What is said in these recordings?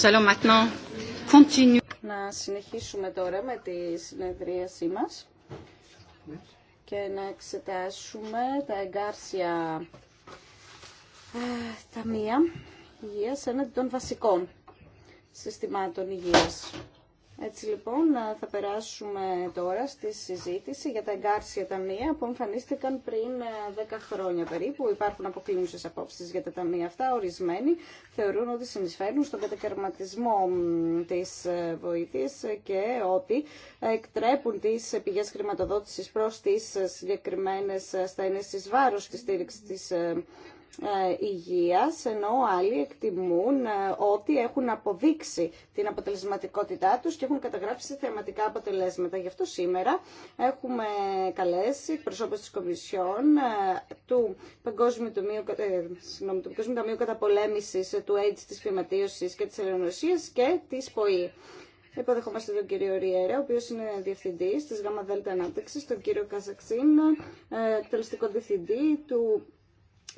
Να συνεχίσουμε τώρα με τη συνεδρίασή μας και να εξετάσουμε τα εγκάρσια ε, ταμεία υγείας έναντι των βασικών συστημάτων υγείας. Έτσι λοιπόν θα περάσουμε τώρα στη συζήτηση για τα εγκάρσια ταμεία που εμφανίστηκαν πριν 10 χρόνια περίπου. Υπάρχουν αποκλίνουσες απόψεις για τα ταμεία αυτά. Ορισμένοι θεωρούν ότι συνεισφέρουν στον κατακαιρματισμό της ε, βοήθειας και ότι εκτρέπουν τις πηγές χρηματοδότησης προς τις ε, συγκεκριμένες ε, ασθένειες της βάρους της στήριξης της ε, υγείας, ενώ άλλοι εκτιμούν ε, ότι έχουν αποδείξει την αποτελεσματικότητά τους και έχουν καταγράψει θεματικά αποτελέσματα. Γι' αυτό σήμερα έχουμε καλέσει προσώπους της Κομισιόν ε, του Παγκόσμιου, Ταμείου, συγγνώμη, του Παγκόσμιου Ταμείου Καταπολέμησης του AIDS, της Φυματίωσης και της Ελληνοσίας και της ΠΟΗ. Υποδεχόμαστε τον κύριο Ριέρα, ο οποίο είναι διευθυντή τη ΔΕΛΤΑ Ανάπτυξη, τον κύριο Καζαξίν, εκτελεστικό διευθυντή του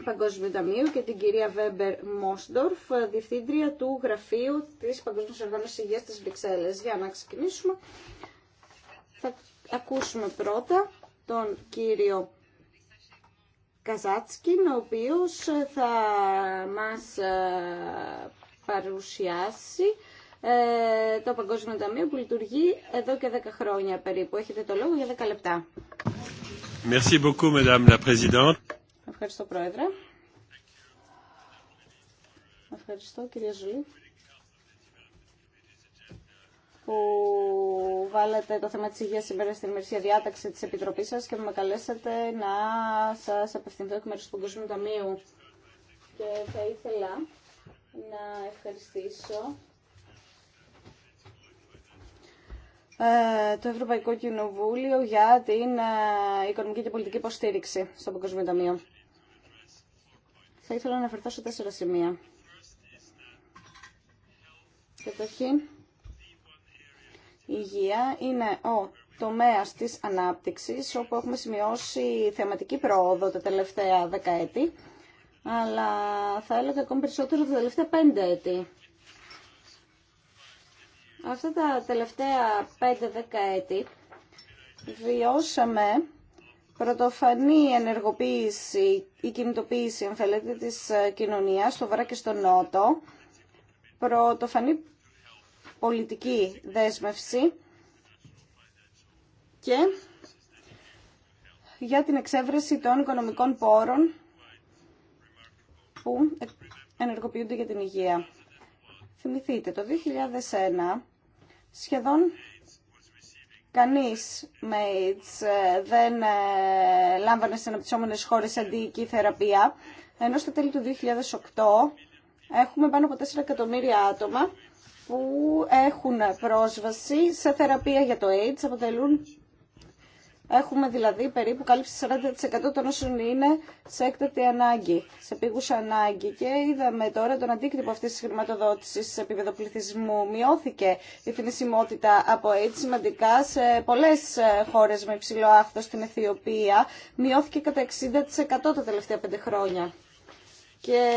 Παγκόσμιου Ταμείου και την κυρία Βέμπερ Μόσντορφ, διευθύντρια του Γραφείου της Παγκόσμια Οργάνωσης Υγείας της Βρυξέλλες. Για να ξεκινήσουμε, θα ακούσουμε πρώτα τον κύριο Καζάτσκιν, ο οποίος θα μας ε, παρουσιάσει ε, το Παγκόσμιο Ταμείο που λειτουργεί εδώ και 10 χρόνια περίπου. Έχετε το λόγο για 10 λεπτά. Merci beaucoup, Madame la Présidente. Ευχαριστώ, Πρόεδρε. Ευχαριστώ, κυρία Ζουλή, που βάλατε το θέμα της υγείας σήμερα στην ημερησία διάταξη της Επιτροπής σας και με καλέσατε να σας απευθυνθώ εκ μέρους του Παγκοσμίου Ταμείου. Και θα ήθελα να ευχαριστήσω ε, το Ευρωπαϊκό Κοινοβούλιο για την ε, οικονομική και πολιτική υποστήριξη στο Παγκοσμίο Ταμείο. Θα ήθελα να αναφερθώ σε τέσσερα σημεία. Καταρχήν, η υγεία είναι ο τομέας της ανάπτυξης, όπου έχουμε σημειώσει θεματική πρόοδο τα τελευταία δεκαέτη, αλλά θα έλεγα ακόμη περισσότερο τα τελευταία πέντε έτη. Αυτά τα τελευταία πέντε δεκαέτη βιώσαμε πρωτοφανή ενεργοποίηση ή κινητοποίηση, αν θέλετε, της ε, κοινωνίας στο Βορρά και στο Νότο, πρωτοφανή πολιτική δέσμευση και για την εξέβρεση των οικονομικών πόρων που ενεργοποιούνται για την υγεία. Θυμηθείτε, το 2001 σχεδόν κανείς με AIDS δεν ε, λάμβανε σε αναπτυσσόμενες χώρες αντιοική θεραπεία, ενώ στα τέλη του 2008 έχουμε πάνω από 4 εκατομμύρια άτομα που έχουν πρόσβαση σε θεραπεία για το AIDS, αποτελούν Έχουμε δηλαδή περίπου κάλυψη 40% των όσων είναι σε έκτατη ανάγκη, σε πήγουσα ανάγκη. Και είδαμε τώρα τον αντίκτυπο αυτή τη χρηματοδότηση σε επίπεδο πληθυσμού. Μειώθηκε η θνησιμότητα από AIDS σημαντικά σε πολλέ ε, χώρε με υψηλό άχθο στην Αιθιοπία. Μειώθηκε κατά 60% τα τελευταία πέντε χρόνια και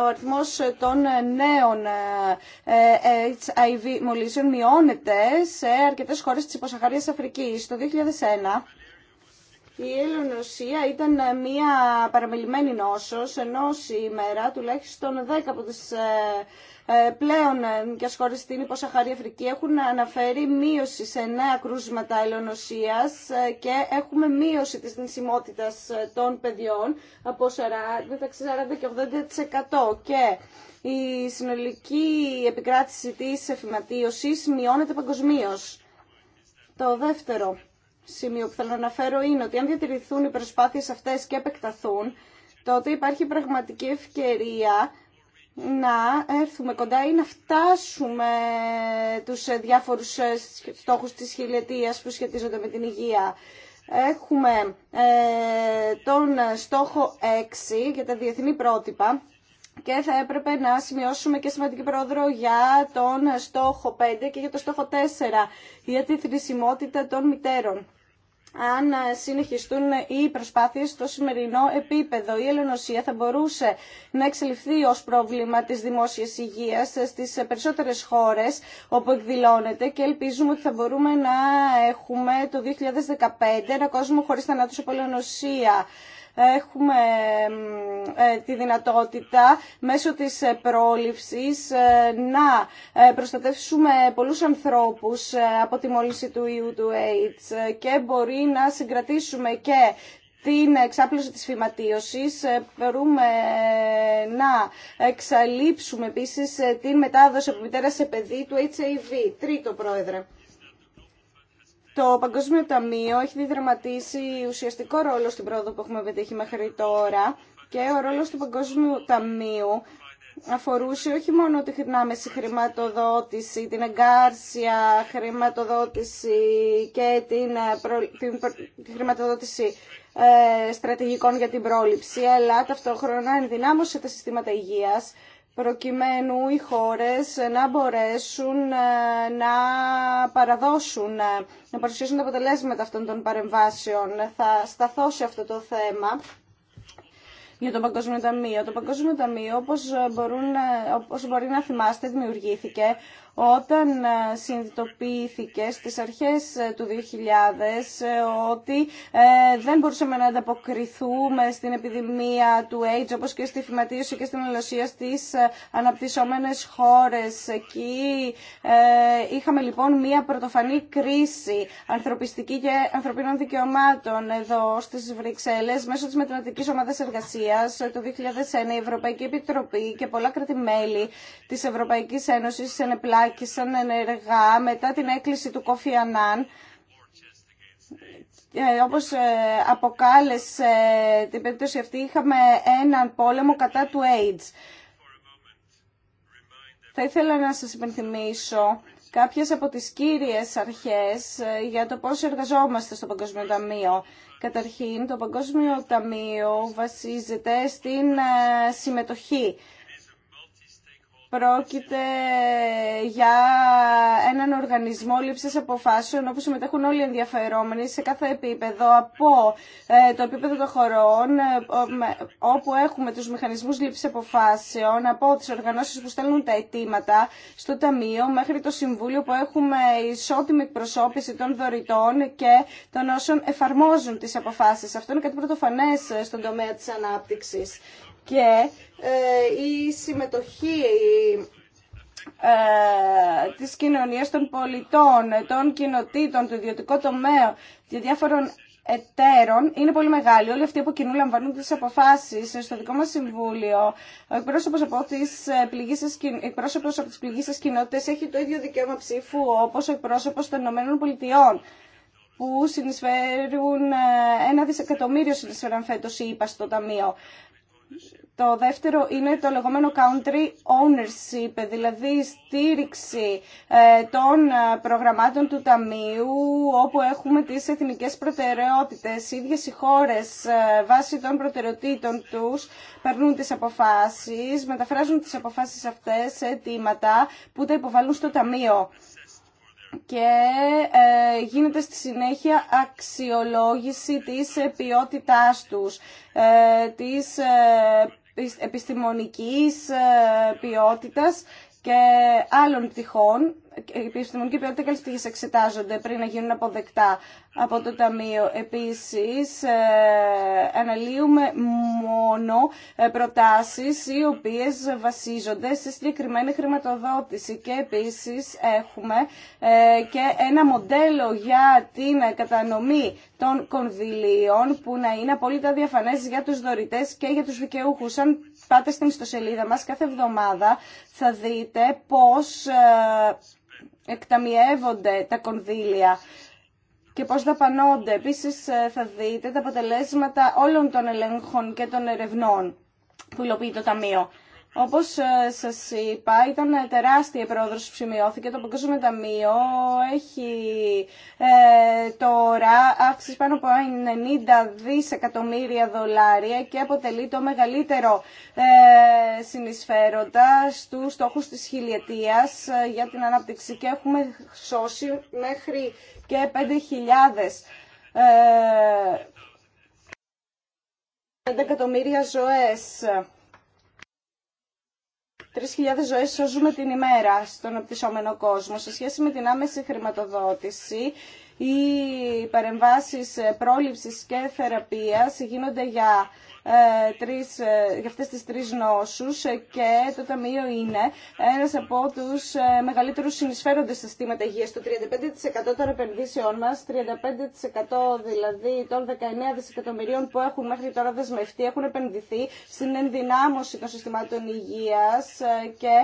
ο αριθμός των νέων ε, HIV μολύσεων μειώνεται σε αρκετές χώρες της υποσαχαρίας Αφρικής. Το 2001 η ελληνοσία ήταν μια παραμελημένη νόσος, ενώ σήμερα τουλάχιστον 10 από τις ε, ε, πλέον και ε, χώρε στην υποσαχαρή Αφρική έχουν αναφέρει μείωση σε νέα κρούσματα ελαιονοσίας ε, και έχουμε μείωση της νησιμότητας των παιδιών από 40, 40 και 80% και η συνολική επικράτηση της εφηματίωσης μειώνεται παγκοσμίω. Το δεύτερο σημείο που θέλω να αναφέρω είναι ότι αν διατηρηθούν οι προσπάθειες αυτές και επεκταθούν, τότε υπάρχει πραγματική ευκαιρία να έρθουμε κοντά ή να φτάσουμε τους ε, διάφορους ε, στόχους της χιλιετίας που σχετίζονται με την υγεία. Έχουμε ε, τον στόχο 6 για τα διεθνή πρότυπα και θα έπρεπε να σημειώσουμε και σημαντική πρόοδο για τον στόχο 5 και για τον στόχο 4 για τη θρησιμότητα των μητέρων αν ε, συνεχιστούν οι προσπάθειες στο σημερινό επίπεδο. Η ελληνοσία θα μπορούσε να εξελιχθεί ως πρόβλημα της δημόσιας υγείας στις ε, περισσότερες χώρες όπου εκδηλώνεται και ελπίζουμε ότι θα μπορούμε να έχουμε το 2015 ένα κόσμο χωρίς θανάτους από ελληνοσία έχουμε ε, τη δυνατότητα μέσω της ε, πρόληψης ε, να προστατεύσουμε πολλούς ανθρώπους από τη μόλυνση του ιού του AIDS και μπορεί να συγκρατήσουμε και την εξάπλωση της φυματίωσης μπορούμε να εξαλείψουμε επίσης την μετάδοση από μητέρα σε παιδί του HIV. Τρίτο πρόεδρε. Το Παγκόσμιο Ταμείο έχει διδραματίσει ουσιαστικό ρόλο στην πρόοδο που έχουμε πετύχει μέχρι τώρα και ο ρόλος του Παγκόσμιου Ταμείου αφορούσε όχι μόνο την άμεση χρηματοδότηση, την εγκάρσια χρηματοδότηση και την, ε, την... χρηματοδότηση ε, στρατηγικών για την πρόληψη, αλλά ταυτόχρονα ενδυνάμωσε τα συστήματα υγείας προκειμένου οι χώρες να μπορέσουν ε, να παραδώσουν, ε, να παρουσιάσουν τα αποτελέσματα αυτών των παρεμβάσεων. Θα σταθώ σε αυτό το θέμα για το Παγκόσμιο Ταμείο. Το Παγκόσμιο Ταμείο, όπως, μπορούν, ε, όπως μπορεί να θυμάστε, δημιουργήθηκε όταν ε, συνειδητοποιήθηκε στις αρχές ε, του 2000 ε, ότι δεν μπορούσαμε να ανταποκριθούμε στην επιδημία του AIDS όπως και στη φυματίωση και στην ελωσία στις αναπτυσσόμενες χώρες. Εκεί είχαμε λοιπόν μία πρωτοφανή κρίση ανθρωπιστική και ανθρωπίνων δικαιωμάτων εδώ στις Βρυξέλλες μέσω της Μετανατικής Ομάδας Εργασίας το 2001 η Ευρωπαϊκή Επιτροπή και πολλά κρατημέλη της Ευρωπαϊκής Ένωσης ενεπλά σαν ενεργά μετά την έκκληση του Κόφι Ανάν ε, όπως ε, αποκάλεσε την περίπτωση αυτή, είχαμε έναν πόλεμο κατά του AIDS. Θα ήθελα να σας υπενθυμίσω κάποιες από τις κύριες αρχές ε, για το πώς εργαζόμαστε στο Παγκόσμιο Ταμείο. Καταρχήν, το Παγκόσμιο Ταμείο βασίζεται στην συμμετοχή Πρόκειται για έναν οργανισμό λήψη αποφάσεων όπου συμμετέχουν όλοι οι ενδιαφερόμενοι σε κάθε επίπεδο από ε, το επίπεδο των χωρών ε, όπου έχουμε τους μηχανισμούς λήψη αποφάσεων από τις οργανώσεις που στέλνουν τα αιτήματα στο Ταμείο μέχρι το Συμβούλιο που έχουμε ισότιμη εκπροσώπηση των δωρητών και των όσων εφαρμόζουν τις αποφάσεις. Αυτό είναι κάτι πρωτοφανές στον τομέα της ανάπτυξης και ε, η συμμετοχή ε, της κοινωνίας των πολιτών, των κοινοτήτων, του ιδιωτικού τομέα και διάφορων εταίρων είναι πολύ μεγάλη. Όλοι αυτοί από κοινού λαμβάνουν τι αποφάσει. Στο δικό μα συμβούλιο, ο εκπρόσωπο από τι πληγήσει κοινότητε έχει το ίδιο δικαίωμα ψήφου όπω ο εκπρόσωπο των Ηνωμένων Πολιτειών, που συνεισφέρουν ε, ένα δισεκατομμύριο συνεισφέραν φέτο η ύπα στο Ταμείο. Το δεύτερο είναι το λεγόμενο country ownership, δηλαδή στήριξη ε, των ε, προγραμμάτων του Ταμείου όπου έχουμε τις εθνικές προτεραιότητες. Οι ίδιες οι χώρες ε, βάσει των προτεραιοτήτων τους παίρνουν τις αποφάσεις, μεταφράζουν τις αποφάσεις αυτές σε αιτήματα που τα υποβαλούν στο Ταμείο και γίνεται στη συνέχεια αξιολόγηση της ποιότητάς τους, της επιστημονικής ε, ποιότητας και άλλων πτυχών οι ε, επιστημονική ποιότητα και άλλε εξετάζονται πριν να γίνουν αποδεκτά από το Ταμείο. Επίση, ε, αναλύουμε μόνο ε, προτάσει οι οποίε βασίζονται σε συγκεκριμένη χρηματοδότηση. Και επίση, έχουμε και ένα μοντέλο για την κατανομή των κονδυλίων που να είναι απόλυτα διαφανές για τους δωρητέ και για του δικαιούχου. Αν πάτε στην ιστοσελίδα μας κάθε εβδομάδα θα δείτε πώς εκταμιεύονται τα κονδύλια και πώς δαπανώνται. Επίσης ε, θα δείτε τα αποτελέσματα όλων των ελέγχων και των ερευνών που υλοποιεί το Ταμείο. Όπω ε, σας είπα, ήταν τεράστια η πρόοδο που σημειώθηκε. Το Παγκόσμιο Ταμείο έχει ε, τώρα αύξηση πάνω από 90 δισεκατομμύρια δολάρια και αποτελεί το μεγαλύτερο ε, συνεισφέροντα στους στόχους της χιλιετίας ε, για την ανάπτυξη και έχουμε σώσει μέχρι και 5.000 ε, 5 εκατομμύρια ζωές. 3.000 ζωές σώζουμε την ημέρα στον απτυσσόμενο κόσμο. Σε σχέση με την άμεση χρηματοδότηση, οι παρεμβάσεις πρόληψης και θεραπείας γίνονται για ε, τρεις, ε, για αυτές τις τρεις νόσους ε, και το Ταμείο είναι ένας από τους μεγαλύτερους συνεισφέροντες στα στήματα υγείας. Το 35% των επενδύσεών μας, 35% δηλαδή των 19 δισεκατομμυρίων που έχουν μέχρι τώρα δεσμευτεί, έχουν επενδυθεί στην ενδυνάμωση των συστημάτων υγείας και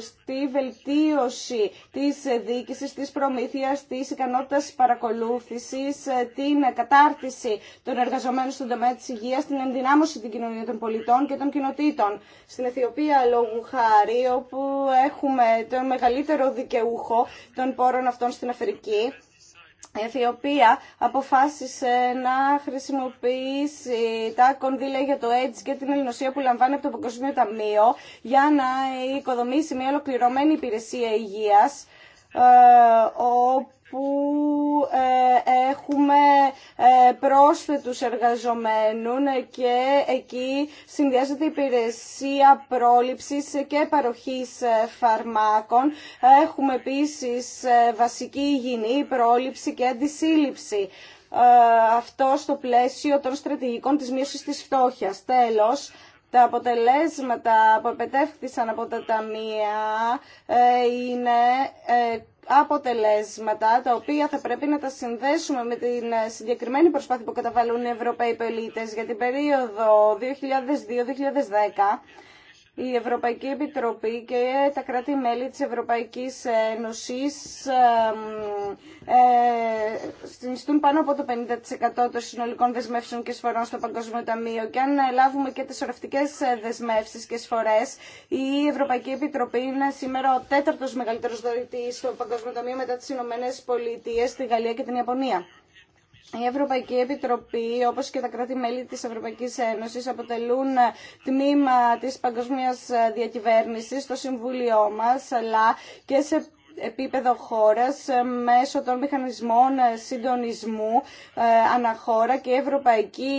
στη βελτίωση της διοίκησης, της προμήθειας, της ικανότητας παρακολούθησης, την κατάρτιση των εργαζομένων στον τομέα της υγείας στην ενδυνάμωση των κοινωνία των πολιτών και των κοινοτήτων. Στην Αιθιοπία, λόγου χάρη, όπου έχουμε το μεγαλύτερο δικαιούχο των πόρων αυτών στην Αφρική, η Αιθιοπία αποφάσισε να χρησιμοποιήσει τα κονδύλια για το AIDS και την ελληνοσία που λαμβάνει από το Παγκοσμίο Ταμείο για να οικοδομήσει μια ολοκληρωμένη υπηρεσία υγείας ε, που ε, έχουμε ε, πρόσθετους εργαζομένους και εκεί συνδυάζεται η υπηρεσία πρόληψης και παροχής ε, φαρμάκων. Έχουμε επίσης βασική υγιεινή πρόληψη και αντισύλληψη. Αυτό στο πλαίσιο των στρατηγικών της μείωσης της φτώχειας. Τέλος, τα αποτελέσματα που επετεύχθησαν από τα ταμεία ε, είναι ε, αποτελέσματα τα οποία θα πρέπει να τα συνδέσουμε με την ε, συγκεκριμένη προσπάθεια που καταβαλούν οι Ευρωπαίοι πολίτες για την περίοδο 2002-2010 η Ευρωπαϊκή Επιτροπή και τα κράτη-μέλη της Ευρωπαϊκής Ένωσης ε, συνιστούν πάνω από το 50% των συνολικών δεσμεύσεων και σφορών στο Παγκόσμιο Ταμείο και αν λάβουμε και τις ορευτικές ε, δεσμεύσεις και σφορές η Ευρωπαϊκή Επιτροπή είναι σήμερα ο τέταρτος μεγαλύτερος δωρητής στο Παγκόσμιο Ταμείο μετά τις Ηνωμένες Πολιτείες, τη Γαλλία και την Ιαπωνία. Η Ευρωπαϊκή Επιτροπή, όπως και τα κράτη-μέλη της Ευρωπαϊκής Ένωσης, αποτελούν τμήμα της παγκοσμίας διακυβέρνησης στο Συμβούλιο μας, αλλά και σε επίπεδο χώρας ε, μέσω των μηχανισμών ε, συντονισμού ε, αναχώρα και η Ευρωπαϊκή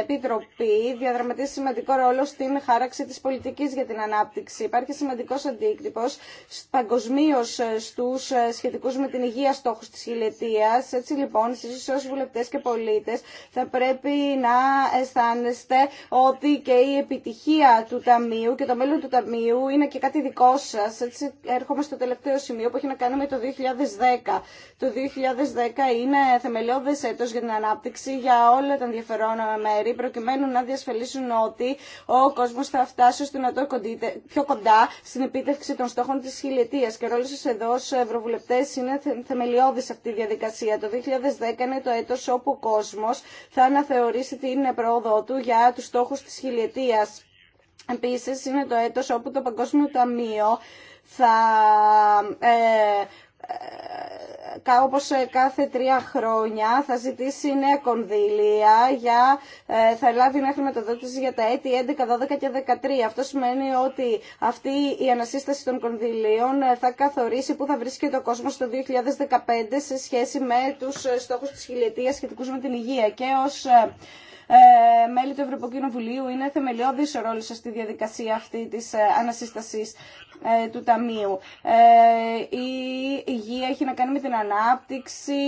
Επιτροπή διαδραματίζει σημαντικό ρόλο στην χάραξη της πολιτικής για την ανάπτυξη. Υπάρχει σημαντικός αντίκτυπος παγκοσμίω στους σχετικούς με την υγεία στόχους της χιλετίας. Έτσι λοιπόν, εσείς ως βουλευτές και πολίτες θα πρέπει να αισθάνεστε ότι και η επιτυχία του Ταμείου και το μέλλον του Ταμείου είναι και κάτι δικό σας. Έτσι έρχομαι στο τελευταίο τελευταίο σημείο που έχει να κάνει με το 2010. Το 2010 είναι θεμελιώδε έτο για την ανάπτυξη για όλα τα ενδιαφερόμενα μέρη, προκειμένου να διασφαλίσουν ότι ο κόσμο θα φτάσει στο να το πιο κοντά στην επίτευξη των στόχων τη χιλιετία. Και ρόλο σα εδώ ω ευρωβουλευτέ είναι σε αυτή η διαδικασία. Το 2010 είναι το έτο όπου ο κόσμο θα αναθεωρήσει την πρόοδό του για του στόχου τη χιλιετία. Επίσης είναι το έτος όπου το Παγκόσμιο Ταμείο θα ε, ε όπως ε, κάθε τρία χρόνια θα ζητήσει νέα κονδύλια για, ε, θα λάβει μια χρηματοδότηση για τα έτη 11, 12 και 13. Αυτό σημαίνει ότι αυτή η ανασύσταση των κονδυλίων θα καθορίσει πού θα βρίσκεται ο κόσμος το 2015 σε σχέση με τους στόχους της χιλιετίας σχετικούς με την υγεία. Και ως ε, μέλη του Ευρωπαϊκού Κοινοβουλίου είναι θεμελιώδης ο ρόλος στη διαδικασία αυτή της ε, ανασύστασης ε, του Ταμείου. Η υγεία έχει να κάνει με την ανάπτυξη,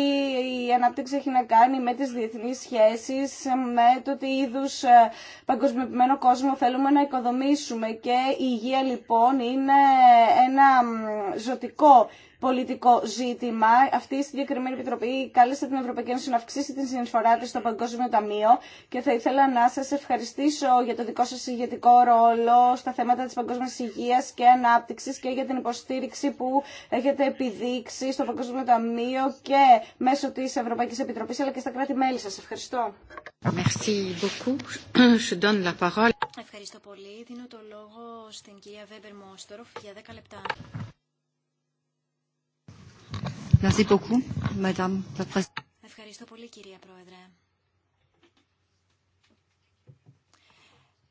η ανάπτυξη έχει να κάνει με τις διεθνεί σχέσεις, με το τι είδους παγκοσμιοποιημένο κόσμο θέλουμε να οικοδομήσουμε και η υγεία λοιπόν είναι ένα ζωτικό πολιτικό ζήτημα. Αυτή η συγκεκριμένη επιτροπή κάλεσε την Ευρωπαϊκή Ένωση να αυξήσει την συνεισφορά τη στο Παγκόσμιο Ταμείο και θα ήθελα να σα ευχαριστήσω για το δικό σα ηγετικό ρόλο στα θέματα τη παγκόσμια υγεία και ανάπτυξη και για την υποστήριξη που έχετε επιδείξει στο Παγκόσμιο Ταμείο και μέσω τη Ευρωπαϊκή Επιτροπή αλλά και στα κράτη-μέλη σα. Ευχαριστώ. Ευχαριστώ πολύ. Δίνω το λόγο στην κυρία Βέμπερ Μόστοροφ για 10 λεπτά. Ευχαριστώ πολύ, κυρία Πρόεδρε.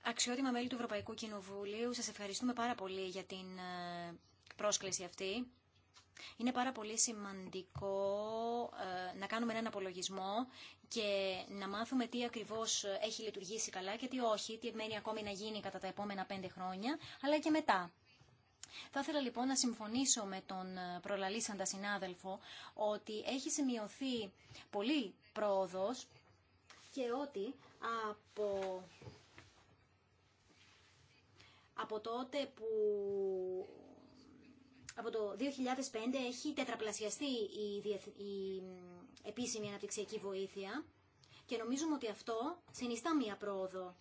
Αξιότιμα μέλη του Ευρωπαϊκού Κοινοβουλίου, σας ευχαριστούμε πάρα πολύ για την ε, πρόσκληση αυτή. Είναι πάρα πολύ σημαντικό ε, να κάνουμε έναν απολογισμό και να μάθουμε τι ακριβώς έχει λειτουργήσει καλά και τι όχι, τι μένει ακόμη να γίνει κατά τα επόμενα πέντε χρόνια, αλλά και μετά. Θα ήθελα λοιπόν να συμφωνήσω με τον ε, προλαλήσαντα συνάδελφο ότι έχει σημειωθεί πολύ πρόοδος και ότι από, από τότε που από το 2005 έχει τετραπλασιαστεί η, η επίσημη αναπτυξιακή βοήθεια και νομίζουμε ότι αυτό συνιστά μία πρόοδο.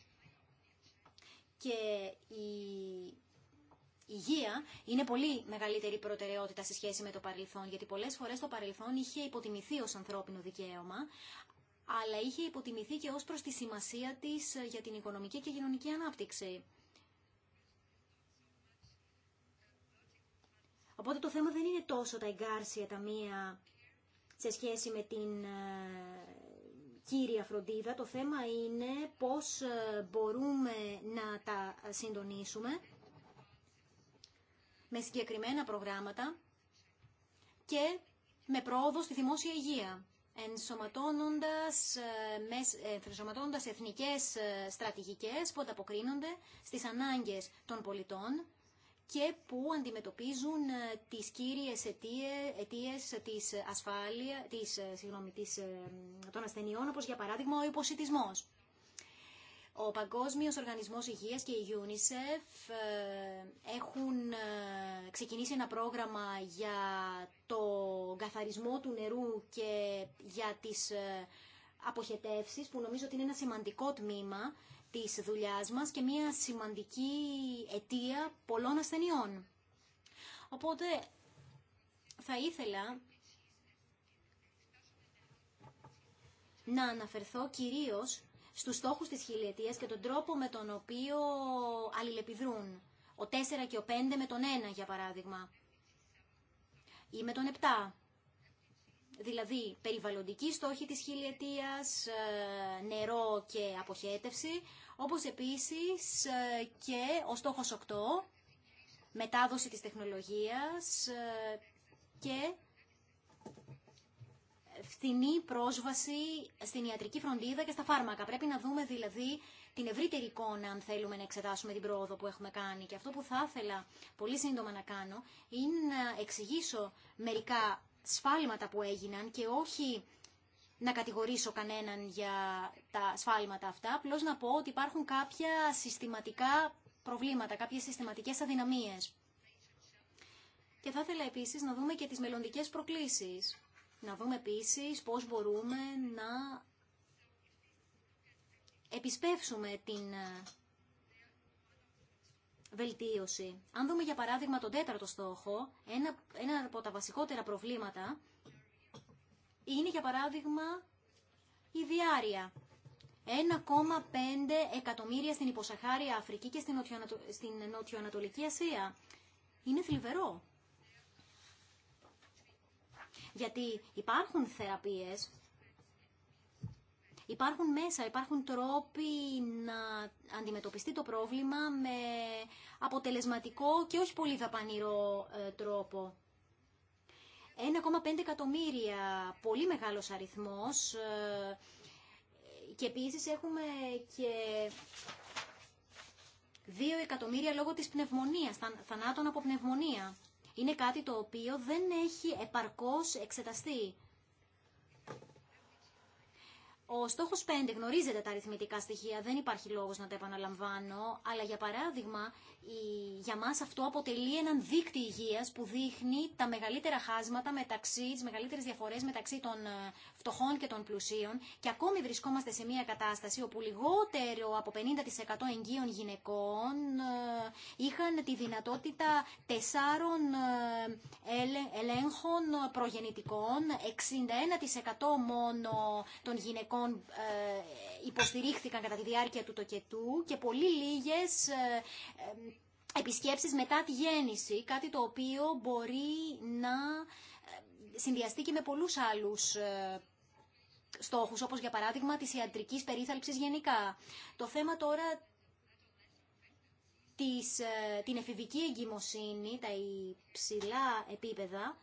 Και η υγεία είναι πολύ μεγαλύτερη προτεραιότητα σε σχέση με το παρελθόν, γιατί πολλές φορές το παρελθόν είχε υποτιμηθεί ως ανθρώπινο δικαίωμα, αλλά είχε υποτιμηθεί και ως προς τη σημασία της για την οικονομική και κοινωνική ανάπτυξη. Οπότε το θέμα δεν είναι τόσο τα εγκάρσια μία σε σχέση με την ε, κύρια φροντίδα. Το θέμα είναι πώς ε, μπορούμε να τα συντονίσουμε με συγκεκριμένα προγράμματα και με πρόοδο στη δημόσια υγεία, ενσωματώνοντας, εθνικέ ε, εθνικές ε, στρατηγικές που ανταποκρίνονται στις ανάγκες των πολιτών και που αντιμετωπίζουν ε, τις κύριες αιτίε της ασφάλεια, της, των ασθενειών, όπως για παράδειγμα ο υποσυτισμός. Ο Παγκόσμιος Οργανισμός Υγείας και η UNICEF ε, έχουν ε, ξεκινήσει ένα πρόγραμμα για το καθαρισμό του νερού και για τις ε, αποχετεύσεις που νομίζω ότι είναι ένα σημαντικό τμήμα της δουλειάς μας και μια σημαντική αιτία πολλών ασθενειών. Οπότε θα ήθελα να αναφερθώ κυρίως στους στόχους της χιλιετίας και τον τρόπο με τον οποίο αλληλεπιδρούν. Ο 4 και ο 5 με τον 1 για παράδειγμα ή με τον 7. Δηλαδή περιβαλλοντική στόχη της χιλιετίας, ε, νερό και αποχέτευση, όπως επίσης ε, και ο στόχος 8, μετάδοση της τεχνολογίας ε, και φθηνή πρόσβαση στην ιατρική φροντίδα και στα φάρμακα. Πρέπει να δούμε δηλαδή την ευρύτερη εικόνα αν θέλουμε να εξετάσουμε την πρόοδο που έχουμε κάνει. Και αυτό που θα ήθελα πολύ σύντομα να κάνω είναι να εξηγήσω μερικά σφάλματα που έγιναν και όχι να κατηγορήσω κανέναν για τα σφάλματα αυτά, απλώ να πω ότι υπάρχουν κάποια συστηματικά προβλήματα, κάποιες συστηματικές αδυναμίες. Και θα ήθελα επίσης να δούμε και τις μελλοντικές προκλήσεις. Να δούμε επίσης πώς μπορούμε να επισπεύσουμε την ε, βελτίωση. Αν δούμε για παράδειγμα τον τέταρτο στόχο, ένα, ένα από τα βασικότερα προβλήματα είναι για παράδειγμα η διάρκεια. 1,5 εκατομμύρια στην υποσαχάρια Αφρική και στην, νοτιοανατολική Ασία. Είναι θλιβερό. Γιατί υπάρχουν θεραπείες, υπάρχουν μέσα, υπάρχουν τρόποι να αντιμετωπιστεί το πρόβλημα με αποτελεσματικό και όχι πολύ δαπανηρό ε, τρόπο. 1,5 εκατομμύρια, πολύ μεγάλος αριθμός ε, και επίσης έχουμε και 2 εκατομμύρια λόγω της πνευμονίας, θανάτων από πνευμονία είναι κάτι το οποίο δεν έχει επαρκώς εξεταστεί. Ο στόχο 5 γνωρίζετε τα αριθμητικά στοιχεία, δεν υπάρχει λόγο να τα επαναλαμβάνω, αλλά για παράδειγμα για μα αυτό αποτελεί έναν δείκτη υγεία που δείχνει τα μεγαλύτερα χάσματα μεταξύ, τις μεγαλύτερες διαφορές μεταξύ των ε, φτωχών και των πλουσίων και ακόμη βρισκόμαστε σε μια κατάσταση όπου λιγότερο από 50% εγγύων γυναικών ε, είχαν τη δυνατότητα τεσσάρων ε, ελέγχων προγεννητικών, 61% μόνο των γυναικών Λοιπόν, ε, υποστηρίχθηκαν κατά τη διάρκεια του τοκετού και πολύ λίγες ε, ε, επισκέψεις μετά τη γέννηση, κάτι το οποίο μπορεί να συνδυαστεί και με πολλούς άλλους στόχους, όπως για παράδειγμα της ιατρικής περίθαλψης γενικά. Το θέμα τώρα της, την εφηβική εγκυμοσύνη, τα υψηλά επίπεδα,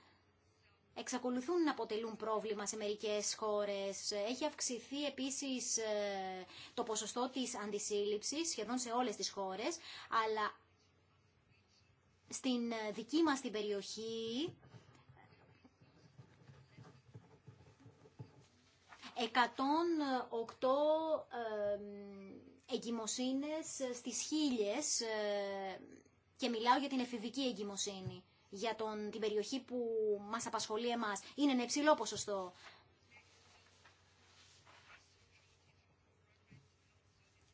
εξακολουθούν να αποτελούν πρόβλημα σε μερικές χώρες. Έχει αυξηθεί επίσης ε, το ποσοστό της αντισύλληψης σχεδόν σε όλες τις χώρες, αλλά στην ε, δική μας την περιοχή 108 ε, εγκυμοσύνες στις χίλιες και μιλάω για την εφηβική εγκυμοσύνη για τον, την περιοχή που μας απασχολεί εμάς. Είναι ένα υψηλό ποσοστό.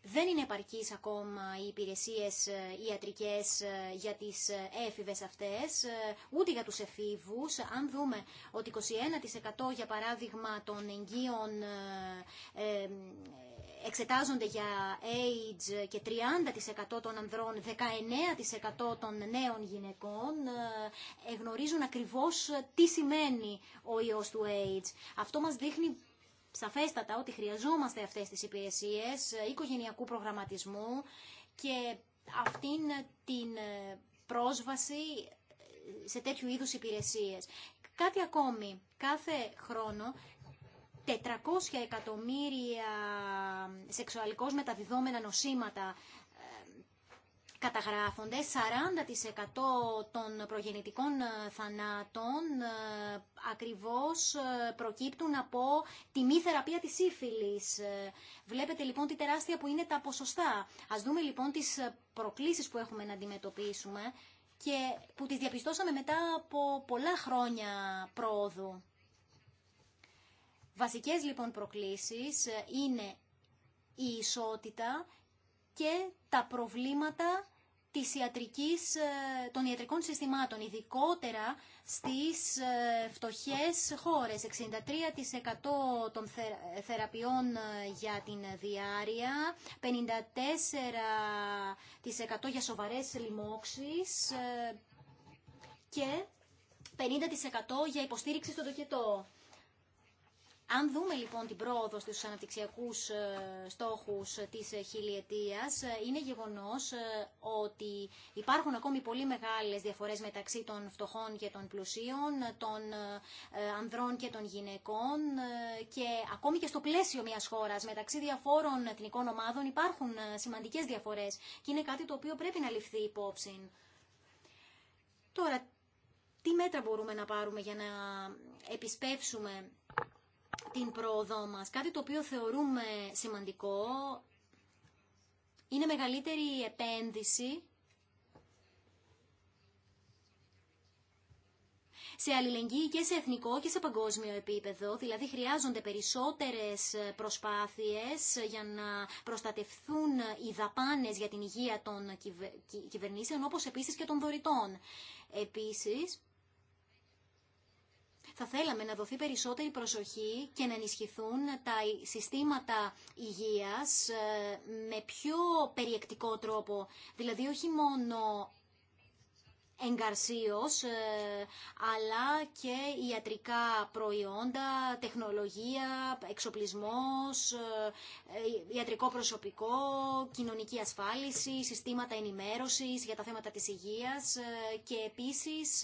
Δεν είναι επαρκής ακόμα οι υπηρεσίες ε, ιατρικές ε, για τις ε, έφηβες αυτές, ούτε για τους εφήβους. Αν δούμε ότι 21% για παράδειγμα των εγγύων εξετάζονται για AIDS και 30% των ανδρών, 19% των νέων γυναικών εγνωρίζουν ακριβώς τι σημαίνει ο ιός του AIDS. Αυτό μας δείχνει σαφέστατα ότι χρειαζόμαστε αυτές τις υπηρεσίες ε, οικογενειακού προγραμματισμού και αυτήν την ε, πρόσβαση ε, σε τέτοιου είδους υπηρεσίες. Κάτι ακόμη, κάθε χρόνο 400 εκατομμύρια σεξουαλικώς μεταδιδόμενα νοσήματα ε, καταγράφονται 40% των προγεννητικών ε, θανάτων ε, ακριβώς προκύπτουν από τη μη θεραπεία της σύφυλης. Βλέπετε λοιπόν τι τεράστια που είναι τα ποσοστά. Ας δούμε λοιπόν τις προκλήσεις που έχουμε να αντιμετωπίσουμε και που τις διαπιστώσαμε μετά από πολλά χρόνια πρόοδου. Βασικές λοιπόν προκλήσεις ε, είναι η ισότητα και τα προβλήματα της ιατρικής, ε, των ιατρικών συστημάτων, ειδικότερα στις ε, φτωχές χώρες. 63% των θεραπείων για την διάρρεια, 54% για σοβαρές λοιμώξεις και 50% για υποστήριξη στο τοκετό. Αν δούμε λοιπόν την πρόοδο στους αναπτυξιακούς ε, στόχους της ε, χιλιετίας, ε, είναι γεγονός ότι υπάρχουν ακόμη πολύ μεγάλες διαφορές μεταξύ των φτωχών και των πλουσίων, των ανδρών και των γυναικών και ακόμη και στο πλαίσιο μιας χώρας μεταξύ διαφόρων εθνικών ομάδων υπάρχουν σημαντικές διαφορές και είναι κάτι το οποίο πρέπει να ληφθεί υπόψη. Τώρα, τι μέτρα μπορούμε να πάρουμε για να επισπεύσουμε την πρόοδό μας. Κάτι το οποίο θεωρούμε σημαντικό είναι μεγαλύτερη επένδυση σε αλληλεγγύη και σε εθνικό και σε παγκόσμιο επίπεδο. Δηλαδή χρειάζονται περισσότερες προσπάθειες για να προστατευθούν οι δαπάνες για την υγεία των κυβερνήσεων όπως επίσης και των δωρητών. Επίσης, θα θέλαμε να δοθεί περισσότερη προσοχή και να ενισχυθούν τα συστήματα υγείας ε, με πιο περιεκτικό τρόπο. Δηλαδή όχι μόνο εγκαρσίως, ε, αλλά και ιατρικά προϊόντα, τεχνολογία, εξοπλισμός, ε, ιατρικό προσωπικό, κοινωνική ασφάλιση, συστήματα ενημέρωσης για τα θέματα της υγείας και επίσης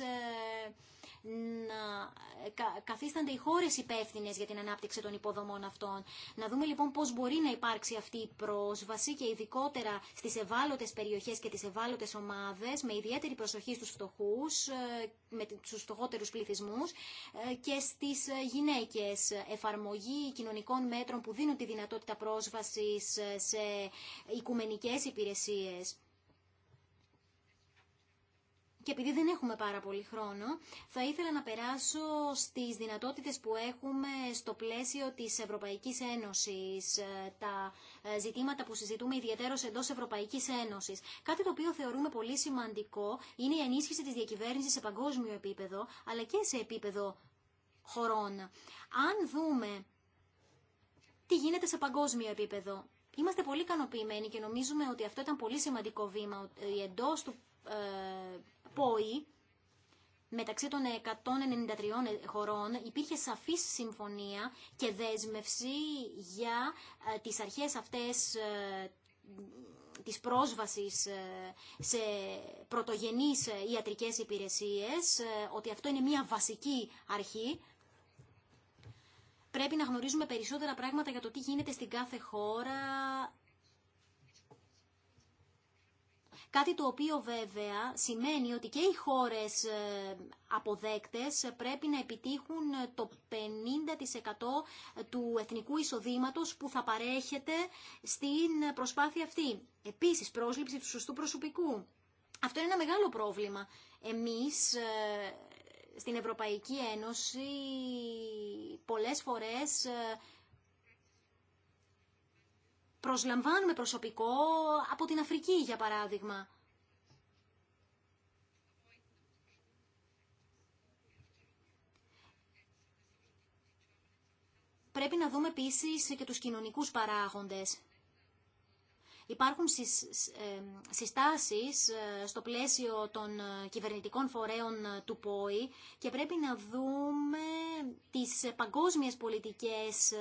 να ε, καθίστανται οι χώρες υπεύθυνε για την ανάπτυξη των υποδομών αυτών. Να δούμε λοιπόν πώς μπορεί να υπάρξει αυτή η πρόσβαση και ειδικότερα στις ευάλωτες περιοχές και τις ευάλωτες ομάδες με ιδιαίτερη προσοχή στους φτωχούς, ε, με τους φτωχότερους πληθυσμούς ε, και στις γυναίκες. Εφαρμογή κοινωνικών μέτρων που δίνουν τη δυνατότητα πρόσβασης σε οικουμενικές υπηρεσίες και επειδή δεν έχουμε πάρα πολύ χρόνο, θα ήθελα να περάσω στις δυνατότητες που έχουμε στο πλαίσιο της Ευρωπαϊκής Ένωσης, ε, τα ε, ζητήματα που συζητούμε ιδιαίτερως εντός Ευρωπαϊκής Ένωσης. Κάτι το οποίο θεωρούμε πολύ σημαντικό είναι η ενίσχυση της διακυβέρνησης σε παγκόσμιο επίπεδο, αλλά και σε επίπεδο χωρών. Αν δούμε τι γίνεται σε παγκόσμιο επίπεδο, Είμαστε πολύ ικανοποιημένοι και νομίζουμε ότι αυτό ήταν πολύ σημαντικό βήμα, ότι εντός του ε, ΠΟΗ μεταξύ των 193 χωρών υπήρχε σαφή συμφωνία και δέσμευση για ε, τις αρχές αυτές ε, της πρόσβασης ε, σε πρωτογενείς ιατρικές υπηρεσίες, ότι αυτό είναι μια βασική αρχή. Πρέπει να γνωρίζουμε περισσότερα πράγματα για το τι γίνεται στην κάθε χώρα Κάτι το οποίο βέβαια σημαίνει ότι και οι χώρες ε, αποδέκτες πρέπει να επιτύχουν ε, το 50% ε, του εθνικού εισοδήματος που θα παρέχεται στην προσπάθεια αυτή. Επίσης, πρόσληψη του σωστού προσωπικού. Αυτό είναι ένα μεγάλο πρόβλημα. Εμείς στην Ευρωπαϊκή Ένωση πολλές φορές προσλαμβάνουμε προσωπικό από την Αφρική, για παράδειγμα. Πρέπει να δούμε επίσης και τους κοινωνικούς παράγοντες. Υπάρχουν ε, συστάσεις ε, στο πλαίσιο των ε, κυβερνητικών φορέων του ΠΟΗ και πρέπει να δούμε τις παγκόσμιες πολιτικές,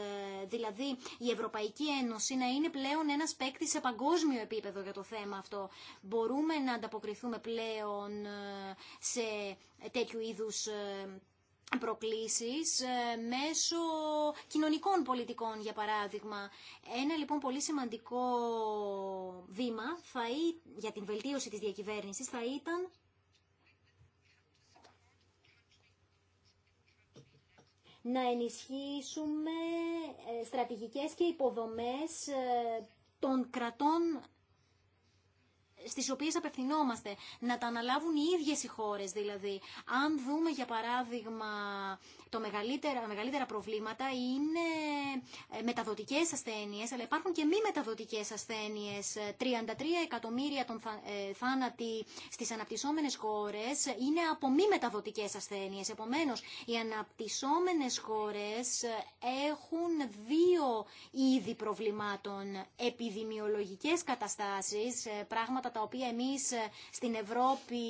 δηλαδή η Ευρωπαϊκή Ένωση να είναι πλέον ένας παίκτη σε παγκόσμιο επίπεδο για το θέμα αυτό. Μπορούμε να ανταποκριθούμε πλέον σε τέτοιου είδους προκλήσεις ε, μέσω κοινωνικών πολιτικών για παράδειγμα. Ένα λοιπόν πολύ σημαντικό βήμα θα ή, για την βελτίωση της διακυβέρνησης θα ήταν να ενισχύσουμε ε, στρατηγικές και υποδομές ε, των κρατών Στι οποίε απευθυνόμαστε, να τα αναλάβουν οι ίδιε οι χώρες δηλαδή. Αν δούμε για παράδειγμα το μεγαλύτερα, μεγαλύτερα προβλήματα είναι ε, μεταδοτικέ ασθένειε, αλλά υπάρχουν και μη μεταδοτικέ ασθένειε. 33 εκατομμύρια των ε, θάνατοι στι αναπτυσσόμενε χώρε είναι από μη μεταδοτικέ ασθένειε. Επομένω, οι αναπτυσσόμενε χώρε ε, έχουν δύο είδη προβλημάτων. Επιδημιολογικές καταστάσεις, πράγματα τα οποία εμείς ε, στην Ευρώπη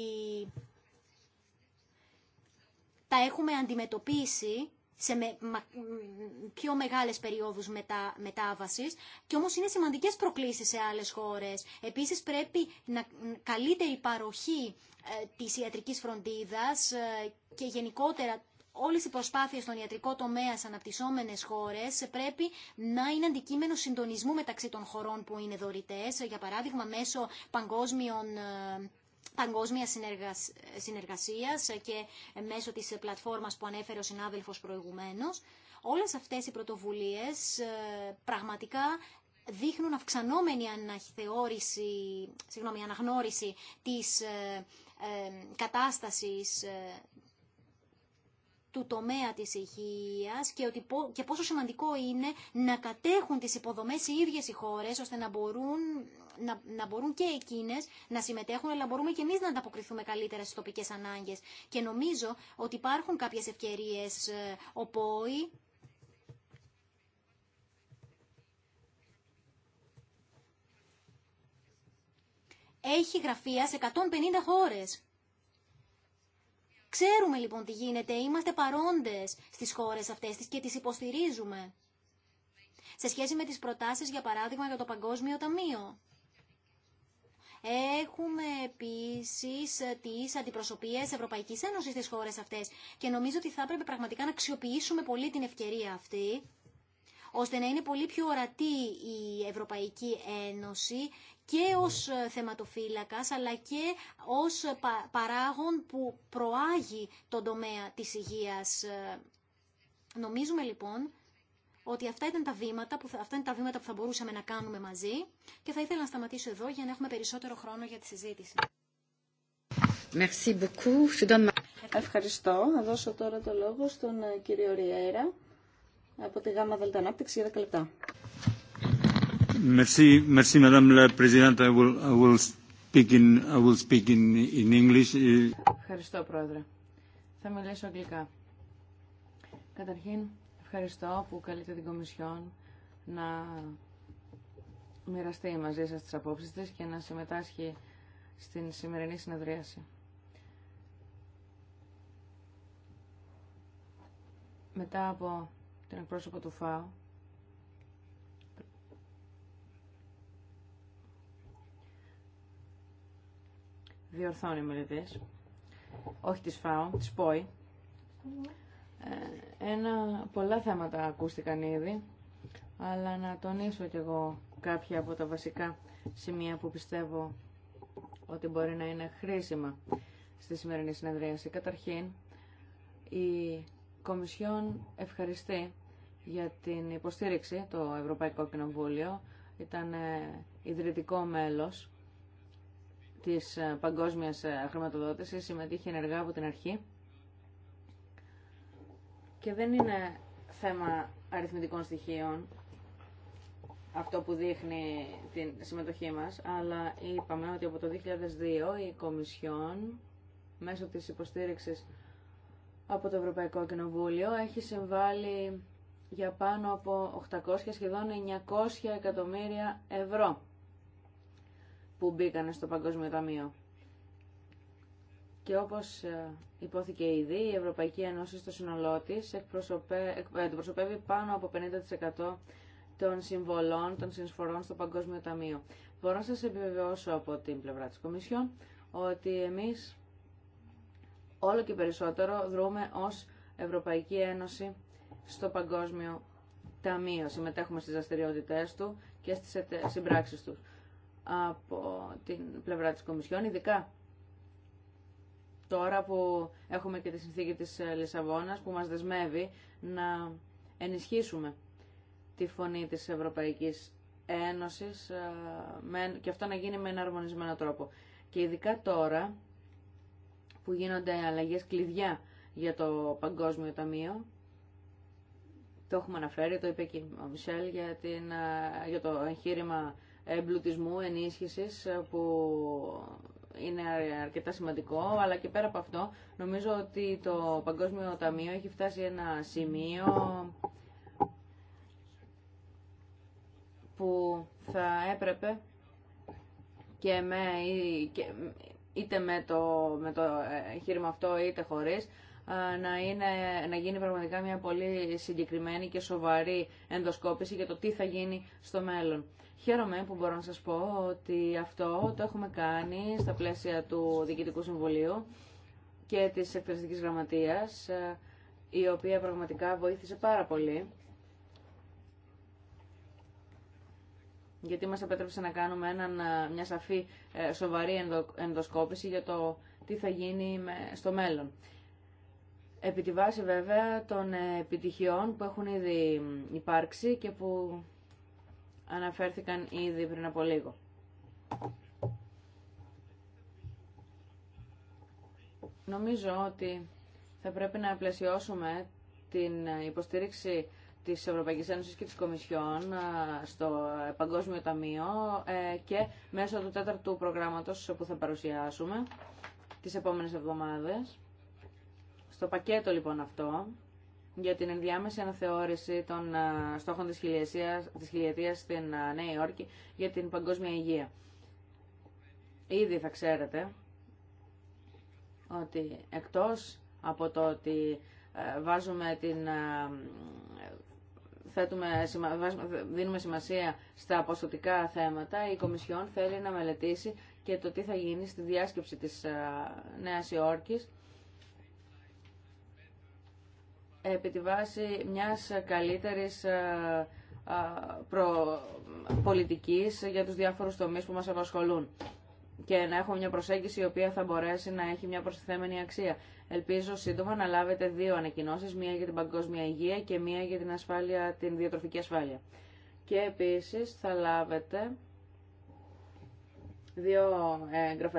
τα έχουμε αντιμετωπίσει σε πιο μεγάλες περιόδους μετα, μετάβασης και όμως είναι σημαντικές προκλήσεις σε άλλες χώρες. Επίσης πρέπει να καλύτερη παροχή ε, της ιατρικής φροντίδας ε, και γενικότερα όλες οι προσπάθειες στον ιατρικό τομέα σε αναπτυσσόμενες χώρες πρέπει να είναι αντικείμενο συντονισμού μεταξύ των χωρών που είναι δωρητές, για παράδειγμα μέσω παγκόσμιων ε, παγκόσμια συνεργασίας και μέσω της πλατφόρμας που ανέφερε ο συνάδελφος προηγουμένως. Όλες αυτές οι πρωτοβουλίες ε, πραγματικά δείχνουν αυξανόμενη συγγνώμη, αναγνώριση της ε, κατάστασης του τομέα της υγείας και, ότι, και πόσο σημαντικό είναι να κατέχουν τις υποδομές οι ίδιες οι χώρες ώστε να μπορούν, να, να μπορούν και εκείνες να συμμετέχουν αλλά μπορούμε και εμείς να ανταποκριθούμε καλύτερα στις τοπικές ανάγκες. Και νομίζω ότι υπάρχουν κάποιες ευκαιρίες ε, οπόη έχει γραφεία σε 150 χώρες. Ξέρουμε λοιπόν τι γίνεται, είμαστε παρόντες στις χώρες αυτές και τις υποστηρίζουμε. Σε σχέση με τις προτάσεις, για παράδειγμα, για το Παγκόσμιο Ταμείο. Έχουμε επίσης τις αντιπροσωπείες Ευρωπαϊκής Ένωσης στις χώρες αυτές και νομίζω ότι θα έπρεπε πραγματικά να αξιοποιήσουμε πολύ την ευκαιρία αυτή ώστε να είναι πολύ πιο ορατή η Ευρωπαϊκή Ένωση και ναι. ως ε, θεματοφύλακας αλλά και ως ε, παράγον που προάγει τον τομέα της υγείας. Ε, νομίζουμε λοιπόν ότι αυτά, ήταν τα βήματα που αυτά είναι τα βήματα που θα μπορούσαμε να κάνουμε μαζί και θα ήθελα να σταματήσω εδώ για να έχουμε περισσότερο χρόνο για τη συζήτηση. Ευχαριστώ. Θα δώσω τώρα το λόγο στον κύριο Ριέρα από τη ΓΑΜΑ Δελτανάπτυξη για 10 λεπτά. Ευχαριστώ, Πρόεδρε. Θα μιλήσω αγγλικά. Καταρχήν, ευχαριστώ που καλείτε την Κομισιόν να μοιραστεί μαζί σας τις απόψεις της και να συμμετάσχει στην σημερινή συνεδρίαση. Μετά από την εκπρόσωπο του ΦΑΟ, διορθώνει ο όχι της ΦΑΟ, της ΠΟΗ. Ε, ένα, πολλά θέματα ακούστηκαν ήδη, αλλά να τονίσω κι εγώ κάποια από τα βασικά σημεία που πιστεύω ότι μπορεί να είναι χρήσιμα στη σημερινή συνεδρίαση. Καταρχήν, η Κομισιόν ευχαριστεί για την υποστήριξη το Ευρωπαϊκό Κοινοβούλιο. Ήταν ε, ιδρυτικό μέλος της ε, παγκόσμιας ε, χρηματοδότησης συμμετείχε ενεργά από την αρχή και δεν είναι θέμα αριθμητικών στοιχείων αυτό που δείχνει τη συμμετοχή μας, αλλά είπαμε ότι από το 2002 η Κομισιόν μέσω της υποστήριξης από το Ευρωπαϊκό Κοινοβούλιο έχει συμβάλει για πάνω από 800 σχεδόν 900 εκατομμύρια ευρώ που μπήκανε στο Παγκόσμιο Ταμείο. Και όπως ε, υπόθηκε ήδη, η Ευρωπαϊκή Ένωση στο σύνολό τη ε, αντιπροσωπεύει πάνω από 50% των συμβολών, των συνσφορών στο Παγκόσμιο Ταμείο. Μπορώ να σας επιβεβαιώσω από την πλευρά της Κομισιόν ότι εμείς όλο και περισσότερο δρούμε ως Ευρωπαϊκή Ένωση στο Παγκόσμιο Ταμείο. Συμμετέχουμε στις δραστηριότητε του και στις συμπράξεις του από την πλευρά της Κομισιόν, ειδικά τώρα που έχουμε και τη συνθήκη της Λισαβόνας που μας δεσμεύει να ενισχύσουμε τη φωνή της Ευρωπαϊκής Ένωσης ε, και αυτό να γίνει με ένα αρμονισμένο τρόπο. Και ειδικά τώρα που γίνονται αλλαγές κλειδιά για το Παγκόσμιο Ταμείο, το έχουμε αναφέρει, το είπε και ο Μισελ την, ε, για το εγχείρημα εμπλουτισμού, ενίσχυσης που είναι αρκετά σημαντικό, αλλά και πέρα από αυτό νομίζω ότι το Παγκόσμιο Ταμείο έχει φτάσει ένα σημείο που θα έπρεπε και με, είτε με το, με το ε, αυτό είτε χωρίς ε, να, είναι, να γίνει πραγματικά μια πολύ συγκεκριμένη και σοβαρή ενδοσκόπηση για το τι θα γίνει στο μέλλον. Χαίρομαι που μπορώ να σας πω ότι αυτό το έχουμε κάνει στα πλαίσια του Διοικητικού Συμβουλίου και της Εκπαιδευτικής Γραμματείας, η οποία πραγματικά βοήθησε πάρα πολύ. γιατί μας επέτρεψε να κάνουμε έναν, μια σαφή ε, σοβαρή ενδοσκόπηση για το τι θα γίνει στο μέλλον. Επί τη βάση βέβαια των ε, επιτυχιών που έχουν ήδη υπάρξει και που αναφέρθηκαν ήδη πριν από λίγο. Νομίζω ότι θα πρέπει να πλαισιώσουμε την υποστήριξη της Ευρωπαϊκής Ένωσης και της Κομισιόν στο Παγκόσμιο Ταμείο ε, και μέσω του τέταρτου προγράμματος που θα παρουσιάσουμε τις επόμενες εβδομάδες. Στο πακέτο λοιπόν αυτό για την ενδιάμεση αναθεώρηση των στόχων της, της χιλιετίας στην Νέα Υόρκη για την παγκόσμια υγεία. Ήδη θα ξέρετε ότι εκτός από το ότι βάζουμε την, θέτουμε, δίνουμε σημασία στα ποσοτικά θέματα, η Κομισιόν θέλει να μελετήσει και το τι θα γίνει στη διάσκεψη της Νέας Υόρκης επί τη βάση μιας καλύτερης ε, ε, προ... πολιτικής για τους διάφορους τομείς που μας απασχολούν και να έχουμε μια προσέγγιση η οποία θα μπορέσει να έχει μια προσθέμενη αξία. Ελπίζω σύντομα να λάβετε δύο ανακοινώσεις, μία για την παγκόσμια υγεία και μία για την, ασφάλεια, την διατροφική ασφάλεια. Και επίσης θα λάβετε δύο έγγραφα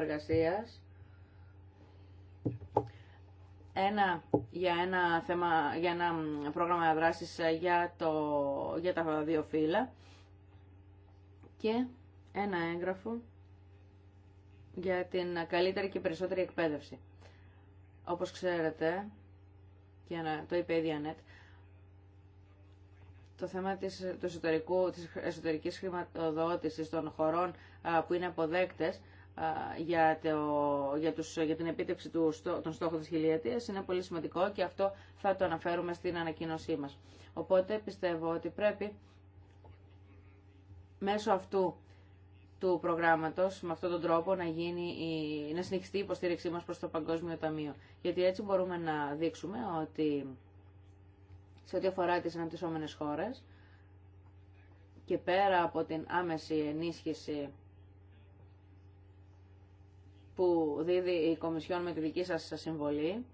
ένα, για, ένα θέμα, για ένα πρόγραμμα δράσης ε, για, για τα δύο φύλλα και ένα έγγραφο για την καλύτερη και περισσότερη εκπαίδευση. Όπως ξέρετε, και το είπε η Διανέτ, το θέμα της, του εσωτερικού, της εσωτερικής χρηματοδότησης των χωρών που είναι αποδέκτες για, το, για, τους, για την επίτευξη του, των στόχων της χιλιετίας είναι πολύ σημαντικό και αυτό θα το αναφέρουμε στην ανακοίνωσή μας. Οπότε πιστεύω ότι πρέπει μέσω αυτού του προγράμματος με αυτόν τον τρόπο να, γίνει η, να συνεχιστεί η υποστήριξή μας προς το Παγκόσμιο Ταμείο. Γιατί έτσι μπορούμε να δείξουμε ότι σε ό,τι αφορά τις αναπτυσσόμενες χώρες και πέρα από την άμεση ενίσχυση που δίδει η Κομισιόν με τη δική σας συμβολή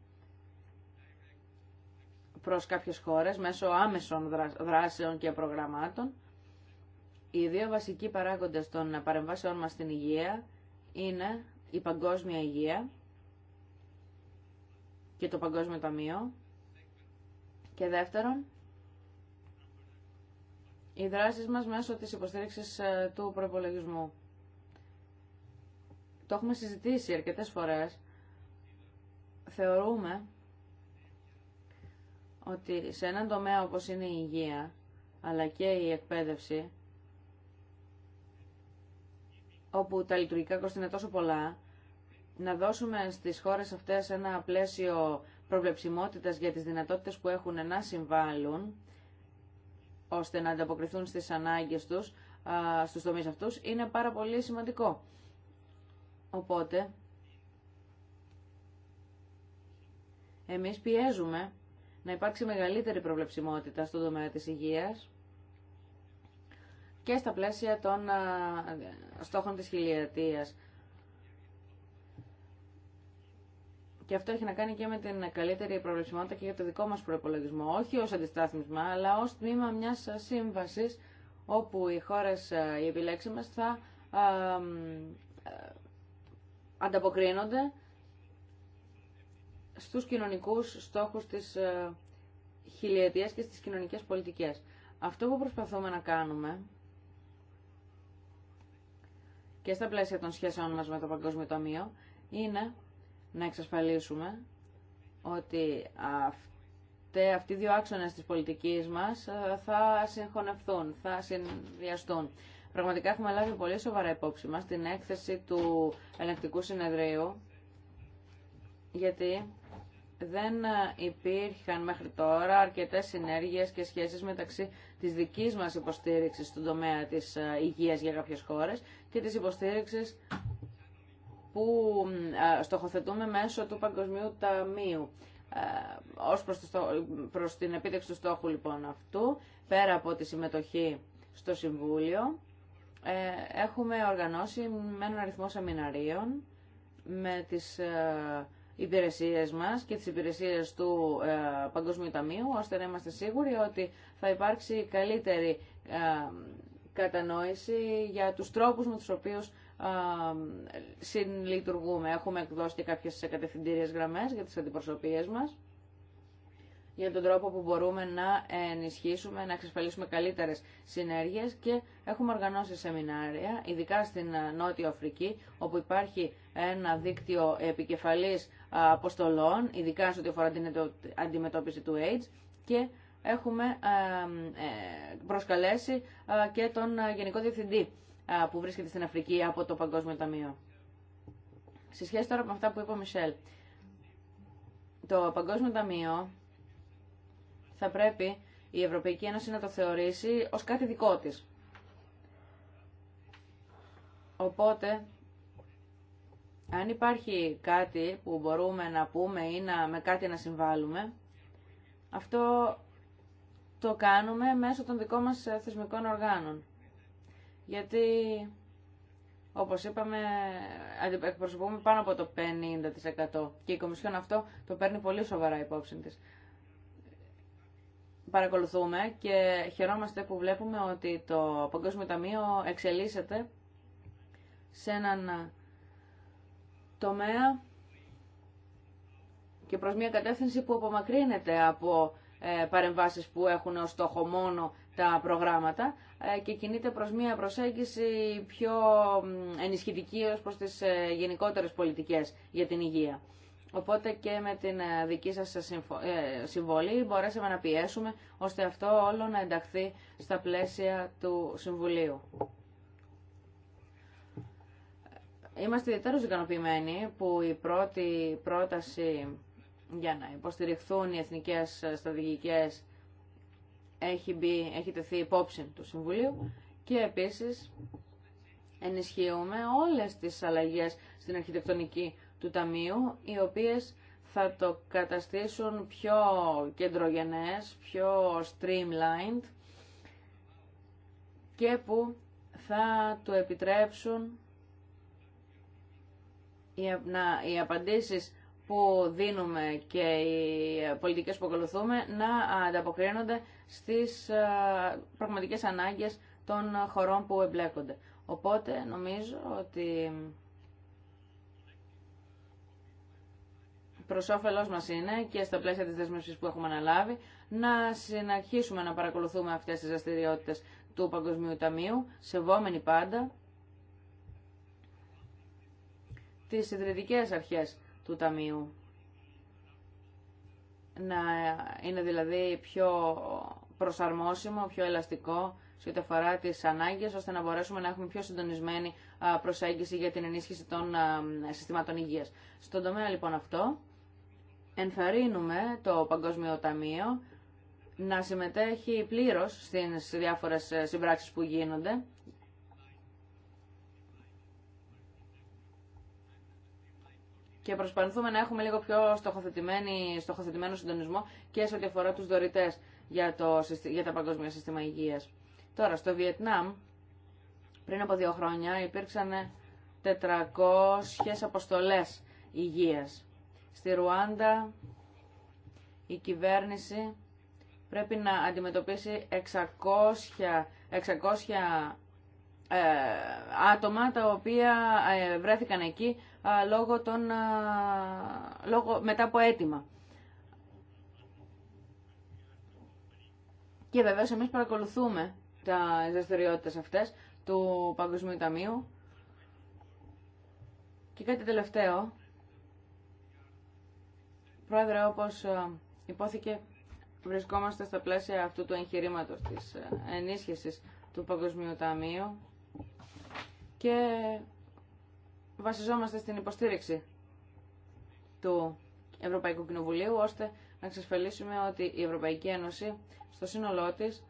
προς κάποιες χώρες μέσω άμεσων δράσεων και προγραμμάτων. Οι δύο βασικοί παράγοντες των παρεμβάσεων μας στην υγεία είναι η παγκόσμια υγεία και το Παγκόσμιο Ταμείο και δεύτερον οι δράσεις μας μέσω της υποστήριξης ε, του προπολογισμού το έχουμε συζητήσει αρκετές φορές, θεωρούμε ότι σε έναν τομέα όπως είναι η υγεία, αλλά και η εκπαίδευση, όπου τα λειτουργικά κόστη είναι τόσο πολλά, να δώσουμε στις χώρες αυτές ένα πλαίσιο προβλεψιμότητας για τις δυνατότητες που έχουν να συμβάλλουν, ώστε να ανταποκριθούν στις ανάγκες τους στους τομείς αυτούς, είναι πάρα πολύ σημαντικό. Οπότε, εμείς πιέζουμε να υπάρξει μεγαλύτερη προβλεψιμότητα στον τομέα της υγείας και στα πλαίσια των στόχων της χιλιετίας. Και αυτό έχει να κάνει και με την καλύτερη προβλεψιμότητα και για το δικό μας προπολογισμό, όχι ως αντιστάθμισμα, αλλά ως τμήμα μιας σύμβασης όπου οι χώρες, οι επιλέξιμες θα ανταποκρίνονται στους κοινωνικούς στόχους της ε, χιλιετίας και στις κοινωνικές πολιτικές. Αυτό που προσπαθούμε να κάνουμε και στα πλαίσια των σχέσεων μας με το Παγκόσμιο Ταμείο είναι να εξασφαλίσουμε ότι αυτοί οι δύο άξονες της πολιτικής μας ε, θα συγχωνευτούν, θα συνδυαστούν. Πραγματικά έχουμε λάβει πολύ σοβαρά υπόψη μας την έκθεση του ελεκτικού συνεδρίου, γιατί δεν υπήρχαν μέχρι τώρα αρκετές συνέργειες και σχέσεις μεταξύ της δικής μας υποστήριξης στον τομέα της ε, υγείας για κάποιες χώρες και της υποστήριξης που ε, στοχοθετούμε μέσω του Παγκοσμίου Ταμείου. Ε, ω προς, το προς την επίτευξη του στόχου λοιπόν αυτού, πέρα από τη συμμετοχή στο Συμβούλιο, ε, έχουμε οργανώσει με έναν αριθμό σεμιναρίων με τις ε, υπηρεσίες μας και τις υπηρεσίες του ε, Παγκοσμίου Ταμείου, ώστε να είμαστε σίγουροι ότι θα υπάρξει καλύτερη κατανόηση για τους τρόπους με τους οποίους συλλειτουργούμε. Έχουμε εκδώσει και κάποιες κατευθυντήριες γραμμές για τις αντιπροσωπείες μας για τον τρόπο που μπορούμε να ενισχύσουμε, να εξασφαλίσουμε καλύτερες συνέργειες και έχουμε οργανώσει σεμινάρια, ειδικά στην ε, Νότια Αφρική, όπου υπάρχει ένα δίκτυο επικεφαλής ε, αποστολών, ειδικά σε ό,τι αφορά την αντιμετώπιση του AIDS και έχουμε ε, προσκαλέσει και τον Γενικό Διευθυντή που βρίσκεται στην Αφρική από το Παγκόσμιο Ταμείο. Σε σχέση τώρα με αυτά που είπε ο Μισελ, το Παγκόσμιο Ταμείο θα πρέπει η Ευρωπαϊκή Ένωση να το θεωρήσει ως κάτι δικό της. Οπότε, αν υπάρχει κάτι που μπορούμε να πούμε ή να, με κάτι να συμβάλλουμε, αυτό το κάνουμε μέσω των δικών μας ε, θεσμικών οργάνων. Γιατί, όπως είπαμε, εκπροσωπούμε πάνω από το 50% και η Κομισιόν αυτό το παίρνει πολύ σοβαρά υπόψη της παρακολουθούμε και χαιρόμαστε που βλέπουμε ότι το Παγκόσμιο Ταμείο εξελίσσεται σε έναν τομέα και προς μια κατεύθυνση που απομακρύνεται από ε, παρεμβάσεις που έχουν ως στόχο μόνο τα προγράμματα ε, και κινείται προς μια προσέγγιση πιο ενισχυτική ως προς τις ε, γενικότερες πολιτικές για την υγεία. Οπότε και με την ε, δική σας ε, συμβολή μπορέσαμε να πιέσουμε ώστε αυτό όλο να ενταχθεί στα πλαίσια του Συμβουλίου. Είμαστε ιδιαίτερως ικανοποιημένοι που η πρώτη πρόταση για να υποστηριχθούν οι εθνικές στρατηγικές έχει, έχει τεθεί υπόψη του Συμβουλίου και επίσης ενισχύουμε όλες τις αλλαγές στην αρχιτεκτονική του Ταμείου, οι οποίες θα το καταστήσουν πιο κεντρογενές, πιο streamlined και που θα του επιτρέψουν οι απαντήσεις που δίνουμε και οι πολιτικές που ακολουθούμε να ανταποκρίνονται στις ε, πραγματικές ανάγκες των χωρών που εμπλέκονται. Οπότε νομίζω ότι προ όφελό μα είναι και στα πλαίσια τη δέσμευση που έχουμε αναλάβει να συνεχίσουμε να παρακολουθούμε αυτέ τι δραστηριότητε του Παγκοσμίου Ταμείου, σεβόμενοι πάντα τι ιδρυτικέ αρχέ του Ταμείου. Να είναι δηλαδή πιο προσαρμόσιμο, πιο ελαστικό σε ό,τι αφορά τι ανάγκε, ώστε να μπορέσουμε να έχουμε πιο συντονισμένη προσέγγιση για την ενίσχυση των συστημάτων υγεία. Στον τομέα λοιπόν αυτό, ενθαρρύνουμε το Παγκόσμιο Ταμείο να συμμετέχει πλήρως στις διάφορες ε, συμπράξεις που γίνονται. Και προσπαθούμε να έχουμε λίγο πιο στοχοθετημένο συντονισμό και σε ό,τι αφορά τους δωρητές για, το, για τα παγκόσμια σύστημα υγείας. Τώρα, στο Βιετνάμ, πριν από δύο χρόνια, υπήρξαν 400 αποστολές υγείας Στη Ρουάντα η κυβέρνηση πρέπει να αντιμετωπίσει 600, 600 ε, άτομα τα οποία ε, βρέθηκαν εκεί λόγω των, λόγω, μετά από αίτημα. Και βεβαίως εμείς παρακολουθούμε τα δραστηριότητε αυτές του Παγκοσμίου Ταμείου. Και κάτι τελευταίο, Πρόεδρε, όπως ε, υπόθηκε, βρισκόμαστε στα πλαίσια αυτού του εγχειρήματος της ε, ενίσχυσης του Παγκοσμίου Ταμείου και βασιζόμαστε στην υποστήριξη του Ευρωπαϊκού Κοινοβουλίου ώστε να εξασφαλίσουμε ότι η Ευρωπαϊκή Ένωση στο σύνολό της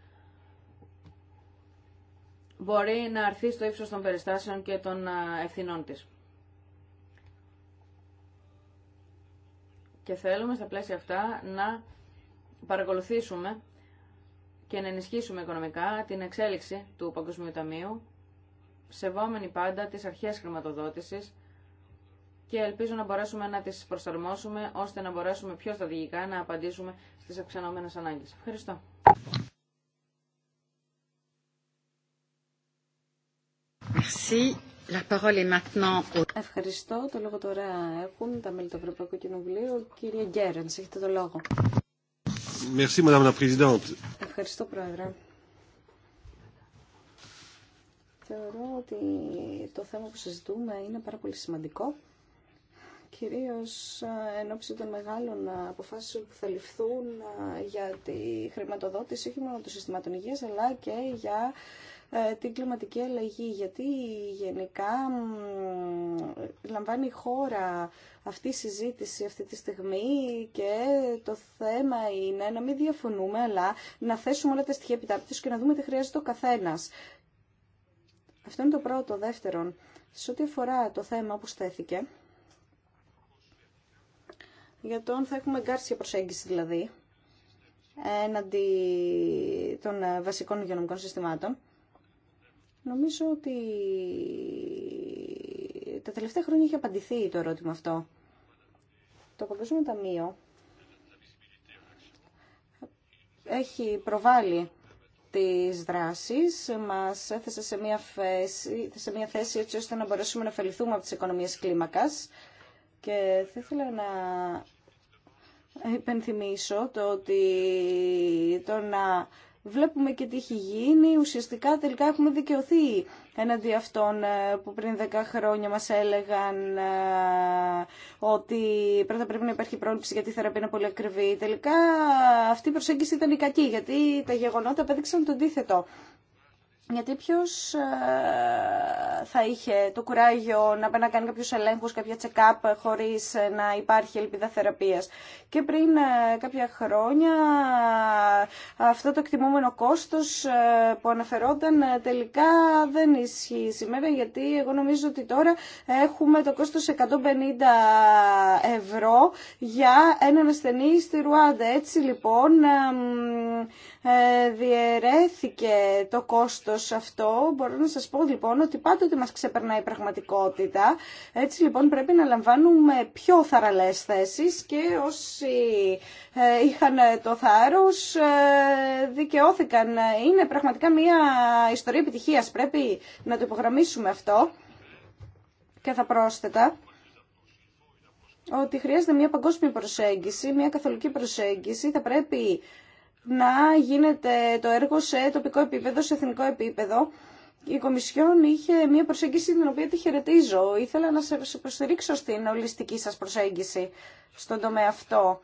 μπορεί να αρθεί στο ύψος των περιστάσεων και των ε, ευθυνών της. Και θέλουμε στα πλαίσια αυτά να παρακολουθήσουμε και να ενισχύσουμε οικονομικά την εξέλιξη του Παγκοσμίου Ταμείου, σεβόμενοι πάντα τις αρχές χρηματοδότησης και ελπίζω να μπορέσουμε να τις προσαρμόσουμε ώστε να μπορέσουμε πιο στρατηγικά να απαντήσουμε στις αυξανόμενες ανάγκες. Ευχαριστώ. Merci. Ευχαριστώ. Το λόγο τώρα έχουν τα μέλη του Ευρωπαϊκού Κοινοβουλίου. Κύριε Γκέρεν, έχετε το λόγο. Ευχαριστώ, Πρόεδρε. Θεωρώ ότι το θέμα που συζητούμε είναι πάρα πολύ σημαντικό, κυρίως ε, εν ώψη των μεγάλων αποφάσεων που θα ληφθούν ε, για τη χρηματοδότηση όχι μόνο των συστημάτων υγείας, αλλά και για ε, την κλιματική αλλαγή, γιατί γενικά λαμβάνει η χώρα αυτή η συζήτηση αυτή τη στιγμή και το θέμα είναι να μην διαφωνούμε, αλλά να θέσουμε όλα τα στοιχεία επιτάπητος και να δούμε τι χρειάζεται ο καθένας. Αυτό είναι το πρώτο. Δεύτερον, σε ό,τι αφορά το θέμα που στέθηκε, για τον θα έχουμε εγκάρσια προσέγγιση δηλαδή, έναντι των ε, βασικών υγειονομικών συστημάτων. Νομίζω ότι τα τελευταία χρόνια έχει απαντηθεί το ερώτημα αυτό. Το Παγκόσμιο Ταμείο έχει προβάλει τις δράσεις, μας έθεσε σε μια θέση, σε μια θέση έτσι ώστε να μπορέσουμε να ωφεληθούμε από τις οικονομίες κλίμακας και θα ήθελα να υπενθυμίσω το ότι το να βλέπουμε και τι έχει γίνει. Ουσιαστικά τελικά έχουμε δικαιωθεί έναντι αυτών ε, που πριν 10 χρόνια μας έλεγαν ε, ότι πρώτα πρέπει να υπάρχει πρόληψη γιατί η θεραπεία είναι πολύ ακριβή. Τελικά αυτή η προσέγγιση ήταν η κακή γιατί τα γεγονότα απέδειξαν το αντίθετο. Γιατί ποιο ε, θα είχε το κουράγιο να πάει να κάνει κάποιου ελέγχου, κάποια check-up χωρί ε, να υπάρχει ελπίδα θεραπεία. Και πριν ε, κάποια χρόνια αυτό το εκτιμούμενο κόστο που αναφερόταν τελικά δεν ισχύει σήμερα γιατί εγώ νομίζω ότι τώρα έχουμε το κόστο 150 ευρώ για έναν ασθενή στη Ρουάντα. Έτσι λοιπόν ε, διαιρέθηκε το κόστος αυτό. Μπορώ να σας πω λοιπόν ότι πάντοτε μας ξεπερνάει η πραγματικότητα. Έτσι λοιπόν πρέπει να λαμβάνουμε πιο θαραλές θέσεις και όσοι ε, είχαν το θάρρος ε, δικαιώθηκαν. Είναι πραγματικά μια ιστορία επιτυχίας. Πρέπει να το υπογραμμίσουμε αυτό. Και θα πρόσθετα ότι χρειάζεται μια παγκόσμια προσέγγιση, μια καθολική προσέγγιση. Θα πρέπει να γίνεται το έργο σε τοπικό επίπεδο, σε εθνικό επίπεδο. Η Κομισιόν είχε μια προσέγγιση την οποία τη χαιρετίζω. Ήθελα να σε υποστηρίξω στην ολιστική σας προσέγγιση στον τομέα αυτό.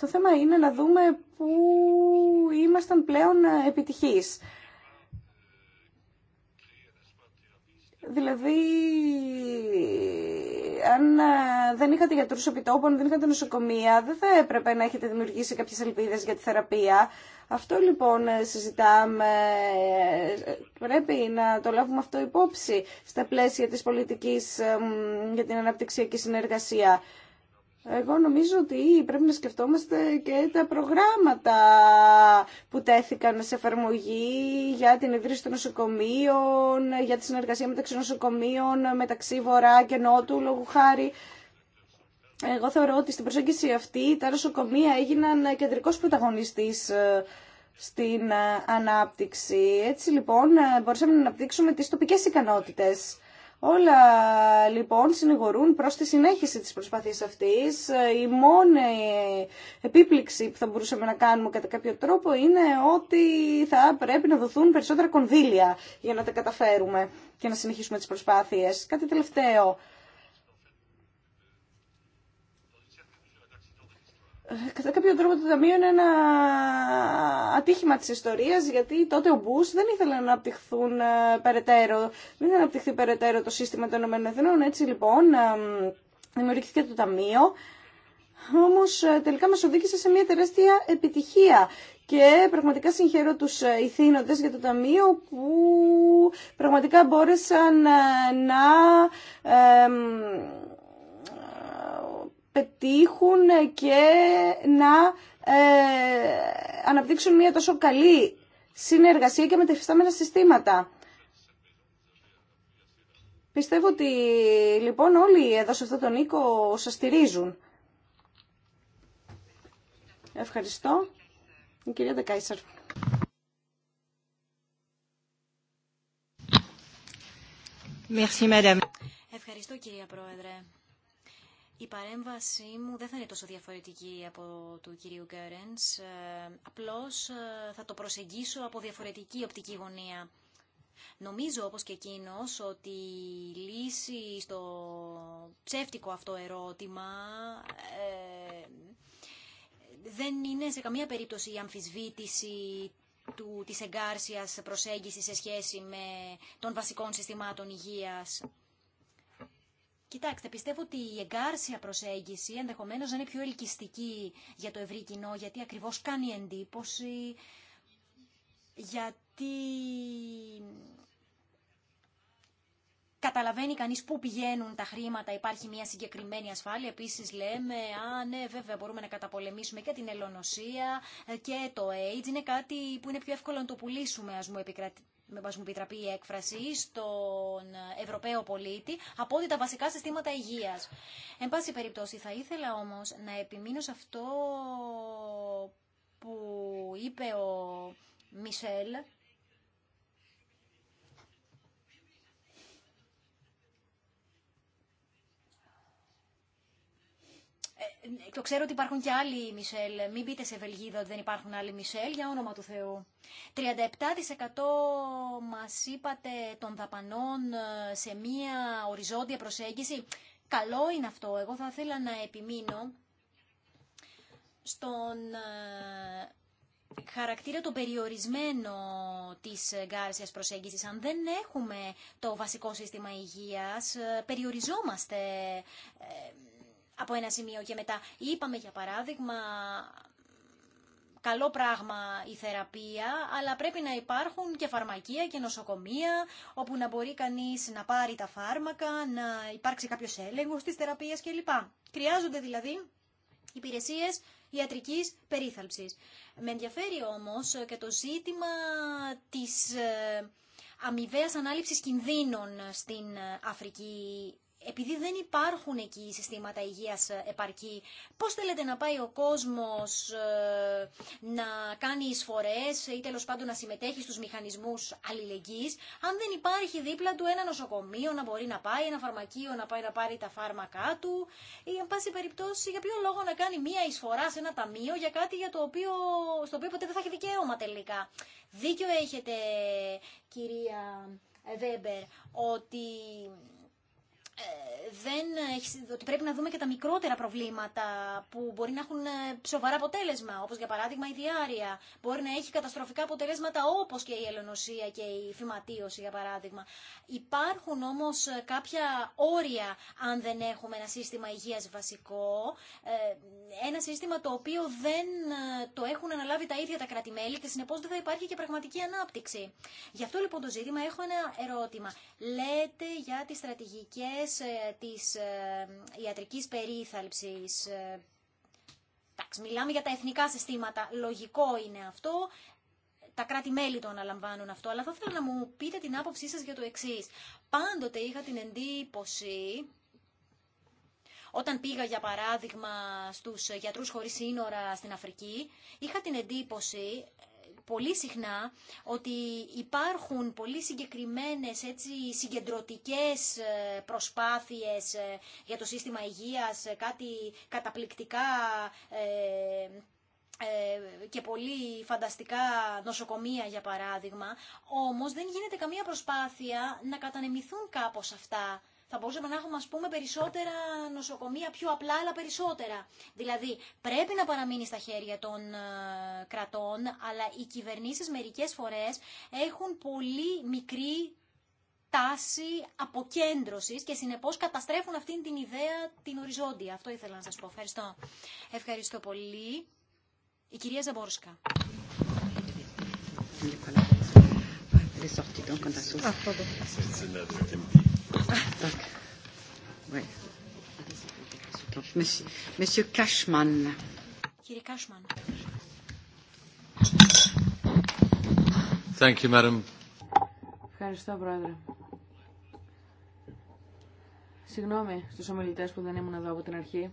Το θέμα είναι να δούμε πού ήμασταν πλέον επιτυχείς. Δηλαδή, αν ε, δεν είχατε γιατρούς επιτόπου, αν δεν είχατε νοσοκομεία, δεν θα έπρεπε να έχετε δημιουργήσει κάποιες ελπίδες για τη θεραπεία. Αυτό λοιπόν ε, συζητάμε, πρέπει να το λάβουμε αυτό υπόψη στα πλαίσια της πολιτικής ε, για την αναπτυξιακή συνεργασία. Εγώ νομίζω ότι πρέπει να σκεφτόμαστε και τα προγράμματα που τέθηκαν σε εφαρμογή για την ιδρύση των νοσοκομείων, για τη συνεργασία μεταξύ νοσοκομείων, μεταξύ Βορρά και Νότου, λόγου χάρη. Εγώ θεωρώ ότι στην προσέγγιση αυτή τα νοσοκομεία έγιναν κεντρικός πρωταγωνιστής ε, στην ε, ανάπτυξη. Έτσι λοιπόν ε, μπορούσαμε να αναπτύξουμε τις τοπικές ικανότητες Όλα λοιπόν συνηγορούν προς τη συνέχιση της προσπάθειας αυτής. Η μόνη επίπληξη που θα μπορούσαμε να κάνουμε κατά κάποιο τρόπο είναι ότι θα πρέπει να δοθούν περισσότερα κονδύλια για να τα καταφέρουμε και να συνεχίσουμε τις προσπάθειες. Κάτι τελευταίο. κατά κάποιο τρόπο το Ταμείο είναι ένα ατύχημα της ιστορίας γιατί τότε ο Μπούς δεν ήθελε να αναπτυχθούν ε, περαιτέρω, δεν αναπτυχθεί περαιτέρω το σύστημα των ΗΠΑ. Έτσι λοιπόν ε, δημιουργήθηκε το Ταμείο όμως ε, τελικά μας οδήγησε σε μια τεράστια επιτυχία και πραγματικά συγχαίρω τους ηθήνοντες για το Ταμείο που πραγματικά μπόρεσαν να πετύχουν και να ε, αναπτύξουν μια τόσο καλή συνεργασία και με τα υφιστάμενα συστήματα. Πιστεύω ότι λοιπόν όλοι εδώ σε αυτόν τον οίκο σας στηρίζουν. Ευχαριστώ. Η κυρία Δεκάισαρ. Ευχαριστώ κυρία Πρόεδρε. Η παρέμβασή μου δεν θα είναι τόσο διαφορετική από του κυρίου Γκέρενς, ε, απλώς ε, θα το προσεγγίσω από διαφορετική οπτική γωνία. Νομίζω όπως και εκείνος ότι η λύση στο ψεύτικο αυτό ερώτημα ε, δεν είναι σε καμία περίπτωση η αμφισβήτηση του, της εγκάρσιας προσέγγισης σε σχέση με των βασικών συστημάτων υγείας. Κοιτάξτε, πιστεύω ότι η εγκάρσια προσέγγιση ενδεχομένως να είναι πιο ελκυστική για το ευρύ κοινό, γιατί ακριβώς κάνει εντύπωση, γιατί καταλαβαίνει κανείς πού πηγαίνουν τα χρήματα, υπάρχει μια συγκεκριμένη ασφάλεια. Επίσης λέμε, α ναι βέβαια μπορούμε να καταπολεμήσουμε και την ελονοσία και το AIDS. Είναι κάτι που είναι πιο εύκολο να το πουλήσουμε, ας μου με πάση μου επιτραπεί η έκφραση, στον Ευρωπαίο πολίτη από ότι τα βασικά συστήματα υγεία. Εν πάση περιπτώσει, θα ήθελα όμω να επιμείνω σε αυτό που είπε ο Μισελ Ε, το ξέρω ότι υπάρχουν και άλλοι Μισελ. Μην πείτε σε Βελγίδα ότι δεν υπάρχουν άλλοι Μισελ, για όνομα του Θεού. 37% μας είπατε των δαπανών ε, σε μία οριζόντια προσέγγιση. Καλό είναι αυτό. Εγώ θα ήθελα να επιμείνω στον ε, χαρακτήρα το περιορισμένο της γκάρσιας προσέγγισης. Αν δεν έχουμε το βασικό σύστημα υγείας, περιοριζόμαστε από ένα σημείο και μετά. Είπαμε για παράδειγμα καλό πράγμα η θεραπεία, αλλά πρέπει να υπάρχουν και φαρμακεία και νοσοκομεία, όπου να μπορεί κανείς να πάρει τα φάρμακα, να υπάρξει κάποιος έλεγχος της θεραπείας κλπ. Χρειάζονται δηλαδή υπηρεσίες ιατρικής περίθαλψης. Με ενδιαφέρει όμως και το ζήτημα της ε, αμοιβαία ανάληψης κινδύνων στην Αφρική επειδή δεν υπάρχουν εκεί συστήματα υγείας ε, επαρκή, πώς θέλετε να πάει ο κόσμος ε, να κάνει εισφορές ή τέλος πάντων να συμμετέχει στους μηχανισμούς αλληλεγγύης, αν δεν υπάρχει δίπλα του ένα νοσοκομείο να μπορεί να πάει, ένα φαρμακείο να πάει να πάρει τα φάρμακά του ή εν πάση περιπτώσει για ποιο λόγο να κάνει μία εισφορά σε ένα ταμείο για κάτι για το οποίο, στο οποίο ποτέ δεν θα έχει δικαίωμα τελικά. Δίκιο έχετε κυρία Βέμπερ ότι δεν, ότι πρέπει να δούμε και τα μικρότερα προβλήματα που μπορεί να έχουν ε, σοβαρά αποτέλεσμα, όπως για παράδειγμα η διάρρεια. Μπορεί να έχει καταστροφικά αποτελέσματα όπως και η ελαινοσία και η φυματίωση για παράδειγμα. Υπάρχουν όμως ε, κάποια όρια αν δεν έχουμε ένα σύστημα υγείας βασικό, ε, ένα σύστημα το οποίο δεν το έχουν αναλάβει τα ίδια τα κρατημέλη και συνεπώς δεν θα υπάρχει και πραγματική ανάπτυξη. Γι' αυτό λοιπόν το ζήτημα έχω ένα ερώτημα. Λέτε για τις στρατηγικές ε, της ε, ιατρικής περίθαλψης. Ε, μιλάμε για τα εθνικά συστήματα. Λογικό είναι αυτό. Τα κράτη-μέλη το αναλαμβάνουν αυτό. Αλλά θα ήθελα να μου πείτε την άποψή σας για το εξής. Πάντοτε είχα την εντύπωση όταν πήγα για παράδειγμα στους γιατρούς χωρίς σύνορα στην Αφρική, είχα την εντύπωση πολύ συχνά ότι υπάρχουν πολύ συγκεκριμένες έτσι, συγκεντρωτικές ε, προσπάθειες ε, για το σύστημα υγείας, ε, κάτι καταπληκτικά και πολύ φανταστικά νοσοκομεία για παράδειγμα, όμως δεν γίνεται καμία προσπάθεια να κατανεμηθούν κάπως αυτά θα μπορούσαμε να έχουμε α πούμε περισσότερα νοσοκομεία πιο απλά αλλά περισσότερα. Δηλαδή πρέπει να παραμείνει στα χέρια των ε, κρατών αλλά οι κυβερνήσει μερικέ φορέ έχουν πολύ μικρή τάση αποκέντρωση και συνεπώς καταστρέφουν αυτήν την ιδέα την οριζόντια. Αυτό ήθελα να σας πω. Ευχαριστώ. Ευχαριστώ πολύ. Η κυρία Ζαμπόρσκα. Ευχαριστώ, Πρόεδρε. Συγγνώμη στους ομιλητές που δεν ήμουν εδώ από την αρχή.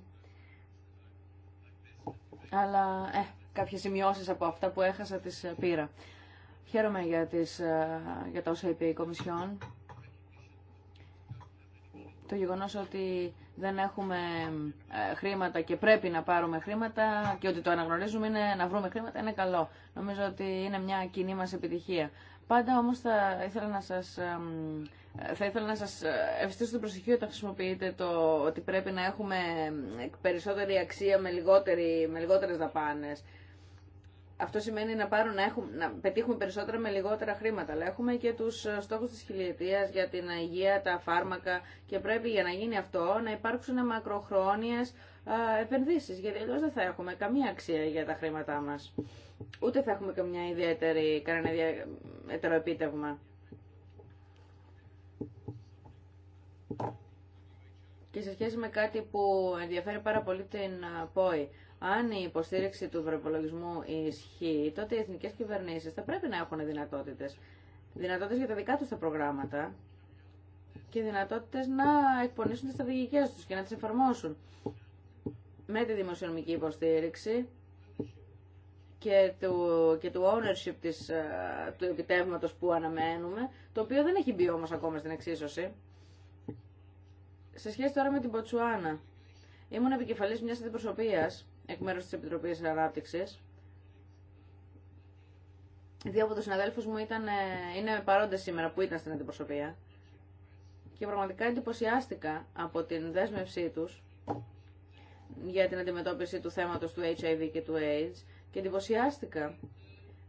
Αλλά, ε, κάποιες σημειώσεις από αυτά που έχασα τις ε, πήρα. Χαίρομαι για, τις, ε, για τα όσα είπε η Κομισιόν το γεγονός ότι δεν έχουμε ε, χρήματα και πρέπει να πάρουμε χρήματα και ότι το αναγνωρίζουμε είναι να βρούμε χρήματα είναι καλό. Νομίζω ότι είναι μια κοινή μας επιτυχία. Πάντα όμως θα ήθελα να σας, θα ήθελα να σας ε, ευστήσω την προσοχή όταν χρησιμοποιείτε το ότι πρέπει να έχουμε περισσότερη αξία με, λιγότερη, με λιγότερες δαπάνες. Αυτό σημαίνει να, πάρουν, να, έχουμε, να πετύχουμε περισσότερα με λιγότερα χρήματα. Αλλά έχουμε και του ε, στόχου τη χιλιετία για την υγεία, τα φάρμακα και πρέπει για να γίνει αυτό να υπάρξουν μακροχρόνιε ε, επενδύσει. Γιατί αλλιώ δεν θα έχουμε καμία αξία για τα χρήματά μα. Ούτε θα έχουμε καμιά ιδιαίτερη, κανένα ιδιαίτερο επίτευγμα. Και σε σχέση με κάτι που ενδιαφέρει πάρα πολύ την ε, ΠΟΗ αν η υποστήριξη του προπολογισμού ισχύει, τότε οι εθνικέ κυβερνήσει θα πρέπει να έχουν δυνατότητε. Δυνατότητες για τα δικά του τα προγράμματα και δυνατότητε να εκπονήσουν τι στρατηγικές του και να τι εφαρμόσουν. Με τη δημοσιονομική υποστήριξη και του, και του ownership της, ε, του επιτεύγματο που αναμένουμε, το οποίο δεν έχει μπει όμω ακόμα στην εξίσωση. Σε σχέση τώρα με την Ποτσουάνα, ήμουν επικεφαλής μιας αντιπροσωπείας εκ μέρους της Επιτροπής Ανάπτυξης. Δύο από τους συναδέλφους μου ήταν, ε, είναι παρόντες σήμερα που ήταν στην αντιπροσωπεία και πραγματικά εντυπωσιάστηκα από την δέσμευσή τους για την αντιμετώπιση του θέματος του HIV και του AIDS και εντυπωσιάστηκα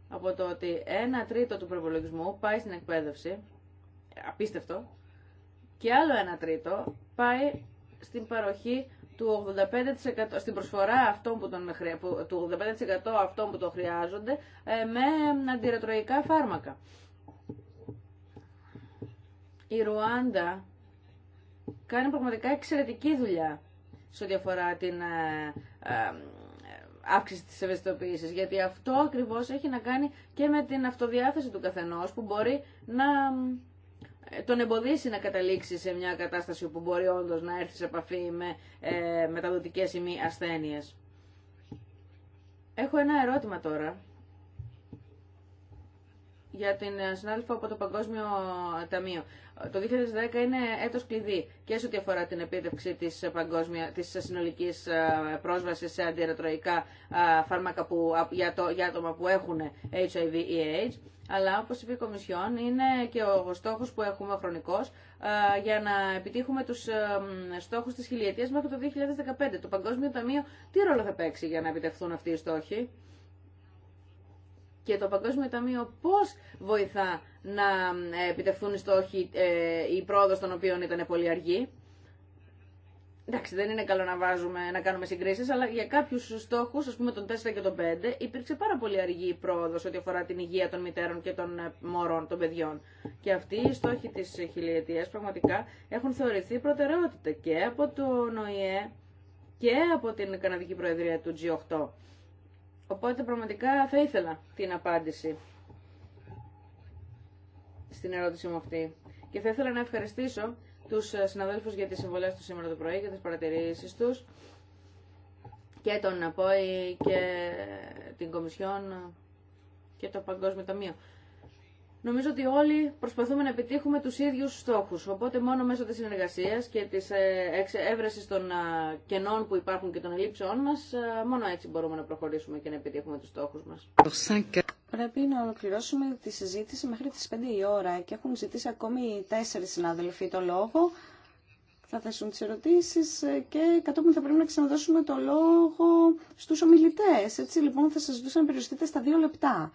από το ότι ένα τρίτο του προπολογισμού πάει στην εκπαίδευση, απίστευτο, και άλλο ένα τρίτο πάει στην παροχή του 85% στην προσφορά αυτών που τον, του 85% αυτών που το χρειάζονται ε, με αντιρετροϊκά φάρμακα. Η Ρουάντα κάνει πραγματικά εξαιρετική δουλειά σε ό,τι αφορά την ε, ε, αύξηση της ευαισθητοποίησης, γιατί αυτό ακριβώς έχει να κάνει και με την αυτοδιάθεση του καθενός που μπορεί να ε, τον εμποδίσει να καταλήξει σε μια κατάσταση που μπορεί όντω να έρθει σε επαφή με ε, μεταδοτικές ή μη ασθένειε. Έχω ένα ερώτημα τώρα για την ε, συνάδελφο από το Παγκόσμιο Ταμείο. Το 2010 είναι έτος κλειδί και σε ό,τι αφορά την επίτευξη της, παγκόσμια, της συνολικής ε, πρόσβασης σε αντιρετροϊκά φάρμακα που, για, για άτομα που έχουν HIV ή AIDS αλλά όπως είπε η Κομισιόν είναι και ο στόχος που έχουμε χρονικός χρονικός ε, για να επιτύχουμε τους ε, στόχους της χιλιετίας μέχρι το 2015. Το Παγκόσμιο Ταμείο τι ρόλο θα παίξει για να επιτευχθούν αυτοί οι στόχοι και το Παγκόσμιο Ταμείο πώς βοηθά να ε, επιτευχθούν οι στόχοι, η πρόοδος των οποίων ήταν πολύ αργή. Εντάξει, δεν είναι καλό να, βάζουμε, να κάνουμε συγκρίσει, αλλά για κάποιου στόχου, α πούμε τον 4 και τον 5, υπήρξε πάρα πολύ αργή η πρόοδο ό,τι αφορά την υγεία των μητέρων και των ε, μωρών, των παιδιών. Και αυτοί οι στόχοι τη χιλιετία πραγματικά έχουν θεωρηθεί προτεραιότητα και από το ΟΗΕ και από την Καναδική Προεδρία του G8. Οπότε πραγματικά θα ήθελα την απάντηση στην ερώτησή μου αυτή. Και θα ήθελα να ευχαριστήσω τους ε, συναδέλφους για τις συμβολές του σήμερα το πρωί και τις παρατηρήσεις τους και τον ΑΠΟΗ και την Κομισιόν και το Παγκόσμιο Ταμείο. Νομίζω ότι όλοι προσπαθούμε να επιτύχουμε τους ίδιους στόχους, οπότε μόνο μέσω της συνεργασίας και της ε, έβρεσης των ε, κενών που υπάρχουν και των ελλείψεών μας, μόνο έτσι μπορούμε να προχωρήσουμε και να επιτύχουμε τους στόχους μας. Πρέπει να ολοκληρώσουμε τη συζήτηση μέχρι τις 5 η ώρα και έχουν ζητήσει ακόμη τέσσερις συνάδελφοι το λόγο. Θα θέσουν τις ερωτήσεις και κατόπιν θα πρέπει να ξαναδώσουμε το λόγο στους ομιλητές. Έτσι λοιπόν θα σας ζητούσα να περιοριστείτε στα δύο λεπτά.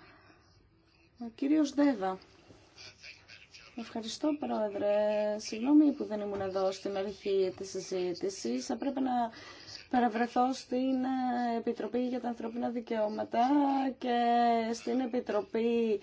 Ο κύριος Δέβα. Ευχαριστώ, Πρόεδρε. Συγγνώμη που δεν ήμουν εδώ στην αρχή της συζήτηση. Θα πρέπει να παραβρεθώ στην ε, Επιτροπή για τα Ανθρωπίνα Δικαιώματα και στην Επιτροπή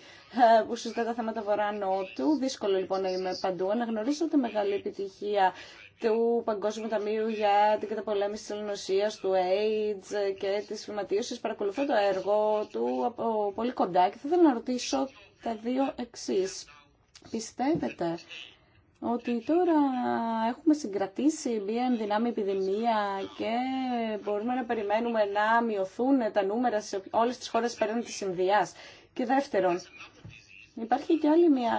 ε, που συζητά τα θέματα Βορρά Νότου. Δύσκολο λοιπόν να είμαι παντού. Αναγνωρίζω τη μεγάλη επιτυχία του Παγκόσμιου Ταμείου για την καταπολέμηση της ελληνοσίας, του AIDS και της φυματίωσης. Παρακολουθώ το έργο του πολύ κοντά και θα ήθελα να ρωτήσω τα δύο εξής. Πιστεύετε ότι τώρα έχουμε συγκρατήσει μία ενδυνάμει επιδημία και μπορούμε να περιμένουμε να μειωθούν τα νούμερα σε όλες τις χώρες πέραν της Ινδίας. Και δεύτερον, Υπάρχει και άλλη μια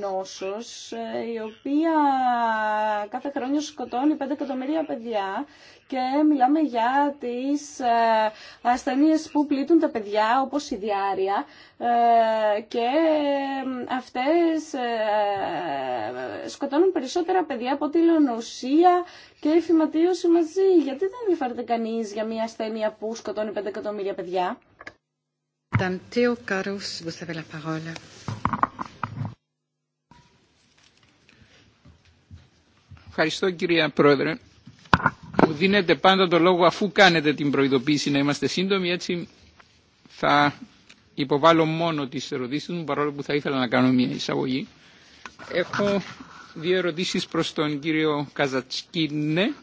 νόσος ε, η οποία κάθε χρόνο σκοτώνει 5 εκατομμύρια παιδιά και μιλάμε για τις ε, ασθενείες που πλήττουν τα παιδιά όπως η διάρρεια ε, και αυτές σκοτώνουν περισσότερα παιδιά από τη λονοσία και η φυματίωση μαζί. Γιατί δεν ενδιαφέρεται κανείς για μια ασθένεια που σκοτώνει 5 εκατομμύρια παιδιά. Ευχαριστώ κυρία Πρόεδρε. Μου δίνετε πάντα το λόγο αφού κάνετε την προειδοποίηση να είμαστε σύντομοι, έτσι θα υποβάλω μόνο τις ερωτήσεις μου, παρόλο που θα ήθελα να κάνω μια εισαγωγή. Έχω δύο ερωτήσεις προς τον κύριο Καζατσκίνε,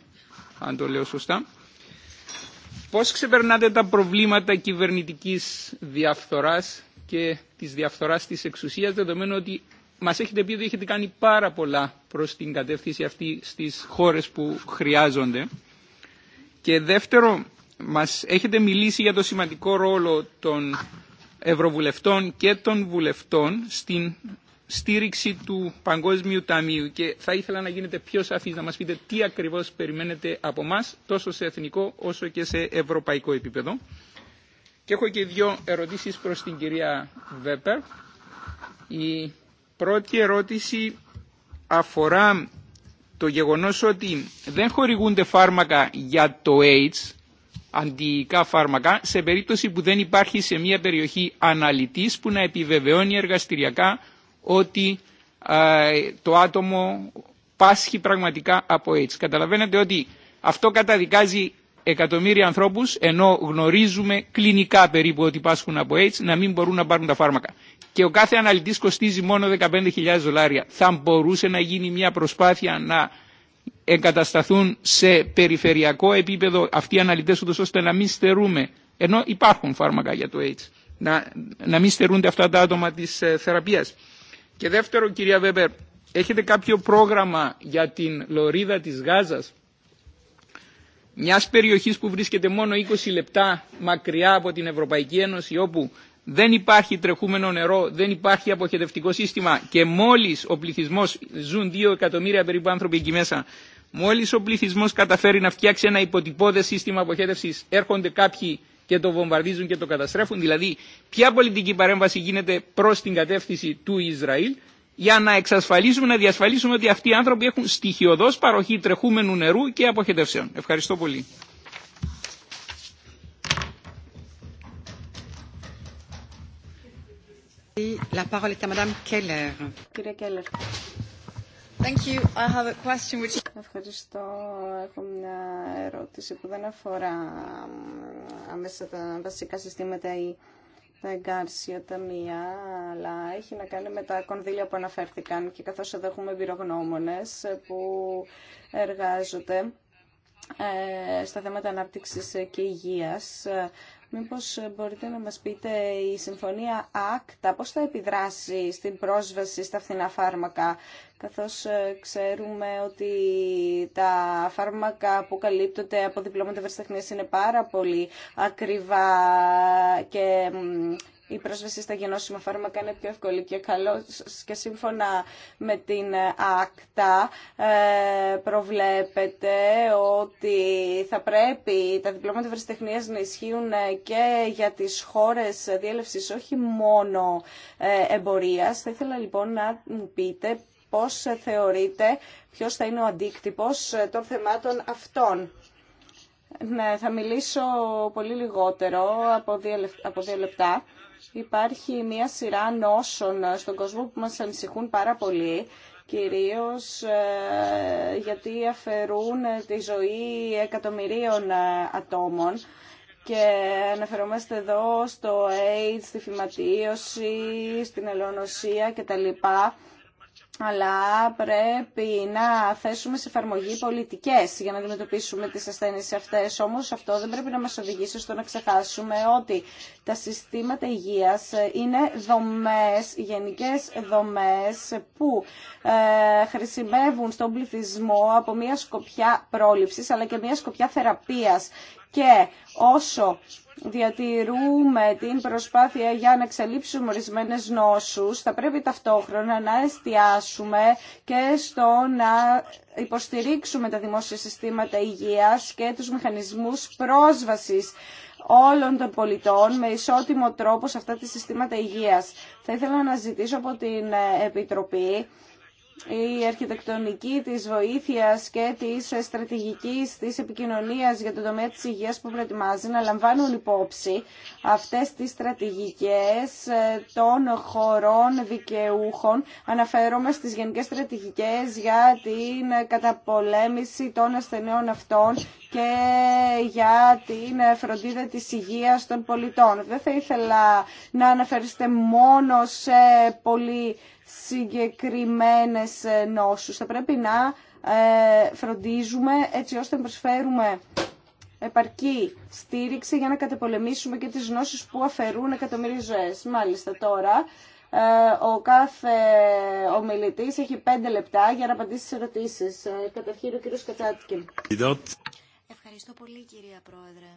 αν το λέω σωστά. Πώς ξεπερνάτε τα προβλήματα κυβερνητικής διαφθοράς και της διαφθοράς της εξουσίας, δεδομένου ότι μας έχετε πει ότι έχετε κάνει πάρα πολλά προς την κατεύθυνση αυτή στις χώρες που χρειάζονται. Και δεύτερο, μας έχετε μιλήσει για το σημαντικό ρόλο των ευρωβουλευτών και των βουλευτών στην στήριξη του Παγκόσμιου Ταμείου και θα ήθελα να γίνετε πιο σαφείς, να μας πείτε τι ακριβώς περιμένετε από μας, τόσο σε εθνικό όσο και σε ευρωπαϊκό επίπεδο. Και έχω και δύο ερωτήσεις προς την κυρία Βέπερ. Η πρώτη ερώτηση αφορά το γεγονός ότι δεν χορηγούνται φάρμακα για το AIDS, αντιϊκά φάρμακα, σε περίπτωση που δεν υπάρχει σε μια περιοχή αναλυτής που να επιβεβαιώνει εργαστηριακά ότι το άτομο πάσχει πραγματικά από AIDS. Καταλαβαίνετε ότι αυτό καταδικάζει εκατομμύρια ανθρώπους ενώ γνωρίζουμε κλινικά περίπου ότι πάσχουν από AIDS να μην μπορούν να πάρουν τα φάρμακα. Και ο κάθε αναλυτής κοστίζει μόνο 15.000 δολάρια. Θα μπορούσε να γίνει μια προσπάθεια να εγκατασταθούν σε περιφερειακό επίπεδο αυτοί οι αναλυτές ούτως ώστε να μην στερούμε ενώ υπάρχουν φάρμακα για το AIDS να, να μην στερούνται αυτά τα άτομα της ε, θεραπείας. Και δεύτερο, κυρία Βέμπερ, έχετε κάποιο πρόγραμμα για την λωρίδα της Γάζας, μιας περιοχής που βρίσκεται μόνο 20 λεπτά μακριά από την Ευρωπαϊκή Ένωση, όπου δεν υπάρχει τρεχούμενο νερό, δεν υπάρχει αποχετευτικό σύστημα και μόλις ο πληθυσμός, ζουν 2 εκατομμύρια περίπου άνθρωποι εκεί μέσα, μόλις ο πληθυσμός καταφέρει να φτιάξει ένα υποτυπώδες σύστημα αποχέτευσης, έρχονται κάποιοι και το βομβαρδίζουν και το καταστρέφουν. Δηλαδή, ποια πολιτική παρέμβαση γίνεται προ την κατεύθυνση του Ισραήλ για να εξασφαλίσουμε, να διασφαλίσουμε ότι αυτοί οι άνθρωποι έχουν στοιχειοδό παροχή τρεχούμενου νερού και αποχετεύσεων. Ευχαριστώ πολύ. La parole est à Madame Keller. Ευχαριστώ. Έχω μια ερώτηση που δεν αφορά αμέσως τα βασικά συστήματα ή τα εγκάρσια ταμεία, αλλά έχει να κάνει με τα κονδύλια που αναφέρθηκαν και καθώς εδώ έχουμε εμπειρογνώμονες που εργάζονται ε, στα θέματα ανάπτυξης και υγείας. Μήπως μπορείτε να μας πείτε η συμφωνία ΑΚΤΑ πώς θα επιδράσει στην πρόσβαση στα φθηνά φάρμακα καθώς ε, ξέρουμε ότι τα φάρμακα που καλύπτονται από διπλώματα ευρεσιτεχνίας είναι πάρα πολύ ακριβά και η πρόσβαση στα γεννόσιμα φάρμακα είναι πιο εύκολη και καλό και σύμφωνα με την ΑΚΤΑ ε, προβλέπεται ότι θα πρέπει τα διπλώματα ευρεσιτεχνίας να ισχύουν ε, και για τις χώρες διέλευσης όχι μόνο εμπορίας. Θα ήθελα λοιπόν να πείτε πώς θεωρείτε ποιος θα είναι ο αντίκτυπος των θεμάτων αυτών. Ναι, θα μιλήσω πολύ λιγότερο από δύο, από δύο λεπτά. Υπάρχει μια σειρά νόσων στον κόσμο που μας ανησυχούν πάρα πολύ κυρίως ε, γιατί αφαιρούν τη ζωή εκατομμυρίων ε, ατόμων και αναφερόμαστε εδώ στο AIDS, στη φυματίωση, στην ελονοσία κτλ αλλά πρέπει να θέσουμε σε εφαρμογή πολιτικές για να αντιμετωπίσουμε τις ασθένειες αυτές. Όμως αυτό δεν πρέπει να μας οδηγήσει στο να ξεχάσουμε ότι τα συστήματα υγείας είναι δομές, γενικές δομές που ε, χρησιμεύουν στον πληθυσμό από μια σκοπιά πρόληψης αλλά και μια σκοπιά θεραπείας και όσο διατηρούμε την προσπάθεια για να εξαλείψουμε ορισμένε νόσους, θα πρέπει ταυτόχρονα να εστιάσουμε και στο να υποστηρίξουμε τα δημόσια συστήματα υγείας και τους μηχανισμούς πρόσβασης όλων των πολιτών με ισότιμο τρόπο σε αυτά τα συστήματα υγείας. Θα ήθελα να ζητήσω από την Επιτροπή η αρχιτεκτονική της βοήθειας και της στρατηγικής της επικοινωνίας για τον τομέα της υγείας που προετοιμάζει να λαμβάνουν υπόψη αυτές τις στρατηγικές των χωρών δικαιούχων. Αναφέρομαι στις γενικές στρατηγικές για την καταπολέμηση των ασθενών αυτών και για την φροντίδα της υγείας των πολιτών. Δεν θα ήθελα να αναφέρεστε μόνο σε πολύ συγκεκριμένες ε, νόσους. Θα πρέπει να ε, φροντίζουμε έτσι ώστε να προσφέρουμε επαρκή στήριξη για να κατεπολεμήσουμε και τις νόσους που αφαιρούν εκατομμύρια ζωές. Μάλιστα τώρα ε, ο κάθε ομιλητή έχει πέντε λεπτά για να απαντήσει στις ερωτήσεις. Καταρχήν ο κύριος Κατσάτκιν. Ευχαριστώ πολύ κυρία Πρόεδρε.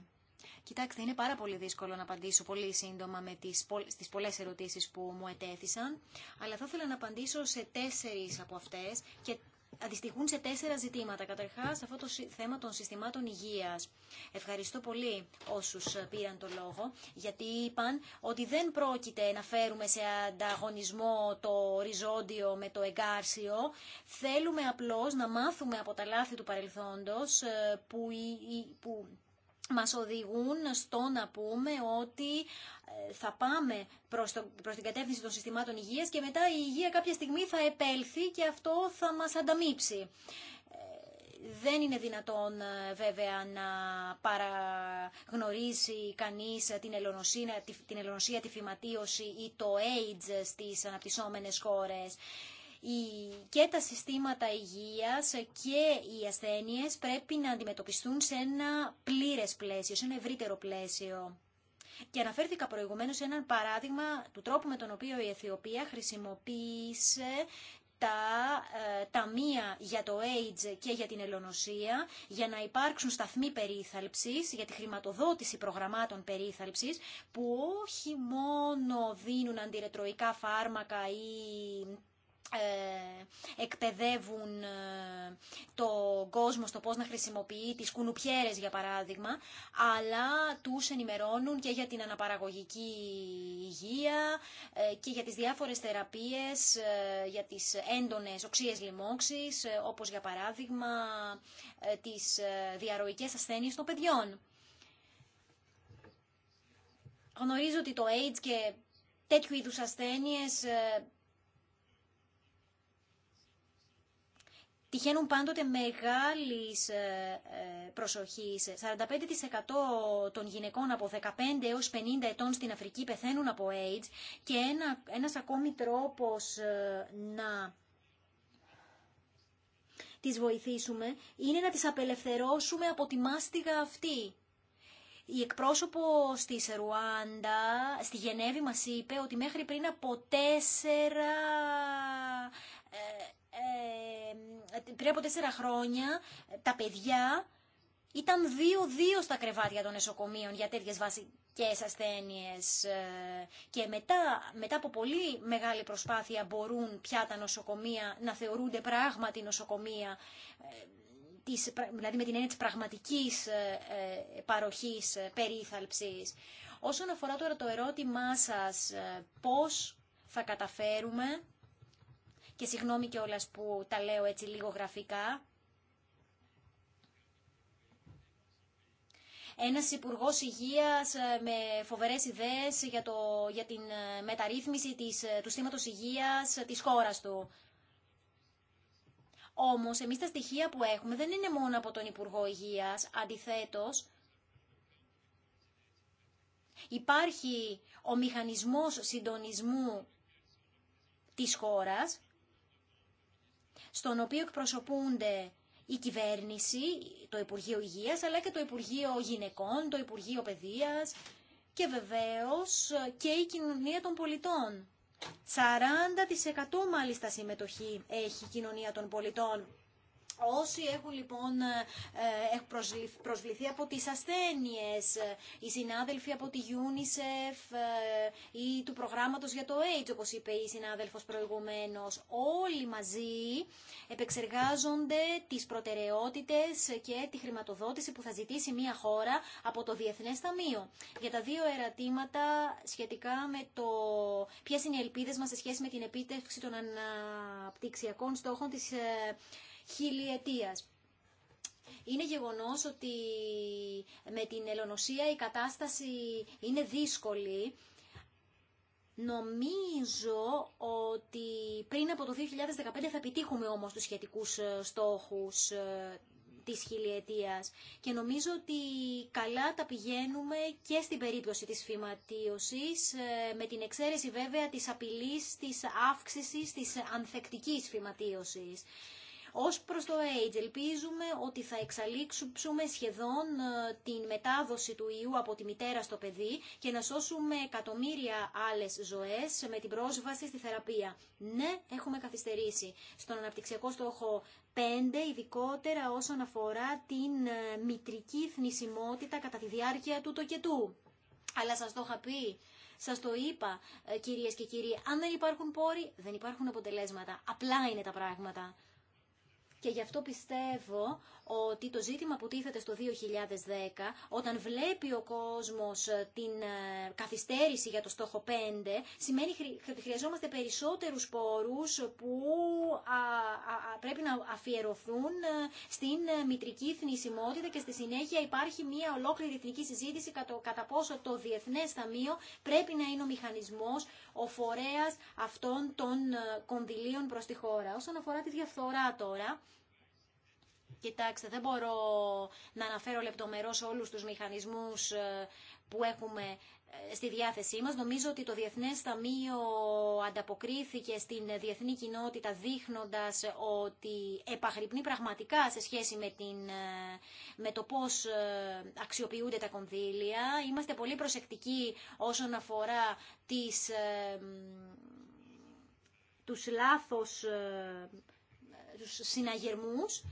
Κοιτάξτε, είναι πάρα πολύ δύσκολο να απαντήσω πολύ σύντομα με τις, στις πολλές ερωτήσεις που μου ετέθησαν, αλλά θα ήθελα να απαντήσω σε τέσσερις από αυτές και αντιστοιχούν σε τέσσερα ζητήματα. Καταρχά, αυτό το θέμα των συστημάτων υγείας. Ευχαριστώ πολύ όσους πήραν το λόγο, γιατί είπαν ότι δεν πρόκειται να φέρουμε σε ανταγωνισμό το οριζόντιο με το εγκάρσιο. Θέλουμε απλώς να μάθουμε από τα λάθη του παρελθόντος ε, που, που μας οδηγούν στο να πούμε ότι ε, θα πάμε προς, την κατεύθυνση των συστημάτων υγείας και μετά η υγεία κάποια στιγμή θα επέλθει και αυτό θα μας ανταμείψει. Ε, δεν είναι δυνατόν ε, βέβαια να παραγνωρίσει κανείς την ελονοσία, την ελονοσία, τη φυματίωση ή το AIDS στις αναπτυσσόμενες χώρες και τα συστήματα υγείας και οι ασθένειες πρέπει να αντιμετωπιστούν σε ένα πλήρες πλαίσιο, σε ένα ευρύτερο πλαίσιο. Και αναφέρθηκα προηγουμένως σε ένα παράδειγμα του τρόπου με τον οποίο η Αιθιοπία χρησιμοποίησε τα ε, ταμεία για το AIDS και για την ελονοσία για να υπάρξουν σταθμοί περίθαλψης, για τη χρηματοδότηση προγραμμάτων περίθαλψης που όχι μόνο δίνουν αντιρετροϊκά φάρμακα ή ε, εκπαιδεύουν ε, το κόσμο στο πώς να χρησιμοποιεί τις κουνουπιέρες για παράδειγμα, αλλά τους ενημερώνουν και για την αναπαραγωγική υγεία ε, και για τις διάφορες θεραπείες, για τις έντονες οξύες λοιμώξεις, όπως για παράδειγμα τις διαρροικές ασθένειες των παιδιών. Γνωρίζω ότι το AIDS και τέτοιου είδους ασθένειες τυχαίνουν πάντοτε μεγάλη προσοχή 45% των γυναικών από 15 έως 50 ετών στην Αφρική πεθαίνουν από AIDS και ένα, ένας ακόμη τρόπος ε, να τις βοηθήσουμε είναι να τις απελευθερώσουμε από τη μάστιγα αυτή. Η εκπρόσωπο στη Ρουάντα, στη Γενέβη, μας είπε ότι μέχρι πριν από τέσσερα ε, πριν από τέσσερα χρόνια τα παιδιά ήταν δύο-δύο στα κρεβάτια των νοσοκομείων για τέτοιες βασικές ασθένειες ε, και μετά, μετά από πολύ μεγάλη προσπάθεια μπορούν πια τα νοσοκομεία να θεωρούνται πράγματι νοσοκομεία ε, της, δηλαδή με την έννοια της πραγματικής ε, παροχής περίθαλψης. Όσον αφορά τώρα το ερώτημά σας πώς θα καταφέρουμε και συγγνώμη κιόλα που τα λέω έτσι λίγο γραφικά. Ένας υπουργό Υγείας ε, με φοβερές ιδέες για, το, για την ε, μεταρρύθμιση της, ε, του στήματος υγείας της χώρας του. Όμως, εμείς τα στοιχεία που έχουμε δεν είναι μόνο από τον Υπουργό Υγείας. Αντιθέτως, υπάρχει ο μηχανισμός συντονισμού της χώρας στον οποίο εκπροσωπούνται η κυβέρνηση, το Υπουργείο Υγείας, αλλά και το Υπουργείο Γυναικών, το Υπουργείο Παιδείας και βεβαίως ε, και η κοινωνία των πολιτών. 40% μάλιστα συμμετοχή έχει η κοινωνία των πολιτών Όσοι έχουν λοιπόν ε, ε, προσβληθεί από τις ασθένειες, οι συνάδελφοι από τη UNICEF ε, ή του προγράμματος για το AIDS, όπως είπε η συνάδελφος προηγουμένως, όλοι μαζί επεξεργάζονται τις προτεραιότητες και τη χρηματοδότηση που θα ζητήσει μια χώρα από το Διεθνές Ταμείο. Για τα δύο ερατήματα σχετικά με το ποιες είναι οι ελπίδες μας σε σχέση με την επίτευξη των αναπτυξιακών στόχων της χιλιετίας. Είναι γεγονός ότι με την ελονοσία η κατάσταση είναι δύσκολη. Νομίζω ότι πριν από το 2015 θα επιτύχουμε όμως τους σχετικούς ε, στόχους ε, της χιλιετίας και νομίζω ότι καλά τα πηγαίνουμε και στην περίπτωση της φυματίωσης ε, με την εξαίρεση βέβαια της απειλής της αύξησης της ανθεκτικής φυματίωσης. Ως προς το AIDS ελπίζουμε ότι θα εξαλείξουμε σχεδόν ε, την μετάδοση του ιού από τη μητέρα στο παιδί και να σώσουμε εκατομμύρια άλλες ζωές με την πρόσβαση στη θεραπεία. Ναι, έχουμε καθυστερήσει στον αναπτυξιακό στόχο 5, ειδικότερα όσον αφορά την ε, μητρική θνησιμότητα κατά τη διάρκεια του τοκετού. Αλλά σας το είχα πει, σας το είπα ε, κυρίες και κύριοι, αν δεν υπάρχουν πόροι δεν υπάρχουν αποτελέσματα. Απλά είναι τα πράγματα και γι' αυτό πιστεύω ότι το ζήτημα που τίθεται στο 2010, όταν βλέπει ο κόσμος ε, την ε, καθυστέρηση για το στόχο 5, σημαίνει ότι χρειαζόμαστε περισσότερους πόρους που πρέπει να αφιερωθούν ε, στην μητρική θνησιμότητα και στη συνέχεια υπάρχει μια ολόκληρη εθνική συζήτηση κατά πόσο το Διεθνές Ταμείο πρέπει να είναι ο μηχανισμός, ο φορέας αυτών των κονδυλίων προς τη χώρα. Όσον αφορά τη διαφθορά τώρα, Κοιτάξτε, δεν μπορώ να αναφέρω λεπτομερώς όλους τους μηχανισμούς ε, που έχουμε ε, στη διάθεσή μας. Νομίζω ότι το Διεθνές Ταμείο ανταποκρίθηκε στην διεθνή κοινότητα δείχνοντας ότι επαγρυπνεί πραγματικά σε σχέση με, την, ε, με το πώς αξιοποιούνται τα κονδύλια. Είμαστε πολύ προσεκτικοί όσον αφορά τις, τους λάθος συναγερμούς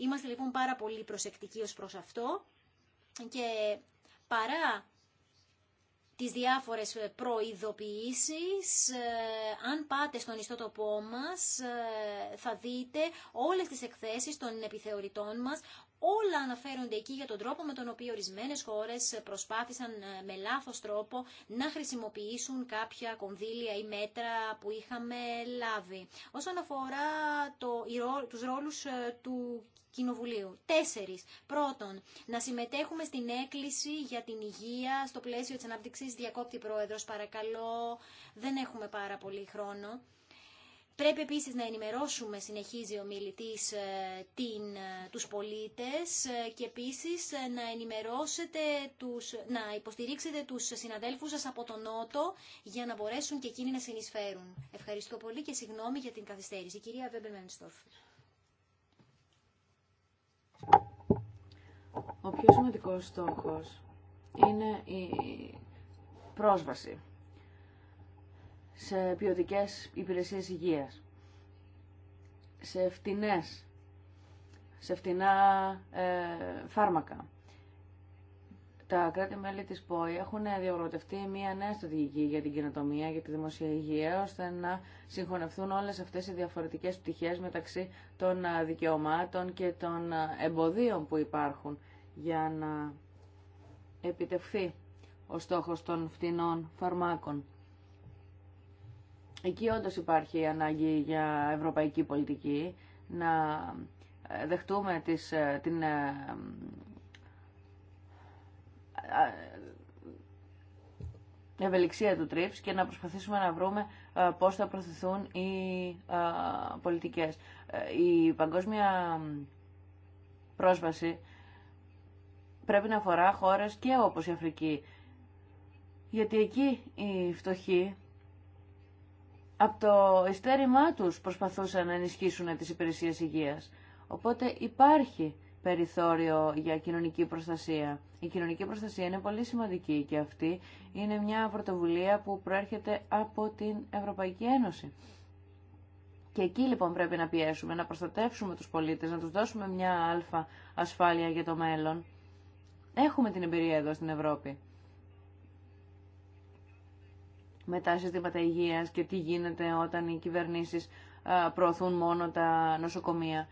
Είμαστε λοιπόν πάρα πολύ προσεκτικοί ως προς αυτό και παρά τις διάφορες προειδοποιήσεις. Ε, αν πάτε στον ιστότοπό μας ε, θα δείτε όλες τις εκθέσεις των επιθεωρητών μας. Όλα αναφέρονται εκεί για τον τρόπο με τον οποίο ορισμένες χώρες προσπάθησαν ε, με λάθος τρόπο να χρησιμοποιήσουν κάποια κονδύλια ή μέτρα που είχαμε λάβει. Όσον αφορά το, τους ρόλους του Κοινοβουλίου. Τέσσερις. Πρώτον, να συμμετέχουμε στην έκκληση για την υγεία στο πλαίσιο της ανάπτυξης διακόπτη πρόεδρος. Παρακαλώ, δεν έχουμε πάρα πολύ χρόνο. Πρέπει επίσης να ενημερώσουμε, συνεχίζει ο μιλητής, ε, την, ε, τους πολίτες ε, και επίσης να ενημερώσετε, τους, να υποστηρίξετε τους συναδέλφους σας από τον Νότο για να μπορέσουν και εκείνοι να συνεισφέρουν. Ευχαριστώ πολύ και συγγνώμη για την καθυστέρηση. κυρία Βέμπερ Μένστορφ. Ο πιο σημαντικός στόχος είναι η πρόσβαση σε ποιοτικέ υπηρεσίες υγείας, σε φτηνές, σε φτηνά ε, φάρμακα, τα κράτη-μέλη της ΠΟΗ έχουν διαπραγματευτεί μια νέα στρατηγική για την κοινοτομία, για τη δημοσία υγεία, ώστε να συγχωνευτούν όλες αυτές οι διαφορετικές πτυχές μεταξύ των δικαιωμάτων και των εμποδίων που υπάρχουν για να επιτευχθεί ο στόχος των φτηνών φαρμάκων. Εκεί όντω υπάρχει ανάγκη για ευρωπαϊκή πολιτική να ε, δεχτούμε τις, ε, την ε, ευελιξία του τρίψ και να προσπαθήσουμε να βρούμε πώς θα προωθηθούν οι πολιτικές. Ε, η παγκόσμια πρόσβαση πρέπει να αφορά χώρες και όπως η Αφρική. Γιατί εκεί οι φτωχοί από το ειστέρημά τους προσπαθούσαν να ενισχύσουν τις υπηρεσίες υγείας. Οπότε υπάρχει περιθώριο για κοινωνική προστασία. Η κοινωνική προστασία είναι πολύ σημαντική και αυτή είναι μια πρωτοβουλία που προέρχεται από την Ευρωπαϊκή Ένωση. Και εκεί λοιπόν πρέπει να πιέσουμε, να προστατεύσουμε τους πολίτες, να τους δώσουμε μια αλφα ασφάλεια για το μέλλον. Έχουμε την εμπειρία εδώ στην Ευρώπη. Με τα συστήματα υγείας και τι γίνεται όταν οι κυβερνήσεις προωθούν μόνο τα νοσοκομεία.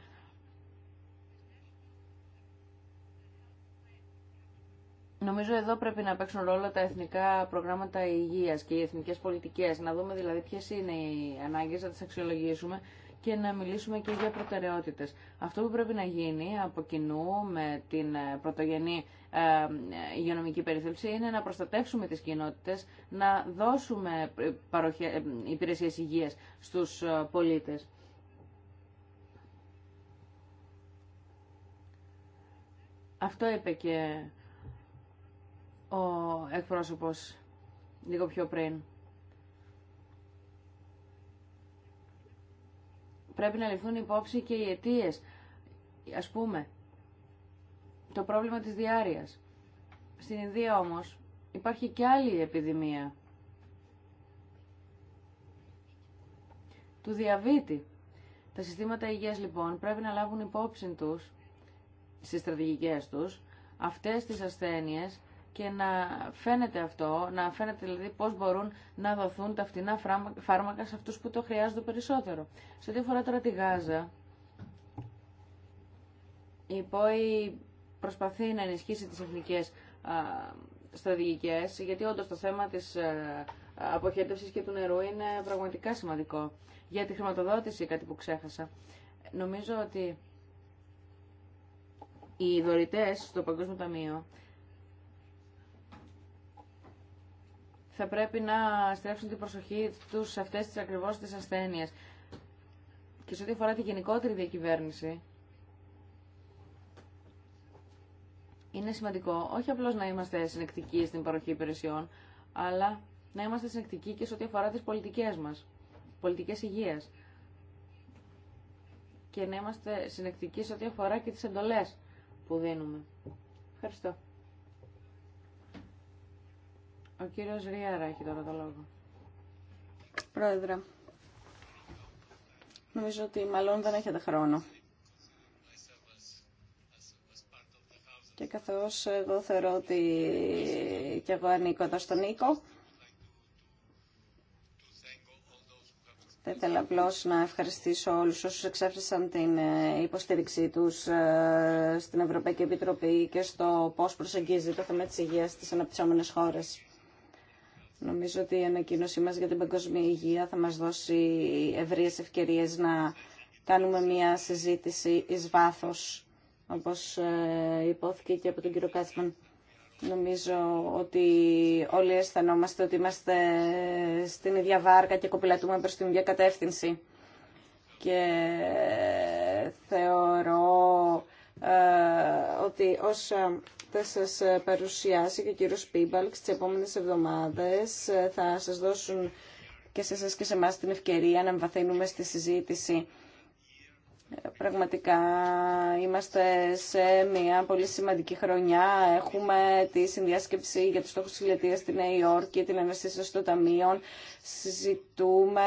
Νομίζω εδώ πρέπει να παίξουν ρόλο τα εθνικά προγράμματα υγείας και οι εθνικές πολιτικές, να δούμε δηλαδή ποιε είναι οι ανάγκε να τι αξιολογήσουμε και να μιλήσουμε και για προτεραιότητες. Αυτό που πρέπει να γίνει από κοινού με την πρωτογενή ε, υγειονομική περίθαλψη είναι να προστατεύσουμε τις κοινότητε να δώσουμε ε, υπηρεσίες υγείας στους ε, πολίτε. Αυτό είπε και ο εκπρόσωπος λίγο πιο πριν. Πρέπει να ληφθούν υπόψη και οι αιτίε. Ας πούμε, το πρόβλημα της διάρειας. Στην Ινδία όμως υπάρχει και άλλη επιδημία του διαβήτη. Τα συστήματα υγείας λοιπόν πρέπει να λάβουν υπόψη τους στις στρατηγικές τους αυτές τις ασθένειες και να φαίνεται αυτό, να φαίνεται δηλαδή πώς μπορούν να δοθούν τα φτηνά φάρμακα σε αυτούς που το χρειάζονται περισσότερο. Σε ό,τι αφορά τώρα τη Γάζα, η ΠΟΗ προσπαθεί να ενισχύσει τις εθνικές στρατηγικές, γιατί όντω το θέμα της αποχέτευσης και του νερού είναι πραγματικά σημαντικό. Για τη χρηματοδότηση, κάτι που ξέχασα, νομίζω ότι οι δωρητές στο Παγκόσμιο Ταμείο θα πρέπει να στρέψουν την προσοχή τους σε αυτές τις ακριβώς τις ασθένειες. Και σε ό,τι αφορά τη γενικότερη διακυβέρνηση, είναι σημαντικό όχι απλώς να είμαστε συνεκτικοί στην παροχή υπηρεσιών, αλλά να είμαστε συνεκτικοί και σε ό,τι αφορά τι πολιτικές μας, πολιτικές υγεία. Και να είμαστε συνεκτικοί σε ό,τι αφορά και τι εντολέ που δίνουμε. Ευχαριστώ. Ο κύριος Ριάρα έχει τώρα το λόγο. Πρόεδρε, νομίζω ότι μάλλον δεν έχετε χρόνο. Και καθώς εγώ θεωρώ ότι και εγώ ανήκω εδώ στον Νίκο, θα ήθελα απλώ να ευχαριστήσω όλους όσους εξέφρασαν την ε, υποστήριξή τους ε, στην Ευρωπαϊκή Επιτροπή και στο πώς προσεγγίζει το θέμα της υγείας στις αναπτυσσόμενες χώρες. Νομίζω ότι η ανακοίνωσή μας για την παγκόσμια υγεία θα μας δώσει ευρείες ευκαιρίες να κάνουμε μια συζήτηση εις βάθος, όπως ε, υπόθηκε και από τον κύριο Κάτσμαν. Νομίζω ότι όλοι αισθανόμαστε ότι είμαστε στην ίδια βάρκα και κοπηλατούμε προς την ίδια κατεύθυνση. Και ε, θεωρώ ε, ότι όσα θα σας παρουσιάσει και ο κύριος Πίμπαλξ τις επόμενες εβδομάδες ε, θα σας δώσουν και σε εσάς και σε εμάς την ευκαιρία να εμβαθύνουμε στη συζήτηση. Ε, πραγματικά είμαστε σε μια πολύ σημαντική χρονιά. Έχουμε τη συνδιάσκεψη για τους στόχους της Λετίας στη Νέα Υόρκη, την αναστήσεως των ταμείων. Συζητούμε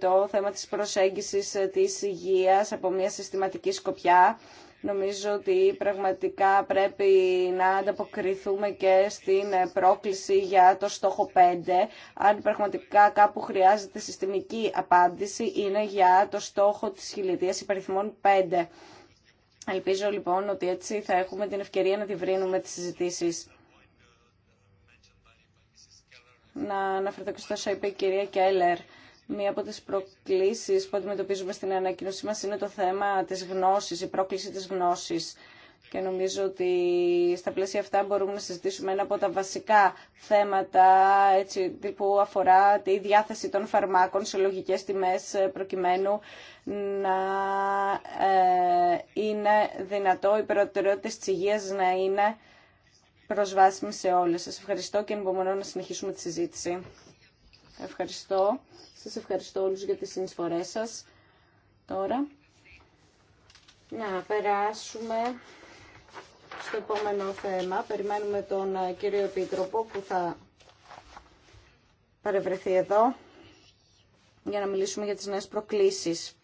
το θέμα της προσέγγισης της υγείας από μια συστηματική σκοπιά Νομίζω ότι πραγματικά πρέπει να ανταποκριθούμε και στην πρόκληση για το στόχο 5. Αν πραγματικά κάπου χρειάζεται συστημική απάντηση είναι για το στόχο της χιλιετίας υπαριθμών 5. Ελπίζω λοιπόν ότι έτσι θα έχουμε την ευκαιρία να διευρύνουμε τις συζητήσεις. Να αναφερθώ και στο όσα είπε η κυρία Κέλλερ Μία από τις προκλήσεις που αντιμετωπίζουμε στην ανακοίνωσή μας είναι το θέμα της γνώσης, η πρόκληση της γνώσης. Και νομίζω ότι στα πλαίσια αυτά μπορούμε να συζητήσουμε ένα από τα βασικά θέματα έτσι, που αφορά τη διάθεση των φαρμάκων σε λογικές τιμές ε, προκειμένου να ε, είναι δυνατό η προτεραιότητα της υγείας να είναι προσβάσιμη σε όλες. Σας ευχαριστώ και εμπομονώ να συνεχίσουμε τη συζήτηση. Ευχαριστώ. Σας ευχαριστώ όλους για τις συνεισφορές σας. Τώρα, να περάσουμε στο επόμενο θέμα. Περιμένουμε τον ε, κύριο Επίτροπο που θα παρευρεθεί εδώ για να μιλήσουμε για τις νέες προκλήσεις.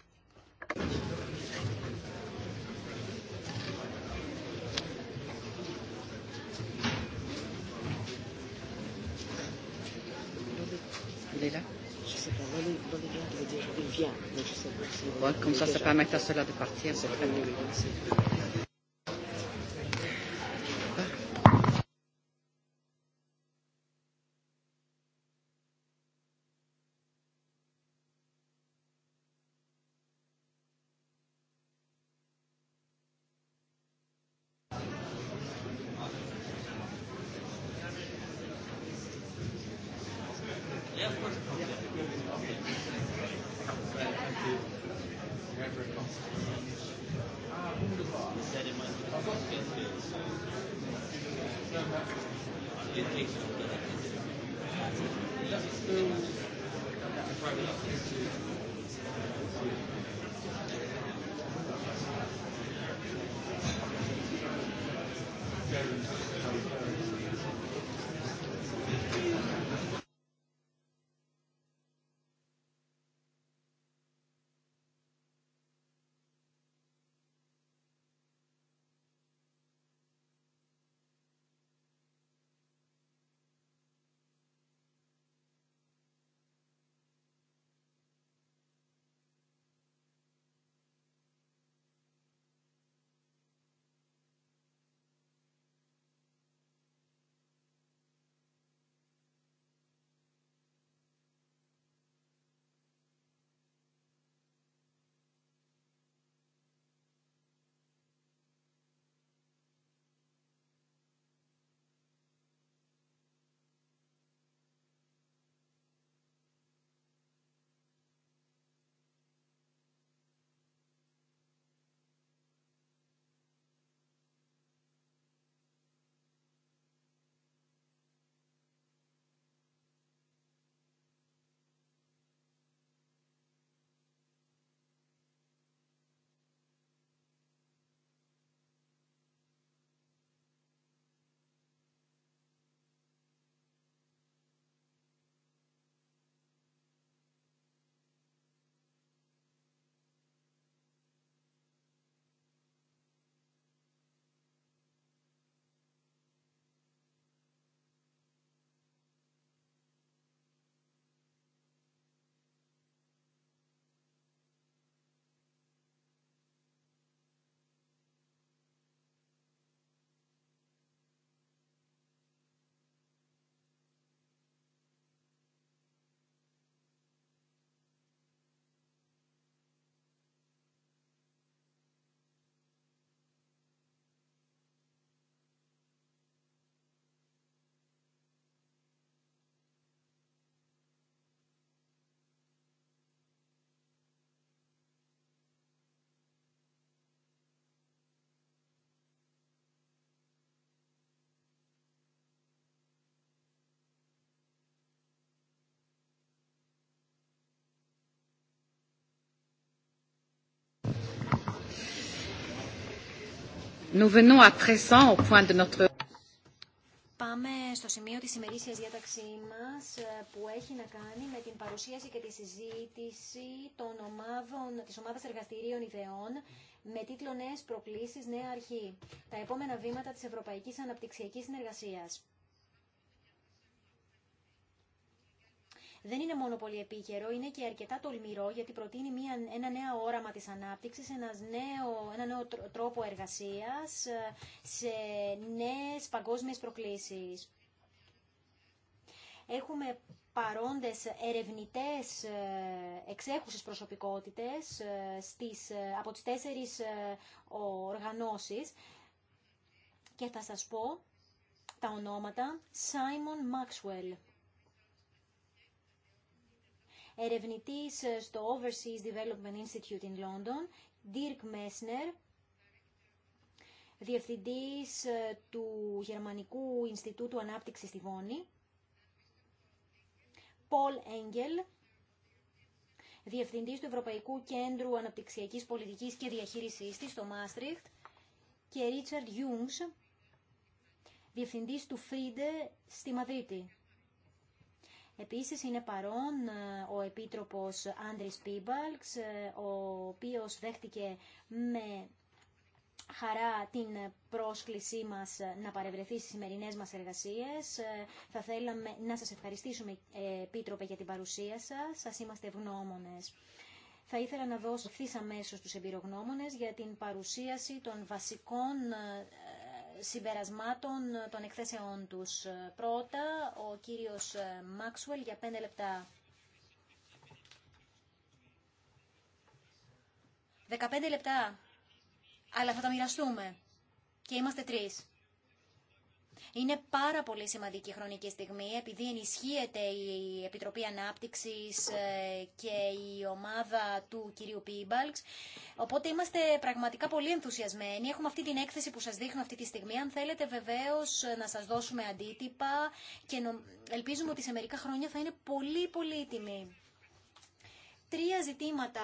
Comme ça, ça permet à cela de partir, Πάμε στο σημείο της ημερήσιας διάταξή μας ε, που έχει να κάνει με την παρουσίαση και τη συζήτηση των ομάδων, της ομάδας εργαστηρίων ιδεών με τίτλο «Νέες προκλήσεις, νέα αρχή. Τα επόμενα βήματα της Ευρωπαϊκής Αναπτυξιακής Συνεργασίας». δεν είναι μόνο πολύ επίκαιρο, είναι και αρκετά τολμηρό γιατί προτείνει μια, ένα νέο όραμα της ανάπτυξης, ένας νέο, ένα νέο τρόπο εργασίας ε, σε νέες παγκόσμιες προκλήσεις. Έχουμε παρόντες ερευνητές ε, εξέχουσες προσωπικότητες ε, στις, από τις τέσσερις οργανώσεις και θα σας πω τα ονόματα Simon Maxwell, ερευνητής στο Overseas Development Institute in London, Dirk Messner, διευθυντής ε, του Γερμανικού Ινστιτούτου Ανάπτυξης στη Βόνη, Paul Engel, διευθυντής του Ευρωπαϊκού Κέντρου Αναπτυξιακής Πολιτικής και Διαχείρισής της στο Μάστριχτ και Richard Youngs, διευθυντής του ΦΡΙΝΤΕ στη Μαδρίτη. Επίσης είναι παρόν ε, ο Επίτροπος Άντρης Πίμπαλξ, ε, ο οποίος δέχτηκε με χαρά την πρόσκλησή μας να παρευρεθεί στις σημερινές μας εργασίες. Ε, θα θέλαμε να σας ευχαριστήσουμε, Επίτροπε, για την παρουσία σας. Σας είμαστε ευγνώμονες. Θα ήθελα να δώσω ευθύ αμέσω τους εμπειρογνώμονες για την παρουσίαση των βασικών συμπερασμάτων των εκθέσεών τους. Πρώτα, ο κύριος Μάξουελ για πέντε λεπτά. 15 λεπτά, αλλά θα τα μοιραστούμε και είμαστε τρεις. Είναι πάρα πολύ σημαντική χρονική στιγμή επειδή ενισχύεται η Επιτροπή Ανάπτυξης ε, και η ομάδα του κυρίου Πίμπαλξ. Οπότε είμαστε πραγματικά πολύ ενθουσιασμένοι. Έχουμε αυτή την έκθεση που σας δείχνω αυτή τη στιγμή. Αν θέλετε βεβαίως να σας δώσουμε αντίτυπα και ελπίζουμε ότι σε μερικά χρόνια θα είναι πολύ πολύτιμη τρία ζητήματα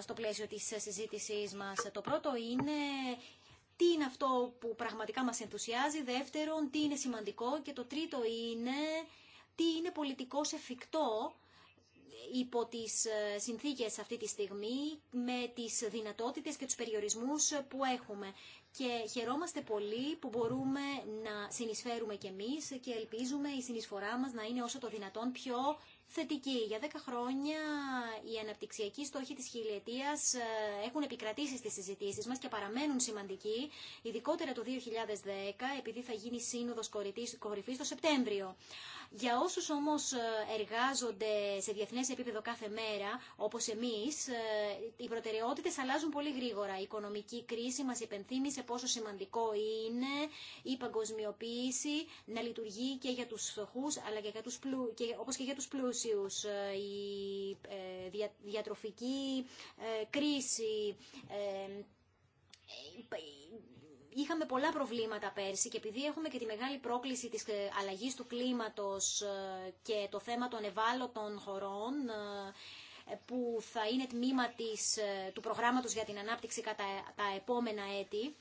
στο πλαίσιο της συζήτησής μας. Το πρώτο είναι τι είναι αυτό που πραγματικά μας ενθουσιάζει, δεύτερον, τι είναι σημαντικό και το τρίτο είναι τι είναι πολιτικός εφικτό υπό τις ε, συνθήκες αυτή τη στιγμή με τις δυνατότητες και τους περιορισμούς που έχουμε. Και χαιρόμαστε πολύ που μπορούμε να συνεισφέρουμε κι εμείς και ελπίζουμε η συνεισφορά μας να είναι όσο το δυνατόν πιο θετική. Για 10 χρόνια οι αναπτυξιακοί στόχοι της χιλιετίας ε, έχουν επικρατήσει στις συζητήσεις μας και παραμένουν σημαντικοί, ειδικότερα το 2010, επειδή θα γίνει σύνοδος κορυφής το Σεπτέμβριο. Για όσους όμως ε, εργάζονται σε διεθνές επίπεδο κάθε μέρα, όπως εμείς, ε, οι προτεραιότητες αλλάζουν πολύ γρήγορα. Η οικονομική κρίση μας υπενθύμησε πόσο σημαντικό είναι η παγκοσμιοποίηση να λειτουργεί και για τους φτωχού, αλλά και, για τους και όπως και για τους πλούσιους πλούσιους, ε, η ε, διατροφική ε, κρίση, Είχαμε πολλά προβλήματα πέρσι και επειδή έχουμε και τη μεγάλη πρόκληση της αλλαγής του κλίματος και το θέμα των ευάλωτων χωρών που θα είναι τμήμα της, του προγράμματος για την ανάπτυξη κατά τα επόμενα έτη,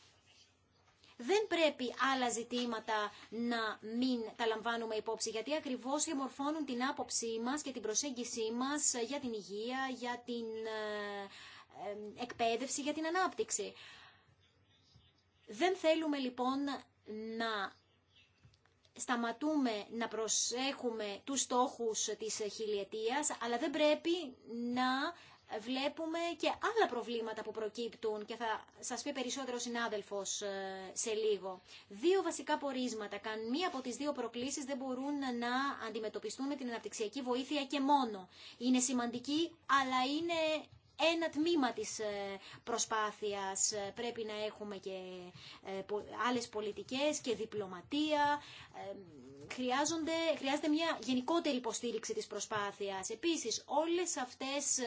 δεν πρέπει άλλα ζητήματα να μην τα λαμβάνουμε υπόψη, γιατί ακριβώς διαμορφώνουν την άποψή μας και την προσέγγισή μας για την υγεία, για την ε, ε, εκπαίδευση, για την ανάπτυξη. Δεν θέλουμε λοιπόν να σταματούμε να προσέχουμε τους στόχους της χιλιετίας, αλλά δεν πρέπει να βλέπουμε και άλλα προβλήματα που προκύπτουν και θα σας πει περισσότερο ο συνάδελφος ε, σε λίγο. Δύο βασικά πορίσματα. μία από τις δύο προκλήσεις δεν μπορούν να αντιμετωπιστούν με την αναπτυξιακή βοήθεια και μόνο. Είναι σημαντική, αλλά είναι ένα τμήμα της ε, προσπάθειας. Ε, πρέπει να έχουμε και ε, άλλες πολιτικές και διπλωματία. χρειάζεται μια γενικότερη υποστήριξη της προσπάθειας. Επίσης, όλες αυτές,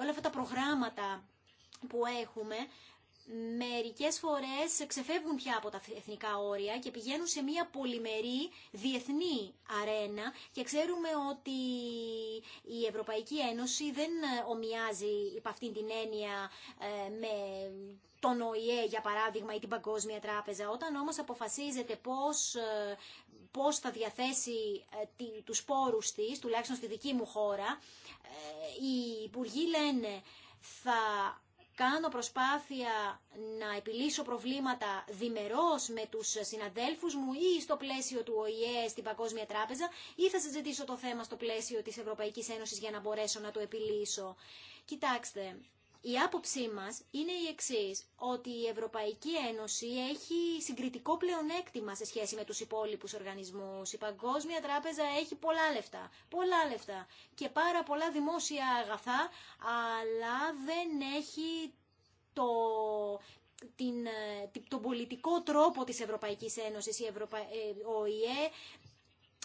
όλα αυτά τα προγράμματα που έχουμε μερικές φορές ξεφεύγουν πια από τα εθνικά όρια και πηγαίνουν σε μια πολυμερή διεθνή αρένα και ξέρουμε ότι η Ευρωπαϊκή Ένωση δεν ομοιάζει υπ' αυτήν την έννοια ε, με τον ΟΗΕ για παράδειγμα ή την Παγκόσμια Τράπεζα. Όταν όμως αποφασίζεται πώς, ε, πώς θα διαθέσει ε, τους πόρους της, τουλάχιστον στη δική μου χώρα, οι υπουργοί λένε θα κάνω προσπάθεια να επιλύσω προβλήματα διμερώς με τους συναδέλφους μου ή στο πλαίσιο του ΟΗΕ στην Παγκόσμια Τράπεζα ή θα συζητήσω το θέμα στο πλαίσιο της Ευρωπαϊκής Ένωσης για να μπορέσω να το επιλύσω. Κοιτάξτε, η άποψή μας είναι η εξής, ότι η Ευρωπαϊκή Ένωση έχει συγκριτικό πλεονέκτημα σε σχέση με τους υπόλοιπους οργανισμούς. Η Παγκόσμια Τράπεζα έχει πολλά λεφτά, πολλά λεφτά και πάρα πολλά δημόσια αγαθά, αλλά δεν έχει το, την, ε, τον πολιτικό τρόπο της Ευρωπαϊκής Ένωσης, η Ευρωπα... Ε, ο ΙΕ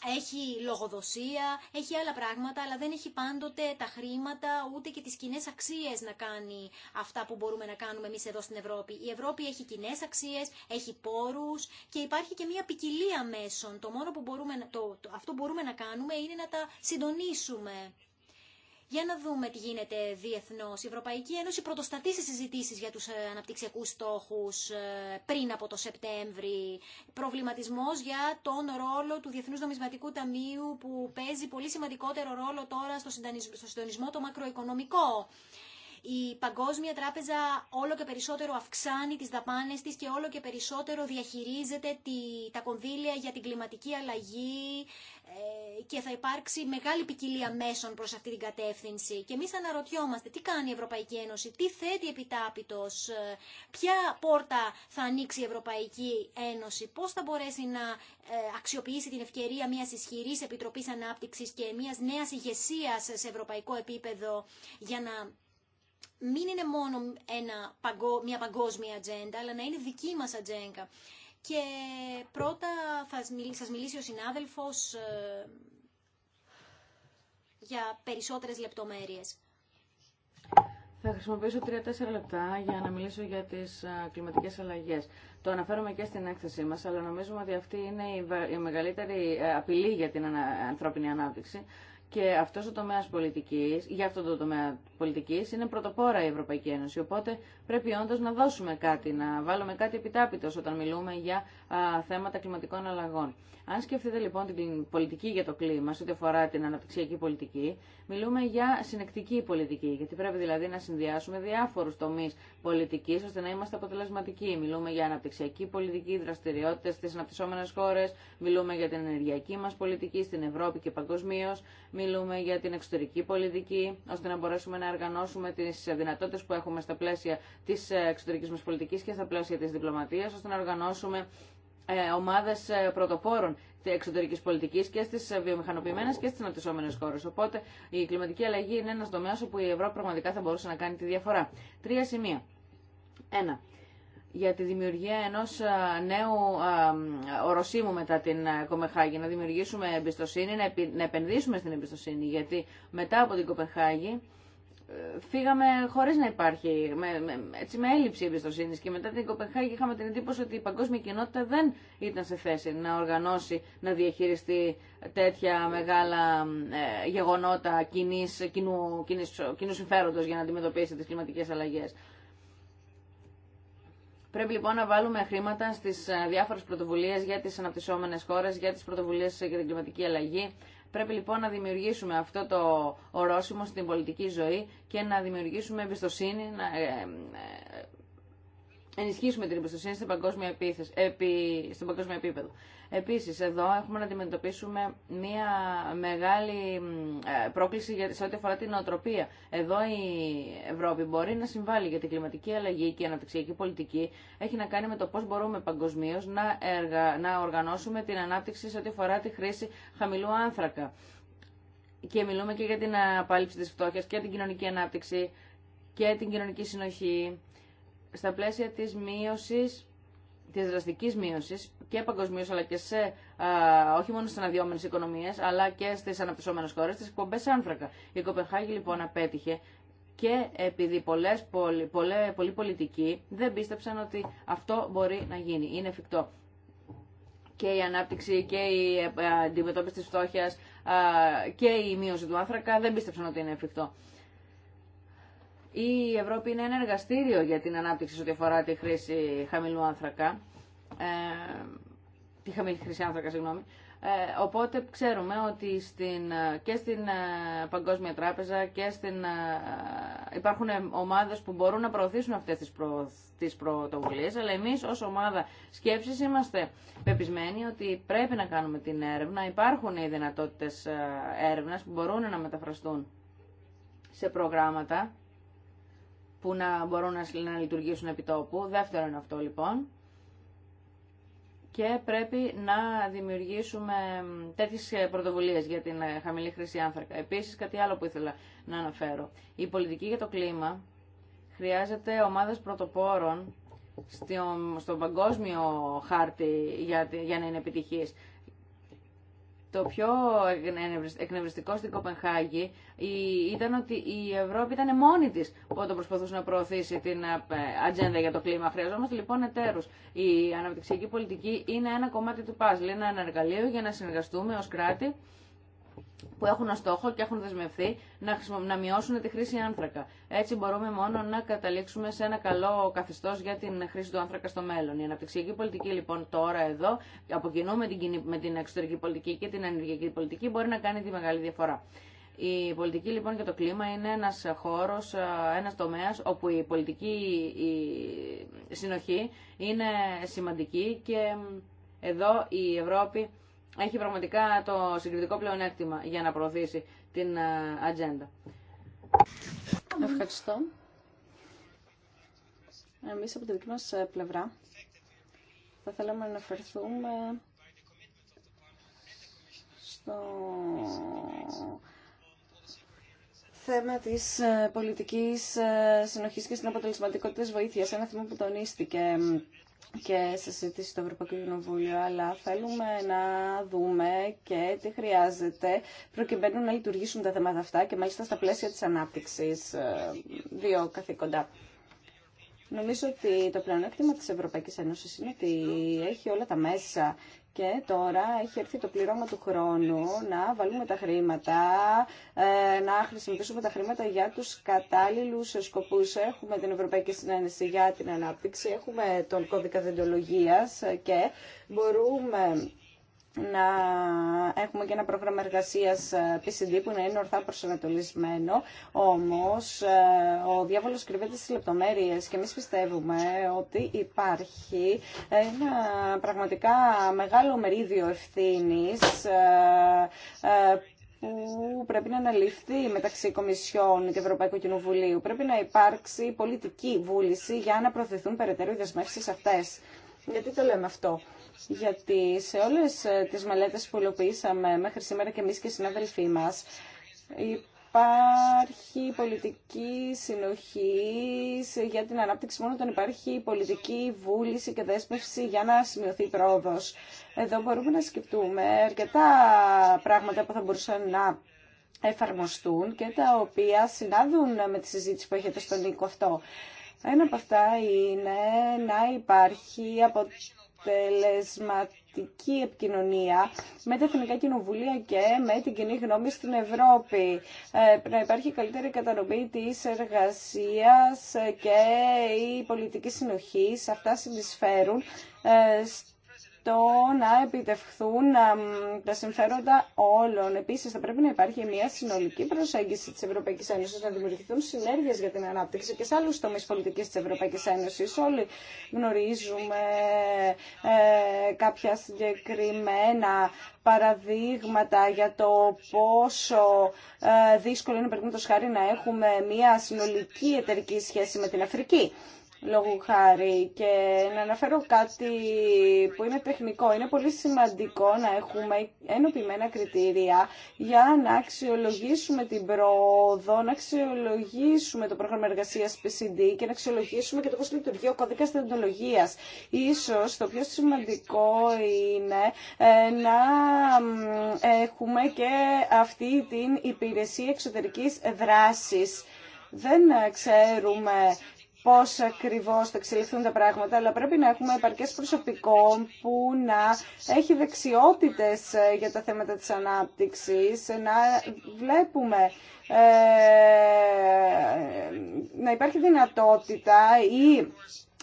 έχει λογοδοσία, έχει άλλα πράγματα, αλλά δεν έχει πάντοτε τα χρήματα ούτε και τις κοινέ αξίες να κάνει αυτά που μπορούμε να κάνουμε εμείς εδώ στην Ευρώπη. Η Ευρώπη έχει κοινέ αξίες, έχει πόρους και υπάρχει και μια ποικιλία μέσων. Το μόνο που μπορούμε, το, αυτό μπορούμε να κάνουμε είναι να τα συντονίσουμε. Για να δούμε τι γίνεται διεθνώ. Η Ευρωπαϊκή Ένωση πρωτοστατεί σε συζητήσει για του ε, αναπτυξιακού στόχου ε, πριν από το Σεπτέμβρη. Προβληματισμό για τον ρόλο του Διεθνού Νομισματικού Ταμείου που παίζει πολύ σημαντικότερο ρόλο τώρα στο συντονισμό το μακροοικονομικό η Παγκόσμια Τράπεζα όλο και περισσότερο αυξάνει τις δαπάνες της και όλο και περισσότερο διαχειρίζεται τη, τα κονδύλια για την κλιματική αλλαγή ε, και θα υπάρξει μεγάλη ποικιλία μέσων προς αυτή την κατεύθυνση. Και εμείς αναρωτιόμαστε τι κάνει η Ευρωπαϊκή Ένωση, τι θέτει επιτάπητος, ε, ποια πόρτα θα ανοίξει η Ευρωπαϊκή Ένωση, πώς θα μπορέσει να ε, αξιοποιήσει την ευκαιρία μιας ισχυρής Επιτροπής Ανάπτυξης και μιας νέας ηγεσία σε ευρωπαϊκό επίπεδο για να μην είναι μόνο ένα, μια παγκόσμια ατζέντα, αλλά να είναι δική μας ατζέντα. Και πρώτα θα σας μιλήσει ο συνάδελφος ε, για περισσότερες λεπτομέρειες. Θα χρησιμοποιήσω 3-4 λεπτά για να μιλήσω για τις ε, κλιματικές αλλαγές. Το αναφέρομαι και στην έκθεσή μας, αλλά νομίζουμε ότι αυτή είναι η μεγαλύτερη ε, απειλή για την ανθρώπινη ανάπτυξη. Και αυτό ο τομέα πολιτική, για αυτό το τομέα πολιτική, είναι πρωτοπόρα η Ευρωπαϊκή Ένωση. Οπότε πρέπει όντω να δώσουμε κάτι, να βάλουμε κάτι επιτάπητο όταν μιλούμε για θέματα κλιματικών αλλαγών. Αν σκεφτείτε λοιπόν την πολιτική για το κλίμα, σε ό,τι αφορά την αναπτυξιακή πολιτική, μιλούμε για συνεκτική πολιτική, γιατί πρέπει δηλαδή να συνδυάσουμε διάφορου τομεί πολιτική ώστε να είμαστε αποτελεσματικοί. Μιλούμε για αναπτυξιακή πολιτική, δραστηριότητε στι αναπτυσσόμενε χώρε, μιλούμε για την ενεργειακή μα πολιτική στην Ευρώπη και παγκοσμίω, μιλούμε για την εξωτερική πολιτική, ώστε να μπορέσουμε να οργανώσουμε τι δυνατότητε που έχουμε στα πλαίσια τη εξωτερική μα πολιτική και στα πλαίσια τη διπλωματία, ώστε να οργανώσουμε ε, ομάδες ε, πρωτοπόρων εξωτερική πολιτική και στι ε, βιομηχανοποιημένε και στι αναπτυσσόμενε χώρε. Οπότε η κλιματική αλλαγή είναι ένα τομέα όπου η Ευρώπη πραγματικά θα μπορούσε να κάνει τη διαφορά. Τρία σημεία. Ένα. Για τη δημιουργία ενό νέου οροσίμου μετά την Κοπεχάγη. Να δημιουργήσουμε εμπιστοσύνη, να επενδύσουμε στην εμπιστοσύνη. Γιατί μετά από την Κοπεχάγη φύγαμε χωρί να υπάρχει, με, με, έτσι με έλλειψη εμπιστοσύνη. Και μετά την Κοπενχάγη είχαμε την εντύπωση ότι η παγκόσμια κοινότητα δεν ήταν σε θέση να οργανώσει, να διαχειριστεί τέτοια μεγάλα ε, γεγονότα κοινού, συμφέροντο για να αντιμετωπίσει τι κλιματικέ αλλαγέ. Πρέπει λοιπόν να βάλουμε χρήματα στι ε, διάφορε πρωτοβουλίε για τι αναπτυσσόμενε χώρε, για τι πρωτοβουλίε για την κλιματική αλλαγή. Πρέπει λοιπόν να δημιουργήσουμε αυτό το ορόσημο στην πολιτική ζωή και να δημιουργήσουμε εμπιστοσύνη, να ε, ε, ενισχύσουμε την εμπιστοσύνη στην παγκόσμια επίθεση, επί, παγκόσμιο επίπεδο. Επίσης, εδώ έχουμε να αντιμετωπίσουμε μια μεγάλη ε, πρόκληση σε ό,τι αφορά την νοοτροπία. Εδώ η Ευρώπη μπορεί να συμβάλλει για την κλιματική αλλαγή και η αναπτυξιακή πολιτική. Έχει να κάνει με το πώς μπορούμε παγκοσμίω να, εργα... να οργανώσουμε την ανάπτυξη σε ό,τι αφορά τη χρήση χαμηλού άνθρακα. Και μιλούμε και για την απάλληψη της φτώχειας και την κοινωνική ανάπτυξη και την κοινωνική συνοχή στα πλαίσια της μείωσης, της δραστικής μείωσης και παγκοσμίω, αλλά και σε, α, όχι μόνο στις αναδυόμενες οικονομίες, αλλά και στις αναπτυσσόμενες χώρες, στις εκπομπές άνθρακα. Η Κοπεχάγη λοιπόν απέτυχε και επειδή πολλές, πολλοί, πολλοί πολιτικοί δεν πίστεψαν ότι αυτό μπορεί να γίνει, είναι εφικτό. Και η ανάπτυξη και η ε, ε, αντιμετώπιση της φτώχειας και η μείωση του άνθρακα δεν πίστεψαν ότι είναι εφικτό η Ευρώπη είναι ένα εργαστήριο για την ανάπτυξη σε ό,τι αφορά τη χρήση χαμηλού άνθρακα, ε, τη χαμηλή χρήση άνθρακα, συγγνώμη. Ε, οπότε ξέρουμε ότι στην, και στην ε, Παγκόσμια Τράπεζα και στην, ε, υπάρχουν ομάδες που μπορούν να προωθήσουν αυτές τις, προ, τις πρωτοβουλίες, αλλά εμείς ως ομάδα σκέψης είμαστε πεπισμένοι ότι πρέπει να κάνουμε την έρευνα, υπάρχουν οι δυνατότητες ε, έρευνας που μπορούν να μεταφραστούν σε προγράμματα που να μπορούν να λειτουργήσουν επί τόπου. Δεύτερο είναι αυτό λοιπόν. Και πρέπει να δημιουργήσουμε τέτοιε πρωτοβουλίε για την ε, χαμηλή χρήση άνθρακα. Επίση, κάτι άλλο που ήθελα να αναφέρω. Η πολιτική για το κλίμα χρειάζεται ομάδε πρωτοπόρων στον παγκόσμιο χάρτη για να είναι επιτυχής το πιο εκνευριστικό στην Κοπενχάγη ήταν ότι η Ευρώπη ήταν μόνη τη όταν προσπαθούσε να προωθήσει την ε, ατζέντα για το κλίμα. Χρειαζόμαστε λοιπόν εταίρου. Η αναπτυξιακή πολιτική είναι ένα κομμάτι του παζλ, ένα εργαλείο για να συνεργαστούμε ω κράτη που έχουν στόχο και έχουν δεσμευθεί να, να μειώσουν τη χρήση άνθρακα. Έτσι μπορούμε μόνο να καταλήξουμε σε ένα καλό καθεστώ για την χρήση του άνθρακα στο μέλλον. Η αναπτυξιακή πολιτική λοιπόν τώρα εδώ, από με την, με την εξωτερική πολιτική και την ενεργειακή πολιτική, μπορεί να κάνει τη μεγάλη διαφορά. Η πολιτική λοιπόν για το κλίμα είναι ένα χώρο, ένα τομέα όπου η πολιτική η συνοχή είναι σημαντική και εδώ η Ευρώπη έχει πραγματικά το συγκριτικό πλεονέκτημα για να προωθήσει την ε, ατζέντα. Ευχαριστώ. Εμείς από τη δική μας ε, πλευρά θα θέλαμε να αναφερθούμε στο θέμα της ε, πολιτικής συνοχής και στην αποτελεσματικότητα της βοήθειας. Ένα θέμα που τονίστηκε και σε συζήτηση στο Ευρωπαϊκό Κοινοβούλιο, αλλά θέλουμε να δούμε και τι χρειάζεται προκειμένου να λειτουργήσουν τα θέματα αυτά και μάλιστα στα πλαίσια της ανάπτυξης ε, δύο καθήκοντα. Νομίζω ότι το πλεονέκτημα της Ευρωπαϊκής Ένωσης είναι ότι έχει όλα τα μέσα και τώρα έχει έρθει το πληρώμα του χρόνου να βάλουμε τα χρήματα, ε, να χρησιμοποιήσουμε τα χρήματα για τους κατάλληλους σκοπούς. Έχουμε την Ευρωπαϊκή Συνένεση για την Ανάπτυξη, έχουμε τον κώδικα δεντολογίας και μπορούμε να έχουμε και ένα πρόγραμμα εργασίας PCD ε, που να είναι ορθά προσανατολισμένο. Όμως, ε, ο διάβολος κρυβέται στις λεπτομέρειες και εμείς πιστεύουμε ότι υπάρχει ένα πραγματικά μεγάλο μερίδιο ευθύνης ε, που πρέπει να αναλυφθεί μεταξύ Κομισιών και Ευρωπαϊκού Κοινοβουλίου. Πρέπει να υπάρξει πολιτική βούληση για να προωθηθούν περαιτέρω οι δεσμεύσει αυτέ. Γιατί το λέμε αυτό γιατί σε όλες ε, τις μελέτες που υλοποιήσαμε μέχρι σήμερα και εμείς και οι συνάδελφοί μας, υπάρχει πολιτική συνοχή για την ανάπτυξη μόνο όταν υπάρχει πολιτική βούληση και δέσμευση για να σημειωθεί πρόοδος. Εδώ μπορούμε να σκεφτούμε αρκετά πράγματα που θα μπορούσαν να εφαρμοστούν και τα οποία συνάδουν με τη συζήτηση που έχετε στον οίκο αυτό. Ένα από αυτά είναι να υπάρχει από αποτελεσματική επικοινωνία με τα Εθνικά Κοινοβουλία και με την κοινή γνώμη στην Ευρώπη. Ε, να υπάρχει καλύτερη κατανομή της εργασίας και η πολιτική συνοχή. Αυτά συνεισφέρουν ε, το να επιτευχθούν τα συμφέροντα όλων. Επίσης, θα πρέπει να υπάρχει μια συνολική προσέγγιση της Ευρωπαϊκής Ένωσης, να δημιουργηθούν συνέργειες για την ανάπτυξη και σε άλλους τομείς πολιτικής της Ευρωπαϊκής Ένωσης. Όλοι γνωρίζουμε ε, κάποια συγκεκριμένα παραδείγματα για το πόσο ε, δύσκολο είναι, παραδείγματος χάρη, να έχουμε μια συνολική εταιρική σχέση με την Αφρική λόγου χάρη και να αναφέρω κάτι που είναι τεχνικό. Είναι πολύ σημαντικό να έχουμε ενωπημένα κριτήρια για να αξιολογήσουμε την πρόοδο, να αξιολογήσουμε το πρόγραμμα εργασίας PCD και να αξιολογήσουμε και το πώς λειτουργεί ο κώδικας τεχνολογίας. Ίσως το πιο σημαντικό είναι ε, να έχουμε και αυτή την υπηρεσία εξωτερικής δράσης. Δεν ξέρουμε Πώ ακριβώ θα εξελιχθούν τα πράγματα, αλλά πρέπει να έχουμε επαρκέ προσωπικό που να έχει δεξιότητες ε, για τα θέματα της ανάπτυξης, να βλέπουμε ε, να υπάρχει δυνατότητα ή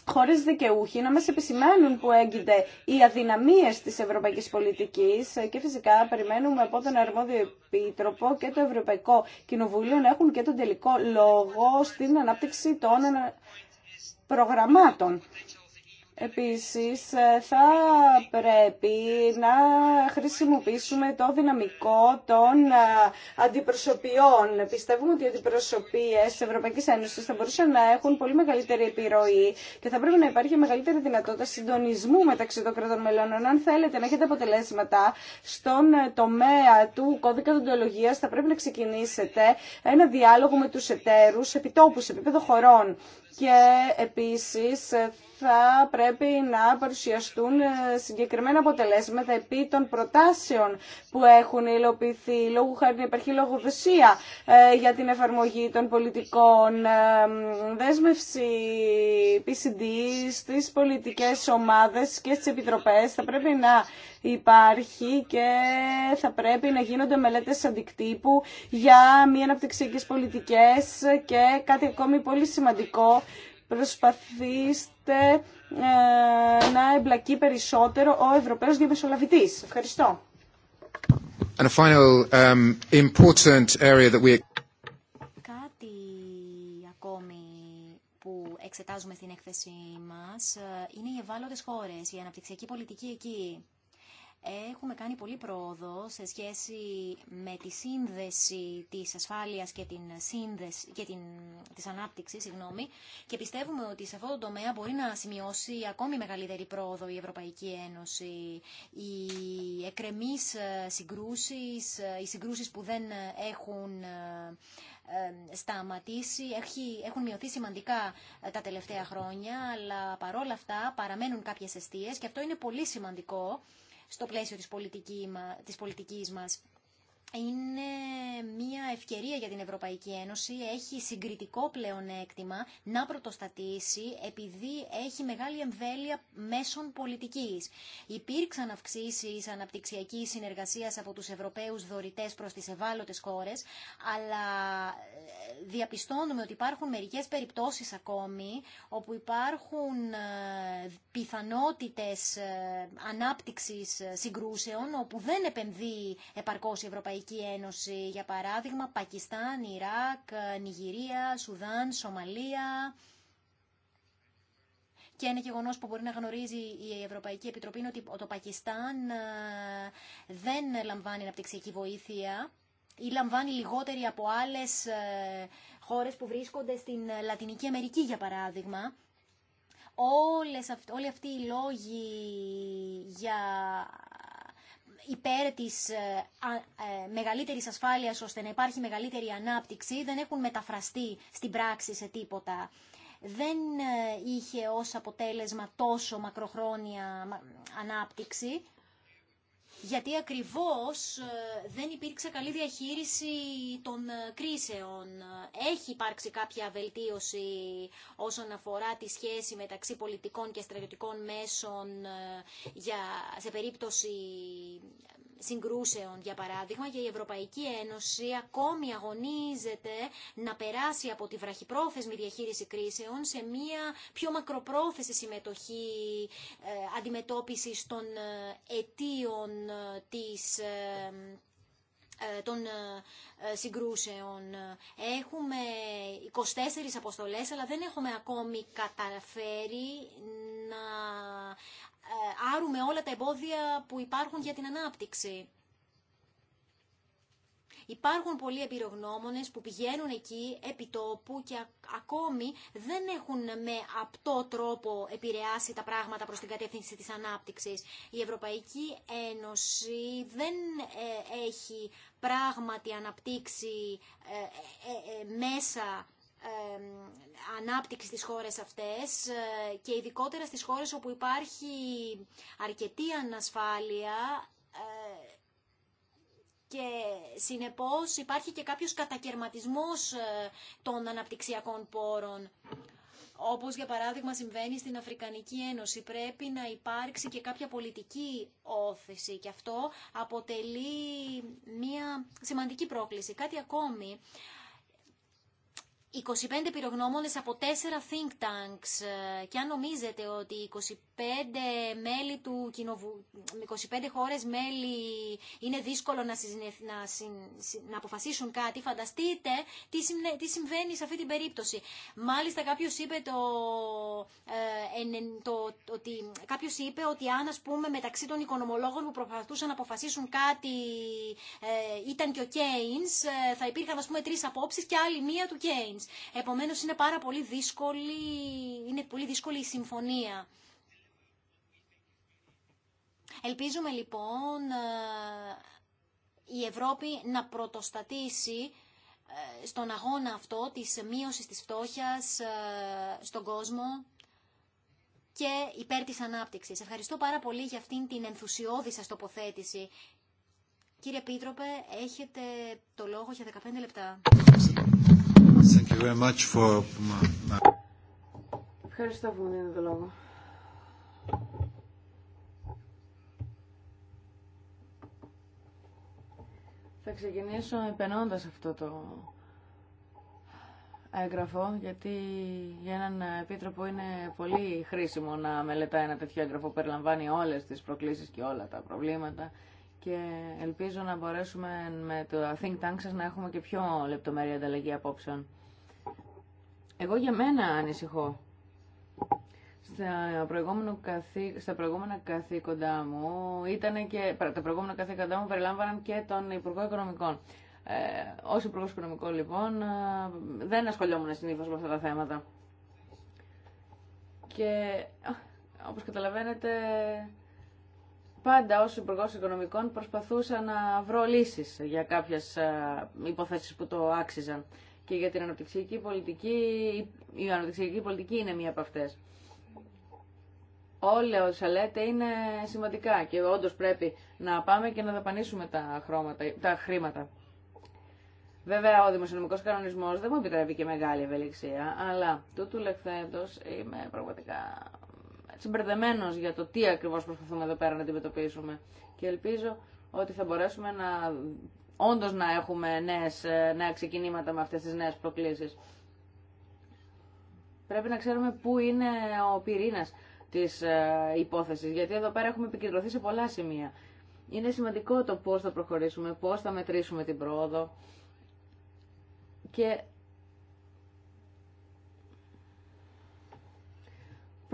χωρίς δικαιούχοι να μας επισημάνουν που έγκυται οι αδυναμίες της ευρωπαϊκής πολιτικής και φυσικά περιμένουμε από τον αρμόδιο επίτροπο και το Ευρωπαϊκό Κοινοβούλιο να έχουν και τον τελικό λόγο στην ανάπτυξη των προγραμμάτων Επίσης, θα πρέπει να χρησιμοποιήσουμε το δυναμικό των αντιπροσωπιών. Πιστεύουμε ότι οι αντιπροσωπίες της Ευρωπαϊκής Ένωσης θα μπορούσαν να έχουν πολύ μεγαλύτερη επιρροή και θα πρέπει να υπάρχει μεγαλύτερη δυνατότητα συντονισμού μεταξύ των κρατών μελών. Αν θέλετε να έχετε αποτελέσματα στον τομέα του κώδικα δοντολογίας, θα πρέπει να ξεκινήσετε ένα διάλογο με τους εταίρους επιτόπου σε επίπεδο χωρών. Και επίσης θα πρέπει να παρουσιαστούν ε, συγκεκριμένα αποτελέσματα επί των προτάσεων που έχουν υλοποιηθεί. λόγω χάρη να υπάρχει λογοδοσία ε, για την εφαρμογή των πολιτικών ε, δέσμευση PCD στις πολιτικές ομάδες και στις επιτροπές. Θα πρέπει να υπάρχει και θα πρέπει να γίνονται μελέτες αντικτύπου για μη αναπτυξιακές πολιτικές και κάτι ακόμη πολύ σημαντικό προσπαθείς ε, να εμπλακεί περισσότερο ο Ευρωπαίος Διαμεσολαβητής. Ευχαριστώ. Um, Κάτι ακόμη που εξετάζουμε στην έκθεσή μας ε, είναι οι ευάλωτες χώρες, η αναπτυξιακή πολιτική εκεί. Έχουμε κάνει πολύ πρόοδο σε σχέση με τη σύνδεση της ασφάλειας και, την σύνδεση, και την, της ανάπτυξης συγγνώμη, και πιστεύουμε ότι σε αυτό το τομέα μπορεί να σημειώσει ακόμη μεγαλύτερη πρόοδο η Ευρωπαϊκή Ένωση. Οι εκρεμείς ε, συγκρούσεις, ε, οι συγκρούσεις που δεν έχουν ε, σταματήσει, έχουν μειωθεί σημαντικά τα τελευταία χρόνια, αλλά παρόλα αυτά παραμένουν κάποιες αιστείες και αυτό είναι πολύ σημαντικό στο πλαίσιο της, πολιτική, της πολιτικής μας είναι μια ευκαιρία για την Ευρωπαϊκή Ένωση, έχει συγκριτικό πλεονέκτημα να πρωτοστατήσει επειδή έχει μεγάλη εμβέλεια μέσων πολιτικής. Υπήρξαν αυξήσεις αναπτυξιακή συνεργασίας από τους Ευρωπαίους δωρητές προς τις ευάλωτες χώρες, αλλά ε, διαπιστώνουμε ότι υπάρχουν μερικές περιπτώσεις ακόμη όπου υπάρχουν ε, πιθανότητες ε, ανάπτυξης συγκρούσεων όπου δεν επενδύει επαρκώς η Ευρωπαϊκή Ένωση. Για παράδειγμα, Πακιστάν, Ιράκ, Νιγηρία, Σουδάν, Σομαλία. Και ένα γεγονό που μπορεί να γνωρίζει η Ευρωπαϊκή Επιτροπή είναι ότι το Πακιστάν ε, δεν λαμβάνει αναπτυξιακή βοήθεια ή λαμβάνει λιγότερη από άλλες ε, χώρες που βρίσκονται στην Λατινική Αμερική, για παράδειγμα. Όλες, όλοι αυτοί οι λόγοι για υπέρ της ε, ε, μεγαλύτερης ασφάλειας ώστε να υπάρχει μεγαλύτερη ανάπτυξη δεν έχουν μεταφραστεί στην πράξη σε τίποτα. Δεν ε, είχε ως αποτέλεσμα τόσο μακροχρόνια ανάπτυξη γιατί ακριβώς ε, δεν υπήρξε καλή διαχείριση των ε, κρίσεων. Έχει υπάρξει κάποια βελτίωση όσον αφορά τη σχέση μεταξύ πολιτικών και στρατιωτικών μέσων ε, για, σε περίπτωση συγκρούσεων, για παράδειγμα, και η Ευρωπαϊκή Ένωση ακόμη αγωνίζεται να περάσει από τη βραχυπρόθεσμη διαχείριση κρίσεων σε μια πιο μακροπρόθεση συμμετοχή ε, αντιμετώπισης των ε, αιτίων ε, της των συγκρούσεων. Έχουμε 24 αποστολές, αλλά δεν έχουμε ακόμη καταφέρει να ε, άρουμε όλα τα εμπόδια που υπάρχουν για την ανάπτυξη. Υπάρχουν πολλοί εμπειρογνώμονες που πηγαίνουν εκεί επί τόπου και ακόμη δεν έχουν με απτό τρόπο επηρεάσει τα πράγματα προς την κατεύθυνση της ανάπτυξης. Η Ευρωπαϊκή Ένωση δεν ε, έχει πράγματι αναπτύξει ε, μέσα ανάπτυξη στις χώρες αυτές ε, και ειδικότερα στις χώρες όπου υπάρχει αρκετή ανασφάλεια ε, και συνεπώς υπάρχει και κάποιος κατακαιρματισμός ε, των αναπτυξιακών πόρων. Όπως για παράδειγμα συμβαίνει στην Αφρικανική Ένωση, πρέπει να υπάρξει και κάποια πολιτική όθηση και αυτό αποτελεί μια σημαντική πρόκληση. Κάτι ακόμη, 25 πυρογνώμονες από τέσσερα think tanks ε, και αν νομίζετε ότι 25, μέλη του κοινοβου... 25 χώρες μέλη είναι δύσκολο να, να, να αποφασίσουν κάτι, φανταστείτε τι, τι συμβαίνει σε αυτή την περίπτωση. Μάλιστα κάποιος είπε, ε, το... ότι... κάποιος είπε ότι αν ας πούμε μεταξύ των οικονομολόγων που προσπαθούσαν να αποφασίσουν κάτι ε, ήταν και ο Κέινς, θα υπήρχαν ας πούμε τρεις απόψεις και άλλη μία του Κέινς. Games. Επομένως είναι πάρα πολύ δύσκολη, είναι πολύ δύσκολη η συμφωνία. Ελπίζουμε λοιπόν ε, η Ευρώπη να πρωτοστατήσει ε, στον αγώνα αυτό της μείωσης της φτώχειας ε, στον κόσμο και υπέρ της ανάπτυξης. Ευχαριστώ πάρα πολύ για αυτήν την ενθουσιώδη σας τοποθέτηση. Κύριε Πίτροπε, έχετε το λόγο για 15 λεπτά. Thank you very much for... Ευχαριστώ που μου το λόγο. Θα ξεκινήσω επενώντα αυτό το έγγραφο, γιατί για έναν επίτροπο είναι πολύ χρήσιμο να μελετά ένα τέτοιο έγγραφο που περιλαμβάνει όλες τις προκλήσεις και όλα τα προβλήματα και ελπίζω να μπορέσουμε με το Think Tank σας να έχουμε και πιο λεπτομέρεια ανταλλαγή απόψεων. Εγώ για μένα ανησυχώ. Στα, προηγούμενα καθή, στα προηγούμενα καθήκοντά μου ήταν και, τα προηγούμενα καθήκοντά μου περιλάμβαναν και τον Υπουργό Οικονομικών. Ε, ως Υπουργός Οικονομικών λοιπόν ε, δεν ασχολιόμουν συνήθως με αυτά τα θέματα. Και όπως καταλαβαίνετε πάντα ως υπουργός Οικονομικών προσπαθούσα να βρω λύσεις για κάποιες ε, υποθέσεις που το άξιζαν. Και για την αναπτυξιακή πολιτική, η αναπτυξιακή πολιτική είναι μία από αυτές. Όλα όσα λέτε είναι σημαντικά και όντω πρέπει να πάμε και να δαπανίσουμε τα, χρώματα, τα χρήματα. Βέβαια, ο δημοσιονομικό κανονισμό δεν μου επιτρέπει και μεγάλη ευελιξία, αλλά τούτου λεχθέντος είμαι πραγματικά συμπερδεμένος για το τι ακριβώ προσπαθούμε εδώ πέρα να αντιμετωπίσουμε. Και ελπίζω ότι θα μπορέσουμε να, όντως να έχουμε νέες, ε, νέα ξεκινήματα με αυτέ τι νέε προκλήσει. Πρέπει να ξέρουμε πού είναι ο πυρήνας της ε, υπόθεση. γιατί εδώ πέρα έχουμε επικεντρωθεί σε πολλά σημεία. Είναι σημαντικό το πώς θα προχωρήσουμε, πώς θα μετρήσουμε την πρόοδο και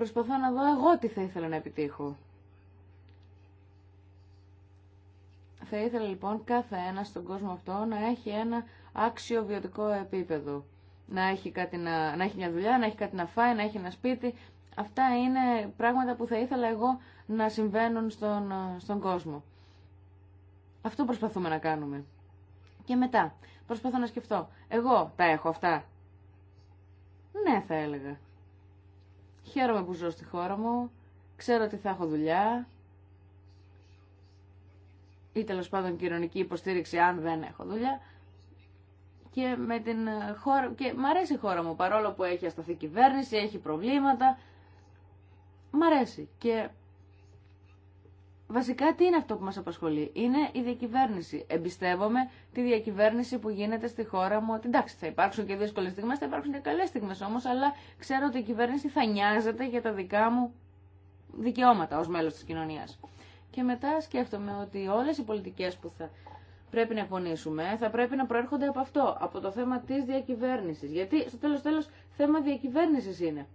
προσπαθώ να δω εγώ τι θα ήθελα να επιτύχω. Θα ήθελα λοιπόν κάθε ένα στον κόσμο αυτό να έχει ένα άξιο βιωτικό επίπεδο. Να έχει, κάτι να, να έχει μια δουλειά, να έχει κάτι να φάει, να έχει ένα σπίτι. Αυτά είναι πράγματα που θα ήθελα εγώ να συμβαίνουν στον, στον κόσμο. Αυτό προσπαθούμε να κάνουμε. Και μετά, προσπαθώ να σκεφτώ. Εγώ τα έχω αυτά. Ναι, θα έλεγα. Χαίρομαι που ζω στη χώρα μου. Ξέρω ότι θα έχω δουλειά. Ή τέλο πάντων κοινωνική υποστήριξη αν δεν έχω δουλειά. Και, με την ε, χώρα... και μ' αρέσει η χώρα μου παρόλο που έχει ασταθεί κυβέρνηση, έχει προβλήματα. Μ' αρέσει. Και Βασικά τι είναι αυτό που μας απασχολεί. Είναι η διακυβέρνηση. Εμπιστεύομαι τη διακυβέρνηση που γίνεται στη χώρα μου. Ότι εντάξει θα υπάρξουν και δύσκολες στιγμές, θα υπάρξουν και καλές στιγμές όμως, αλλά ξέρω ότι η κυβέρνηση θα νοιάζεται για τα δικά μου δικαιώματα ως μέλος της κοινωνίας. Και μετά σκέφτομαι ότι όλες οι πολιτικές που θα πρέπει να εμφωνήσουμε θα πρέπει να προέρχονται από αυτό, από το θέμα της διακυβέρνησης. Γιατί στο τέλος τέλος θέμα διακυβέρνησης είναι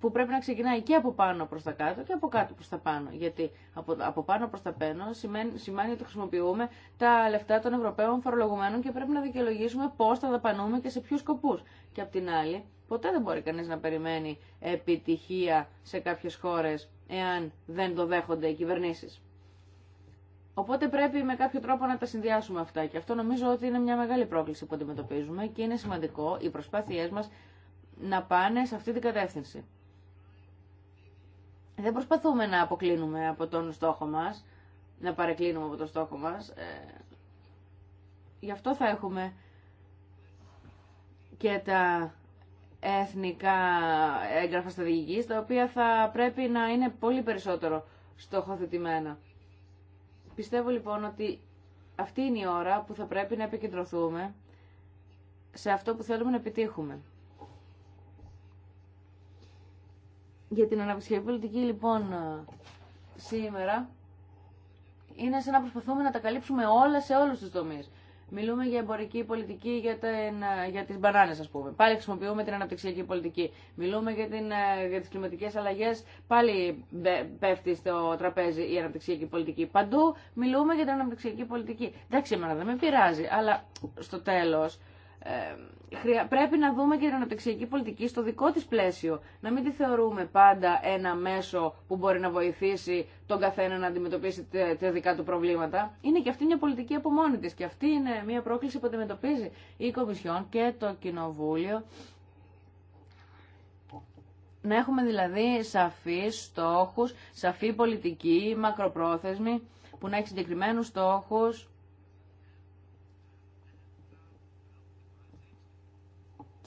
που πρέπει να ξεκινάει και από πάνω προς τα κάτω και από κάτω προς τα πάνω. Γιατί από, από πάνω προς τα πάνω σημαίνει, σημαίνει ότι χρησιμοποιούμε τα λεφτά των Ευρωπαίων φορολογουμένων και πρέπει να δικαιολογήσουμε πώς τα δαπανούμε και σε ποιους σκοπούς. Και απ' την άλλη, ποτέ δεν μπορεί κανείς να περιμένει επιτυχία σε κάποιες χώρες εάν δεν το δέχονται οι κυβερνήσεις. Οπότε πρέπει με κάποιο τρόπο να τα συνδυάσουμε αυτά και αυτό νομίζω ότι είναι μια μεγάλη πρόκληση που αντιμετωπίζουμε και είναι σημαντικό οι προσπάθειές μας να πάνε σε αυτή την κατεύθυνση δεν προσπαθούμε να αποκλίνουμε από τον στόχο μας, να παρεκκλίνουμε από τον στόχο μας. Ε, γι' αυτό θα έχουμε και τα εθνικά έγγραφα στρατηγικής, τα οποία θα πρέπει να είναι πολύ περισσότερο στοχοθετημένα. Πιστεύω λοιπόν ότι αυτή είναι η ώρα που θα πρέπει να επικεντρωθούμε σε αυτό που θέλουμε να επιτύχουμε. για την αναπτυξιακή πολιτική λοιπόν ε, σήμερα είναι σαν να προσπαθούμε να τα καλύψουμε όλα σε όλους του τομεί. Μιλούμε για εμπορική πολιτική για, την, ε, για τις μπανάνες ας πούμε. Πάλι χρησιμοποιούμε την αναπτυξιακή πολιτική. Μιλούμε για, την, ε, για τις κλιματικές αλλαγές. Πάλι πέφτει στο τραπέζι η αναπτυξιακή πολιτική. Παντού μιλούμε για την αναπτυξιακή πολιτική. Εντάξει, εμένα δεν με πειράζει, αλλά στο τέλο. Ε, πρέπει να δούμε και την αναπτυξιακή πολιτική στο δικό της πλαίσιο. Να μην τη θεωρούμε πάντα ένα μέσο που μπορεί να βοηθήσει τον καθένα να αντιμετωπίσει τα δικά του προβλήματα. Είναι και αυτή μια πολιτική από μόνη της και αυτή είναι μια πρόκληση που αντιμετωπίζει η Κομισιόν και το Κοινοβούλιο. Να έχουμε δηλαδή σαφείς στόχους, σαφή πολιτική, μακροπρόθεσμη, που να έχει συγκεκριμένους στόχους,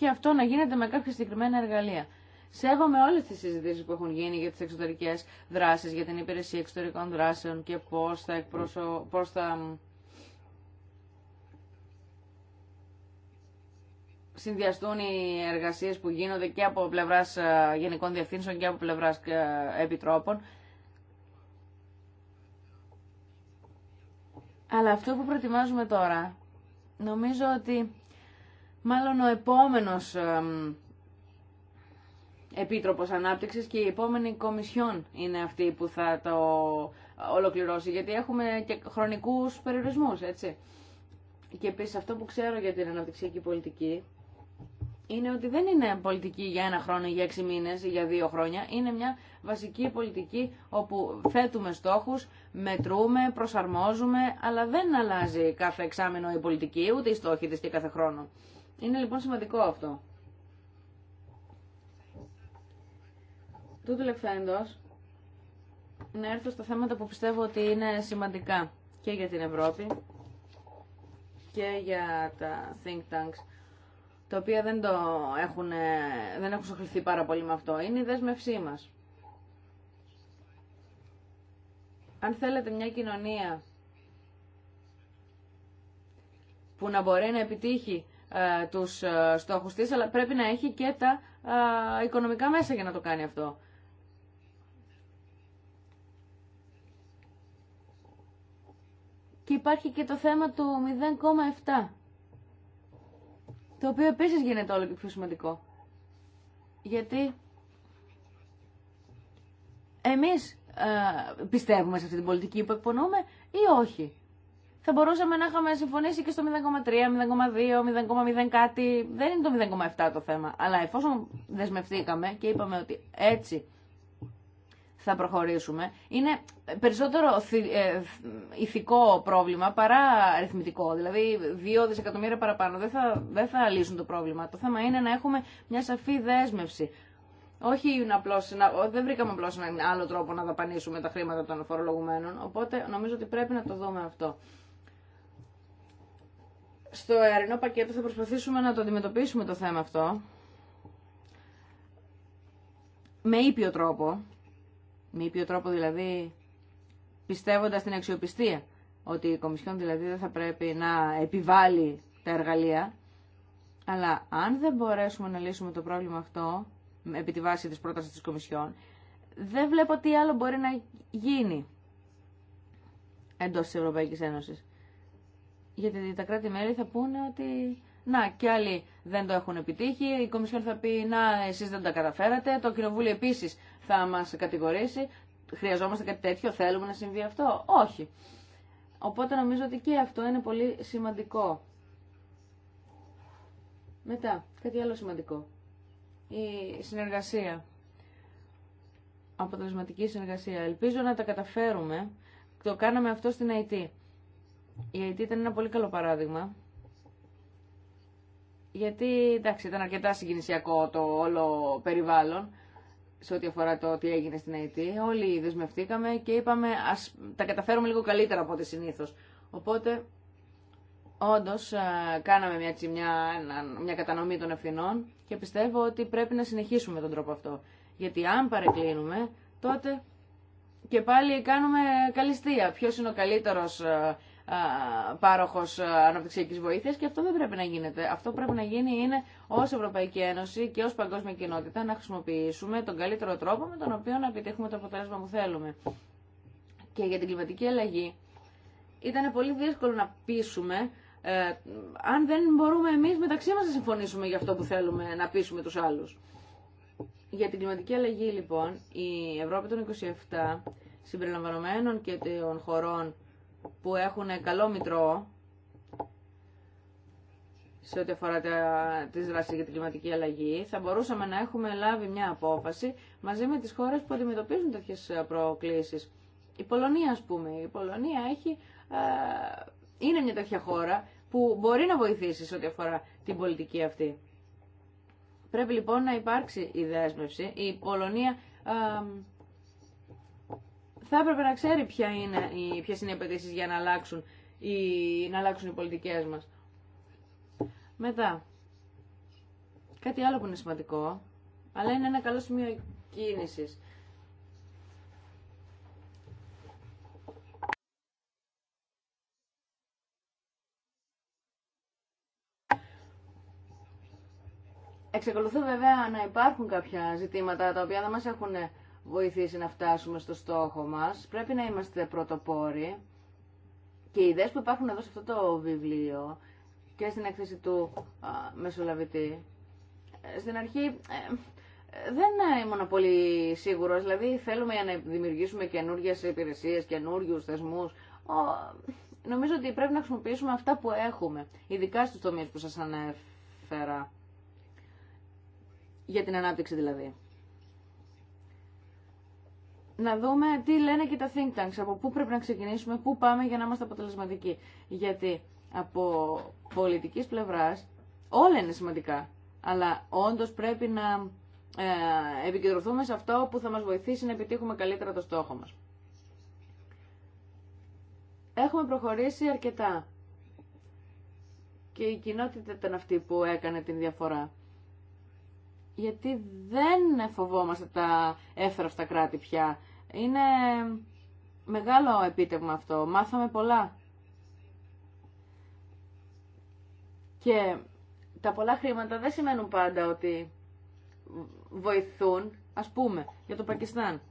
και αυτό να γίνεται με κάποια συγκεκριμένα εργαλεία. Σέβομαι όλε τι συζητήσει που έχουν γίνει για τι εξωτερικέ δράσει, για την υπηρεσία εξωτερικών δράσεων και πώ θα, εκπροσω... πώς θα συνδυαστούν οι εργασίες που γίνονται και από πλευράς ε, γενικών διευθύνσεων και από πλευράς ε, επιτρόπων. Αλλά αυτό που προετοιμάζουμε τώρα, νομίζω ότι μάλλον ο επόμενος Επίτροπος Ανάπτυξης και η επόμενη Κομισιόν είναι αυτή που θα το ολοκληρώσει, γιατί έχουμε και χρονικούς περιορισμούς, έτσι. Και επίσης αυτό που ξέρω για την αναπτυξιακή πολιτική είναι ότι δεν είναι πολιτική για ένα χρόνο ή για έξι μήνες ή για δύο χρόνια. Είναι μια βασική πολιτική όπου θέτουμε στόχους, μετρούμε, προσαρμόζουμε, αλλά δεν αλλάζει κάθε εξάμεινο η πολιτική, ούτε οι στόχοι της και κάθε χρόνο. Είναι λοιπόν σημαντικό αυτό. Τούτου λεφθέντος, να έρθω στα θέματα που πιστεύω ότι είναι σημαντικά και για την Ευρώπη και για τα think tanks, τα οποία δεν, το έχουν, δεν έχουν σοχληθεί πάρα πολύ με αυτό. Είναι η δέσμευσή μας. Αν θέλετε μια κοινωνία που να μπορεί να επιτύχει ε, τους ε, στόχου τη, αλλά πρέπει να έχει και τα ε, οικονομικά μέσα για να το κάνει αυτό. Και υπάρχει και το θέμα του 0,7, το οποίο επίσης γίνεται όλο και πιο σημαντικό. Γιατί εμείς ε, πιστεύουμε σε αυτή την πολιτική που εκπονούμε ή όχι θα μπορούσαμε να είχαμε συμφωνήσει και στο 0,3, 0,2, 0,0 κάτι. Δεν είναι το 0,7 το θέμα. Αλλά εφόσον δεσμευτήκαμε και είπαμε ότι έτσι θα προχωρήσουμε, είναι περισσότερο ε, ηθικό πρόβλημα παρά αριθμητικό. Δηλαδή, 2 δισεκατομμύρια παραπάνω δεν θα, δεν θα λύσουν το πρόβλημα. Το θέμα είναι να έχουμε μια σαφή δέσμευση. Όχι απλώς, να, δεν βρήκαμε απλώ έναν άλλο τρόπο να δαπανίσουμε τα χρήματα των φορολογουμένων. Οπότε νομίζω ότι πρέπει να το δούμε αυτό στο αερινό πακέτο θα προσπαθήσουμε να το αντιμετωπίσουμε το θέμα αυτό με ήπιο τρόπο, με ήπιο τρόπο δηλαδή πιστεύοντας την αξιοπιστία ότι η Κομισιόν δηλαδή δεν θα πρέπει να επιβάλλει τα εργαλεία αλλά αν δεν μπορέσουμε να λύσουμε το πρόβλημα αυτό επί τη βάση της πρότασης της Κομισιόν δεν βλέπω τι άλλο μπορεί να γίνει εντός της Ευρωπαϊκής Ένωσης. Γιατί τα κράτη-μέλη θα πούνε ότι να και άλλοι δεν το έχουν επιτύχει, η Κομισιόν θα πει να εσεί δεν τα καταφέρατε, το Κοινοβούλιο επίσης θα μας κατηγορήσει, χρειαζόμαστε κάτι τέτοιο, θέλουμε να συμβεί αυτό. Όχι. Οπότε νομίζω ότι και αυτό είναι πολύ σημαντικό. Μετά, κάτι άλλο σημαντικό. Η συνεργασία. Αποτελεσματική συνεργασία. Ελπίζω να τα καταφέρουμε. Το κάναμε αυτό στην ΑΕΤ. Η ΑΕΤ ήταν ένα πολύ καλό παράδειγμα. Γιατί εντάξει, ήταν αρκετά συγκινησιακό το όλο περιβάλλον σε ό,τι αφορά το τι έγινε στην ΑΕΤ. Όλοι δεσμευτήκαμε και είπαμε ας τα καταφέρουμε λίγο καλύτερα από ό,τι συνήθως. Οπότε, όντως, κάναμε μια, μια, μια κατανομή των ευθυνών και πιστεύω ότι πρέπει να συνεχίσουμε τον τρόπο αυτό. Γιατί αν παρεκκλίνουμε, τότε και πάλι κάνουμε καλυστία. Ποιος είναι ο καλύτερος Πάροχο αναπτυξιακή βοήθεια και αυτό δεν πρέπει να γίνεται. Αυτό που πρέπει να γίνει είναι ω Ευρωπαϊκή Ένωση και ω παγκόσμια κοινότητα να χρησιμοποιήσουμε τον καλύτερο τρόπο με τον οποίο να επιτύχουμε το αποτέλεσμα που θέλουμε. Και για την κλιματική αλλαγή ήταν πολύ δύσκολο να πείσουμε ε, αν δεν μπορούμε εμείς μεταξύ μας να συμφωνήσουμε για αυτό που θέλουμε να πείσουμε τους άλλους. Για την κλιματική αλλαγή λοιπόν η Ευρώπη των 27 συμπεριλαμβανομένων και των χωρών που έχουν καλό μητρό σε ό,τι αφορά τα, τις δράσεις για την κλιματική αλλαγή, θα μπορούσαμε να έχουμε λάβει μια απόφαση μαζί με τις χώρες που αντιμετωπίζουν τέτοιες ε, προκλήσεις. Η Πολωνία, ας πούμε, η Πολωνία έχει, ε, είναι μια τέτοια χώρα που μπορεί να βοηθήσει σε ό,τι αφορά την πολιτική αυτή. Πρέπει λοιπόν να υπάρξει η δέσμευση. Η Πολωνία ε, θα έπρεπε να ξέρει ποια είναι, ποιες είναι οι απαιτήσει για να αλλάξουν, οι, να αλλάξουν οι πολιτικές μας. Μετά, κάτι άλλο που είναι σημαντικό, αλλά είναι ένα καλό σημείο κίνησης. Εξακολουθούν βέβαια να υπάρχουν κάποια ζητήματα τα οποία δεν μας έχουν βοηθήσει να φτάσουμε στο στόχο μας. Πρέπει να είμαστε πρωτοπόροι και οι ιδέες που υπάρχουν εδώ σε αυτό το βιβλίο και στην έκθεση του Μεσολαβητή, ε, στην αρχή ε, δεν ήμουν πολύ σίγουρος, δηλαδή θέλουμε να δημιουργήσουμε καινούργιες υπηρεσίες, καινούριου θεσμούς. Ο, νομίζω ότι πρέπει να χρησιμοποιήσουμε αυτά που έχουμε, ειδικά στους τομείς που σας ανέφερα, για την ανάπτυξη δηλαδή να δούμε τι λένε και τα think tanks, από πού πρέπει να ξεκινήσουμε, πού πάμε για να είμαστε αποτελεσματικοί. Γιατί από πολιτικής πλευράς όλα είναι σημαντικά, αλλά όντως πρέπει να ε, επικεντρωθούμε σε αυτό που θα μας βοηθήσει να επιτύχουμε καλύτερα το στόχο μας. Έχουμε προχωρήσει αρκετά και η κοινότητα ήταν αυτή που έκανε την διαφορά γιατί δεν φοβόμαστε τα στα κράτη πια. Είναι μεγάλο επίτευγμα αυτό. Μάθαμε πολλά. Και τα πολλά χρήματα δεν σημαίνουν πάντα ότι βοηθούν, ας πούμε, για το Πακιστάν.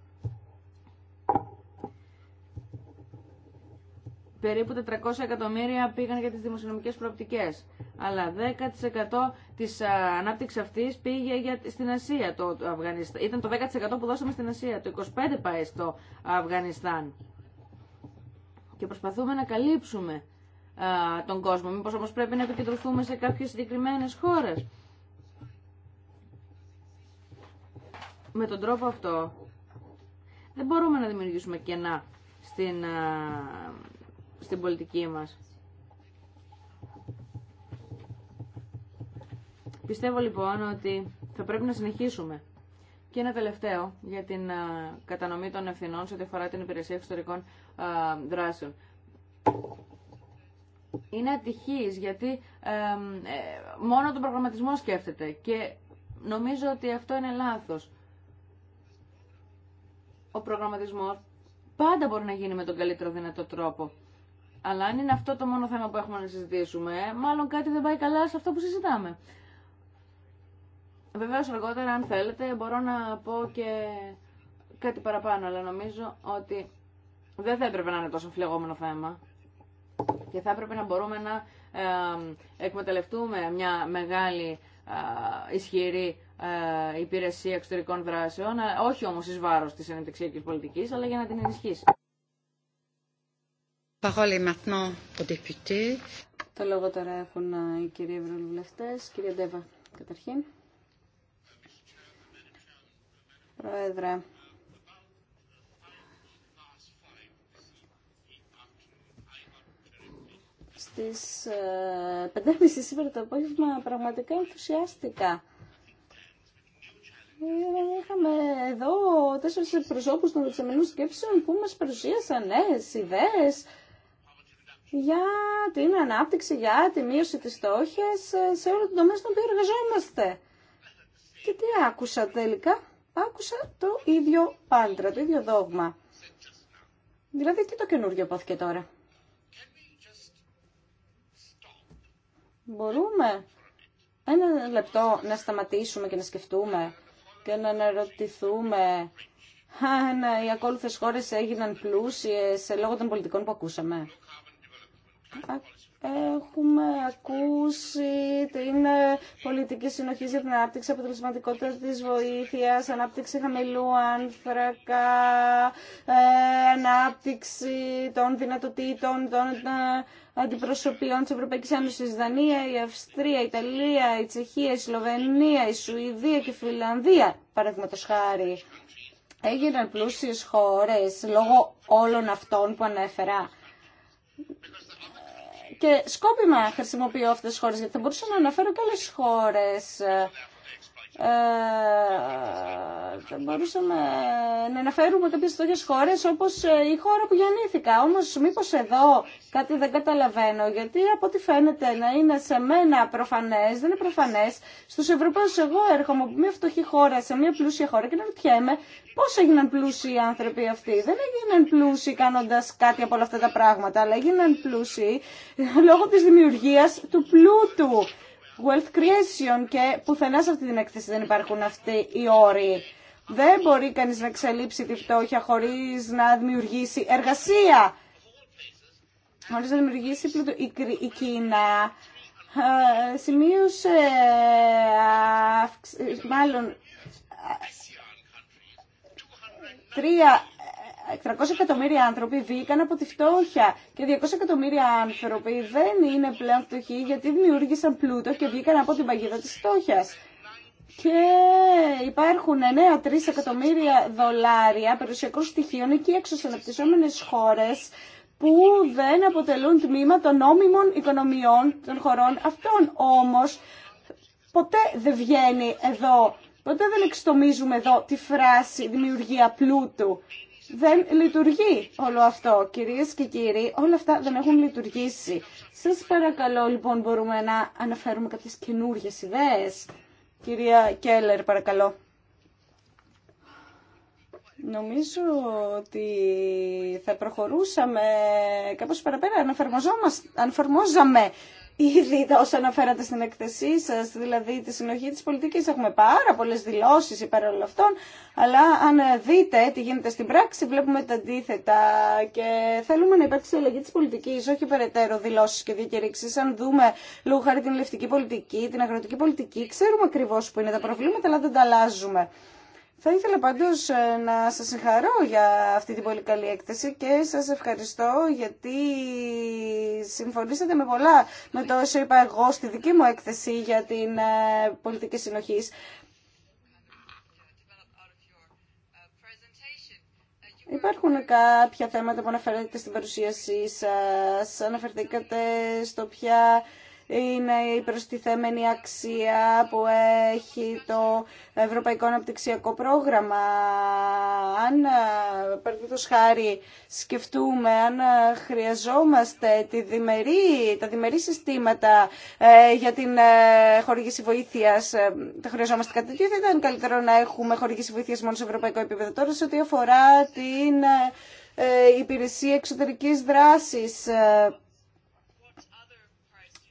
Περίπου 400 εκατομμύρια πήγαν για τις δημοσιονομικές προοπτικές, αλλά 10% Τη ανάπτυξη αυτή πήγε για, στην Ασία το, το Ήταν το 10% που δώσαμε στην Ασία, το 25% πάει στο Αφγανιστάν. Και προσπαθούμε να καλύψουμε α, τον κόσμο. Μήπως όμως πρέπει να επικεντρωθούμε σε κάποιες συγκεκριμένε χώρες. Με τον τρόπο αυτό δεν μπορούμε να δημιουργήσουμε κενά στην, στην πολιτική μας. Πιστεύω λοιπόν ότι θα πρέπει να συνεχίσουμε. Και ένα τελευταίο για την κατανομή των ευθυνών σε ό,τι αφορά την υπηρεσία εξωτερικών δράσεων. Είναι ατυχής γιατί ε, μόνο τον προγραμματισμό σκέφτεται και νομίζω ότι αυτό είναι λάθος. Ο προγραμματισμός πάντα μπορεί να γίνει με τον καλύτερο δυνατό τρόπο. Αλλά αν είναι αυτό το μόνο θέμα που έχουμε να συζητήσουμε, μάλλον κάτι δεν πάει καλά σε αυτό που συζητάμε. Βεβαίως αργότερα αν θέλετε μπορώ να πω και κάτι παραπάνω, αλλά νομίζω ότι δεν θα έπρεπε να είναι τόσο φλεγόμενο θέμα και θα έπρεπε να μπορούμε να εκμεταλλευτούμε μια μεγάλη ισχυρή υπηρεσία εξωτερικών δράσεων, όχι όμως εις βάρος της ενδεξιακής πολιτικής, αλλά για να την ενισχύσει. Το λόγο τώρα έχουν οι κυρίες ευρωβουλευτές. Κυρία Ντέβα, καταρχήν. Πρόεδρε. Στις 5.30 ε, σήμερα το απόγευμα πραγματικά ενθουσιάστηκα. Ε, είχαμε εδώ τέσσερις προσώπους των δεξαμενών σκέψεων που μας παρουσίασαν νέες ιδέες για την ανάπτυξη, για τη μείωση της στόχης ε, σε όλο τον τομέα στον οποίο εργαζόμαστε. Και τι άκουσα τελικά άκουσα το ίδιο πάντρα, το ίδιο δόγμα. Δηλαδή, τι το καινούργιο υπόθηκε τώρα. Μπορούμε ένα λεπτό να σταματήσουμε και να σκεφτούμε και να αναρωτηθούμε αν οι ακόλουθες χώρες έγιναν πλούσιες λόγω των πολιτικών που ακούσαμε. Έχουμε ακούσει την ε, πολιτική συνοχή για την ανάπτυξη, αποτελεσματικότητα της βοήθεια, ανάπτυξη χαμηλού άνθρακα, ε, ανάπτυξη των δυνατοτήτων των ε, αντιπροσωπείων της Ευρωπαϊκής Ένωσης, η Δανία, η Αυστρία, η Ιταλία, η Τσεχία, η Σλοβενία, η Σουηδία και η Φιλανδία, παραδείγματο χάρη. Έγιναν πλούσιες χώρες λόγω όλων αυτών που ανέφερα. Και σκόπιμα χρησιμοποιώ αυτές τις χώρες, γιατί θα μπορούσα να αναφέρω και άλλες χώρες ε, ε, θα μπορούσαμε να αναφέρουμε κάποιε τέτοιες χώρε όπω ε, η χώρα που γεννήθηκα. Όμω μήπω εδώ κάτι δεν καταλαβαίνω, γιατί από ό,τι φαίνεται να είναι σε μένα προφανέ. δεν είναι προφανέ. Στου Ευρωπαίου εγώ έρχομαι από μια φτωχή χώρα σε μια πλούσια χώρα και να ρωτιέμαι πώς έγιναν πλούσιοι οι άνθρωποι αυτοί. Δεν έγιναν πλούσιοι κάνοντα κάτι από όλα αυτά τα πράγματα, αλλά έγιναν πλούσιοι λόγω τη δημιουργία του πλούτου wealth creation και πουθενά σε αυτή την έκθεση δεν υπάρχουν αυτοί οι όροι. Δεν μπορεί κανείς να εξελίψει τη φτώχεια χωρίς να δημιουργήσει εργασία. Χωρίς να δημιουργήσει πλούτο. Η Κίνα σημείωσε μάλλον τρία 300 εκατομμύρια άνθρωποι βγήκαν από τη φτώχεια και 200 εκατομμύρια άνθρωποι δεν είναι πλέον φτωχοί γιατί δημιούργησαν πλούτο και βγήκαν από την παγίδα της φτώχειας. Και υπάρχουν 9-3 εκατομμύρια δολάρια περιουσιακών στοιχείων εκεί έξω σε αναπτυσσόμενες χώρες που δεν αποτελούν τμήμα των νόμιμων οικονομιών των χωρών αυτών. Όμως ποτέ δεν βγαίνει εδώ, ποτέ δεν εξτομίζουμε εδώ τη φράση δημιουργία πλούτου δεν λειτουργεί όλο αυτό. Κυρίες και κύριοι, όλα αυτά δεν έχουν λειτουργήσει. Σας παρακαλώ λοιπόν μπορούμε να αναφέρουμε κάποιες καινούριε ιδέες. Κυρία Κέλλερ παρακαλώ. Νομίζω ότι θα προχωρούσαμε κάπως παραπέρα αν εφαρμόζαμε ήδη όσα αναφέρατε στην εκθεσή σα, δηλαδή τη συνοχή της πολιτικής. Έχουμε πάρα πολλές αντίθετα και θέλουμε να υπάρξει υπέρ όλων αυτών, αλλά αν δείτε τι γίνεται στην πράξη, βλέπουμε τα αντίθετα και θέλουμε να υπάρξει αλλαγή τη πολιτικη όχι περαιτέρω δηλωσει και διακηρύξει. Αν δούμε λόγω χάρη την ελευτική πολιτική, την αγροτική πολιτική, ξέρουμε ακριβω που είναι τα προβλήματα, αλλά δεν τα αλλάζουμε. Θα ήθελα πάντως ε, να σας συγχαρώ για αυτή την πολύ καλή έκθεση και σας ευχαριστώ γιατί συμφωνήσατε με πολλά με το όσο είπα εγώ στη δική μου έκθεση για την ε, πολιτική συνοχής. Υπάρχουν κάποια θέματα που αναφέρετε στην παρουσίασή σας. Αναφερθήκατε στο ποια είναι η προστιθέμενη αξία που έχει το Ευρωπαϊκό Αναπτυξιακό Πρόγραμμα. Αν, παραδείγματο χάρη, σκεφτούμε αν χρειαζόμαστε τη διμερή, τα διμερή συστήματα ε, για την ε, χορήγηση βοήθεια, τα ε, χρειαζόμαστε κάτι τέτοιο, δεν ήταν καλύτερο να έχουμε χορήγηση βοήθεια μόνο σε ευρωπαϊκό επίπεδο. Τώρα, σε ό,τι αφορά την υπηρεσία εξωτερικής δράσης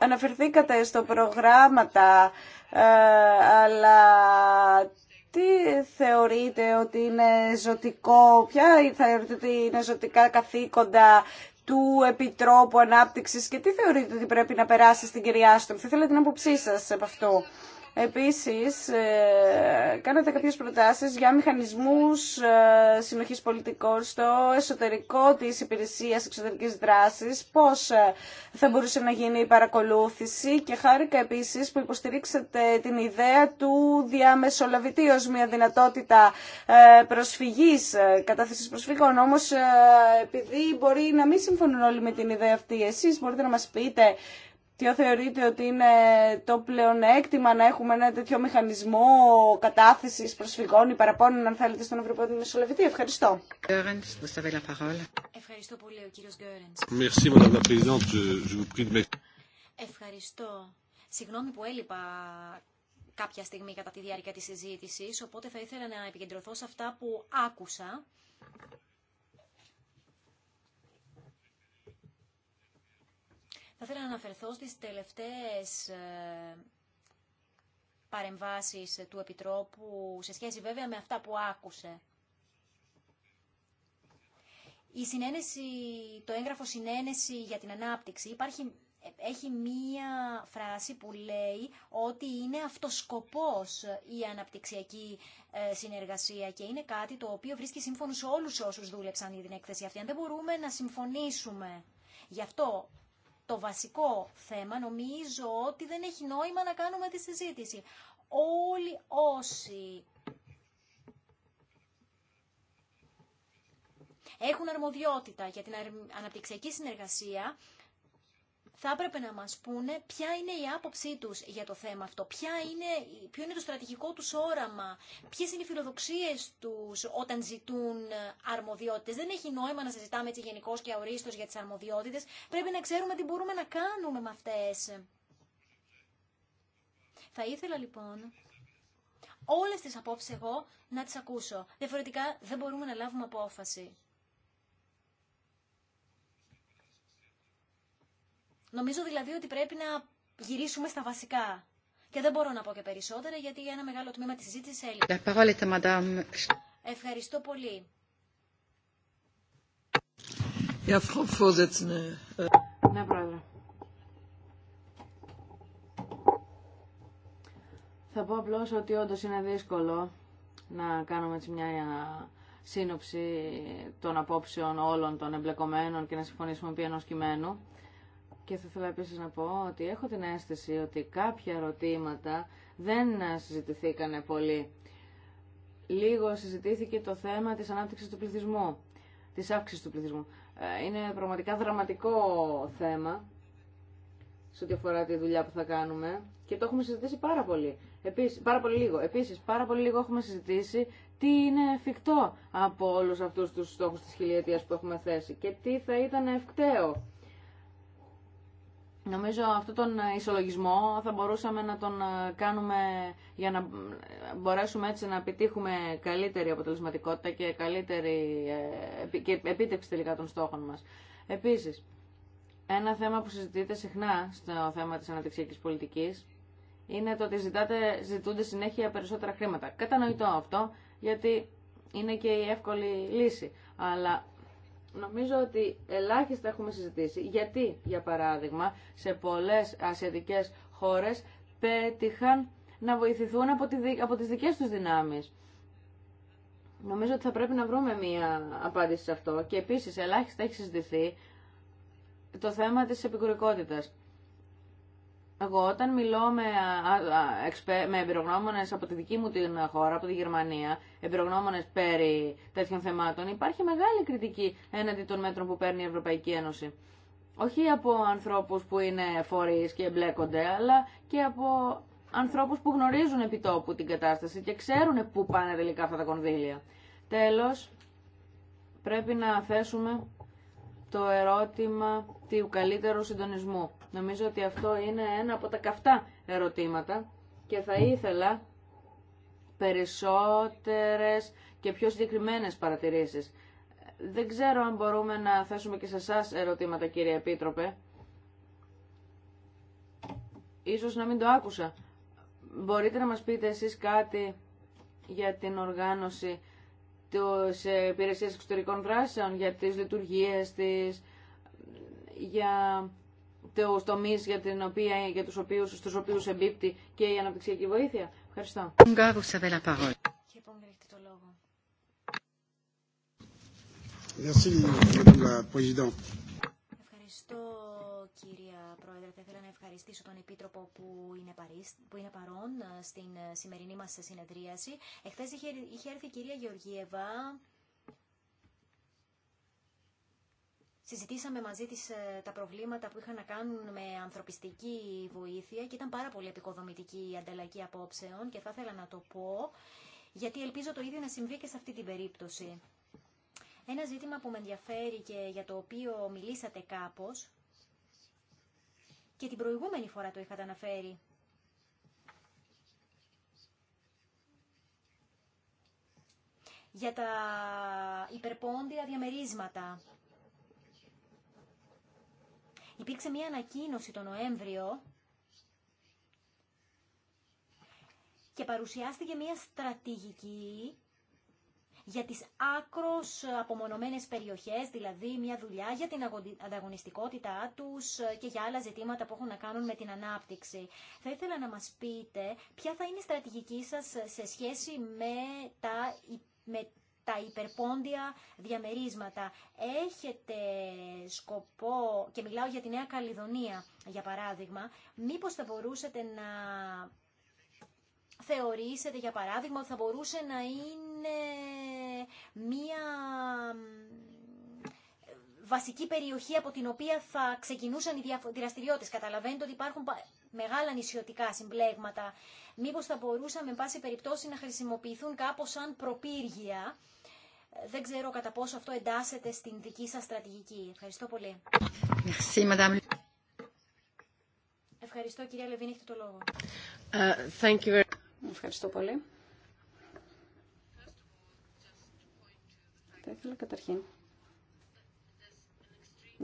Αναφερθήκατε στο προγράμματα, ε, αλλά τι θεωρείτε ότι είναι ζωτικό, ποια θεωρείτε ότι είναι ζωτικά καθήκοντα του Επιτρόπου Ανάπτυξης και τι θεωρείτε ότι πρέπει να περάσει στην κυρία Άστον. Θα ήθελα την άποψή σας από αυτό. Επίσης, ε, κάνατε κάποιες προτάσεις για μηχανισμούς ε, συνοχής πολιτικών στο εσωτερικό της υπηρεσίας εξωτερικής δράσης, πώς ε, θα μπορούσε να γίνει η παρακολούθηση και χάρηκα επίσης που υποστηρίξατε την ιδέα του διαμεσολαβητή ως μια δυνατότητα προσφυγής, κατάθεσης προσφύγων, όμως επειδή μπορεί να μην συμφωνούν όλοι με την ιδέα αυτή, εσείς μπορείτε να μας πείτε ποιο θεωρείτε ότι είναι το πλεονέκτημα να έχουμε ένα τέτοιο μηχανισμό κατάθεσης προσφυγών ή παραπώνων, αν θέλετε, στον Ευρωπαϊκό Μεσολαβητή. Ευχαριστώ. Ευχαριστώ πολύ, ο κύριος Γκέρεντ. Ευχαριστώ. Συγγνώμη που έλειπα κάποια στιγμή κατά τη διάρκεια τη συζήτηση, οπότε θα ήθελα να επικεντρωθώ σε αυτά που άκουσα Θα ήθελα να αναφερθώ στις τελευταίες ε, παρεμβάσεις του Επιτρόπου σε σχέση βέβαια με αυτά που άκουσε. Η συνένεση, το έγγραφο συνένεση για την ανάπτυξη υπάρχει, έχει μία φράση που λέει ότι είναι αυτοσκοπός η αναπτυξιακή ε, συνεργασία και είναι κάτι το οποίο βρίσκει σύμφωνο σε όλους όσους δούλεψαν για την έκθεση αυτή. Αν δεν μπορούμε να συμφωνήσουμε Γι' αυτό το βασικό θέμα, νομίζω ότι δεν έχει νόημα να κάνουμε τη συζήτηση. Όλοι όσοι έχουν αρμοδιότητα για την αναπτυξιακή συνεργασία θα έπρεπε να μας πούνε ποια είναι η άποψή τους για το θέμα αυτό, ποια είναι, ποιο είναι το στρατηγικό τους όραμα, ποιες είναι οι φιλοδοξίες τους όταν ζητούν αρμοδιότητες. Δεν έχει νόημα να συζητάμε έτσι γενικώς και αορίστως για τις αρμοδιότητες, πρέπει να ξέρουμε τι μπορούμε να κάνουμε με αυτές. Θα ήθελα λοιπόν όλες τις απόψεις εγώ να τις ακούσω. Διαφορετικά δεν μπορούμε να λάβουμε απόφαση. Νομίζω δηλαδή ότι πρέπει να γυρίσουμε στα βασικά. Και δεν μπορώ να πω και περισσότερα γιατί ένα μεγάλο τμήμα της συζήτηση. έλειπε. Ε, Ευχαριστώ πολύ. Äh, ναι, πρόεδρε. Θα πω απλώ ότι όντω είναι δύσκολο να κάνουμε έτσι μια σύνοψη των απόψεων όλων των εμπλεκομένων και να συμφωνήσουμε επί κειμένου. Και θα ήθελα επίσης να πω ότι έχω την αίσθηση ότι κάποια ερωτήματα δεν συζητηθήκαν πολύ. Λίγο συζητήθηκε το θέμα της ανάπτυξης του πληθυσμού, της αύξησης του πληθυσμού. Ε, είναι πραγματικά δραματικό θέμα σε ό,τι αφορά τη δουλειά που θα κάνουμε και το έχουμε συζητήσει πάρα πολύ. Επίσης, πάρα πολύ λίγο. Επίσης, πάρα πολύ λίγο έχουμε συζητήσει τι είναι εφικτό από όλους αυτούς τους στόχους της χιλιετίας που έχουμε θέσει και τι θα ήταν ευκταίο Νομίζω αυτόν τον ε, ισολογισμό θα μπορούσαμε να τον ε, κάνουμε για να μπορέσουμε έτσι να επιτύχουμε καλύτερη αποτελεσματικότητα και καλύτερη ε, και επίτευξη τελικά των στόχων μας. Επίσης, ένα θέμα που συζητείτε συχνά στο θέμα της αναπτυξιακής πολιτικής είναι το ότι ζητάτε, ζητούνται συνέχεια περισσότερα χρήματα. Κατανοητό αυτό, γιατί είναι και η εύκολη λύση. Αλλά νομίζω ότι ελάχιστα έχουμε συζητήσει. Γιατί, για παράδειγμα, σε πολλές ασιατικές χώρες πέτυχαν να βοηθηθούν από, τη, από τις δικές τους δυνάμεις. Νομίζω ότι θα πρέπει να βρούμε μία απάντηση σε αυτό. Και επίσης, ελάχιστα έχει συζητηθεί το θέμα της επικουρικότητας. Εγώ όταν μιλώ με, με εμπειρογνώμονες από τη δική μου την χώρα, από τη Γερμανία, εμπειρογνώμονες περί τέτοιων θεμάτων, υπάρχει μεγάλη κριτική έναντι των μέτρων που παίρνει η Ευρωπαϊκή Ένωση. Όχι από ανθρώπους που είναι φορείς και εμπλέκονται, αλλά και από ανθρώπους που γνωρίζουν επιτόπου την κατάσταση και ξέρουν πού πάνε τελικά αυτά τα κονδύλια. Τέλος, πρέπει να θέσουμε το ερώτημα του καλύτερου συντονισμού Νομίζω ότι αυτό είναι ένα από τα καυτά ερωτήματα και θα ήθελα περισσότερες και πιο συγκεκριμένες παρατηρήσεις. Δεν ξέρω αν μπορούμε να θέσουμε και σε εσά ερωτήματα, κύριε Επίτροπε. Ίσως να μην το άκουσα. Μπορείτε να μας πείτε εσείς κάτι για την οργάνωση της υπηρεσίας εξωτερικών δράσεων, για τις λειτουργίες της, για του τομεί για, την οποία, για τους οποίους, στους οποίους εμπίπτει και η αναπτυξιακή βοήθεια. Ευχαριστώ. Ευχαριστώ κυρία Πρόεδρε. Θα ήθελα να ευχαριστήσω τον Επίτροπο που είναι, παρίσ... που είναι παρόν ε, στην ε, σημερινή μας συνεδρίαση. Εχθές είχε, είχε έρθει η κυρία Γεωργίευα συζητήσαμε μαζί της ε, τα προβλήματα που είχαν να κάνουν με ανθρωπιστική βοήθεια και ήταν πάρα πολύ επικοδομητική η ανταλλαγή απόψεων και θα ήθελα να το πω γιατί ελπίζω το ίδιο να συμβεί και σε αυτή την περίπτωση. Ένα ζήτημα που με ενδιαφέρει και για το οποίο μιλήσατε κάπως και την προηγούμενη φορά το είχατε αναφέρει για τα υπερπόντια διαμερίσματα. Υπήρξε μια ανακοίνωση τον Νοέμβριο και παρουσιάστηκε μια στρατηγική για τις άκρος απομονωμένες περιοχές, δηλαδή μια δουλειά για την ανταγωνιστικότητά τους και για άλλα ζητήματα που έχουν να κάνουν με την ανάπτυξη. Θα ήθελα να μας πείτε ποια θα είναι η στρατηγική σας σε σχέση με τα με τα υπερπόντια διαμερίσματα. Έχετε σκοπό, και μιλάω για τη Νέα Καλλιδονία για παράδειγμα, μήπως θα μπορούσατε να θεωρήσετε για παράδειγμα ότι θα μπορούσε να είναι μία βασική περιοχή από την οποία θα ξεκινούσαν οι δραστηριότητε. Καταλαβαίνετε ότι υπάρχουν μεγάλα νησιωτικά συμπλέγματα. Μήπως θα μπορούσαμε, εν πάση περιπτώσει, να χρησιμοποιηθούν κάπως σαν προπύργια ε, δεν ξέρω κατά πόσο αυτό εντάσσεται στην δική σας στρατηγική. Ευχαριστώ πολύ. Ευχαριστώ κυρία Λεβίν, έχετε το λόγο. Ε, Ευχαριστώ πολύ. Θα ήθελα καταρχήν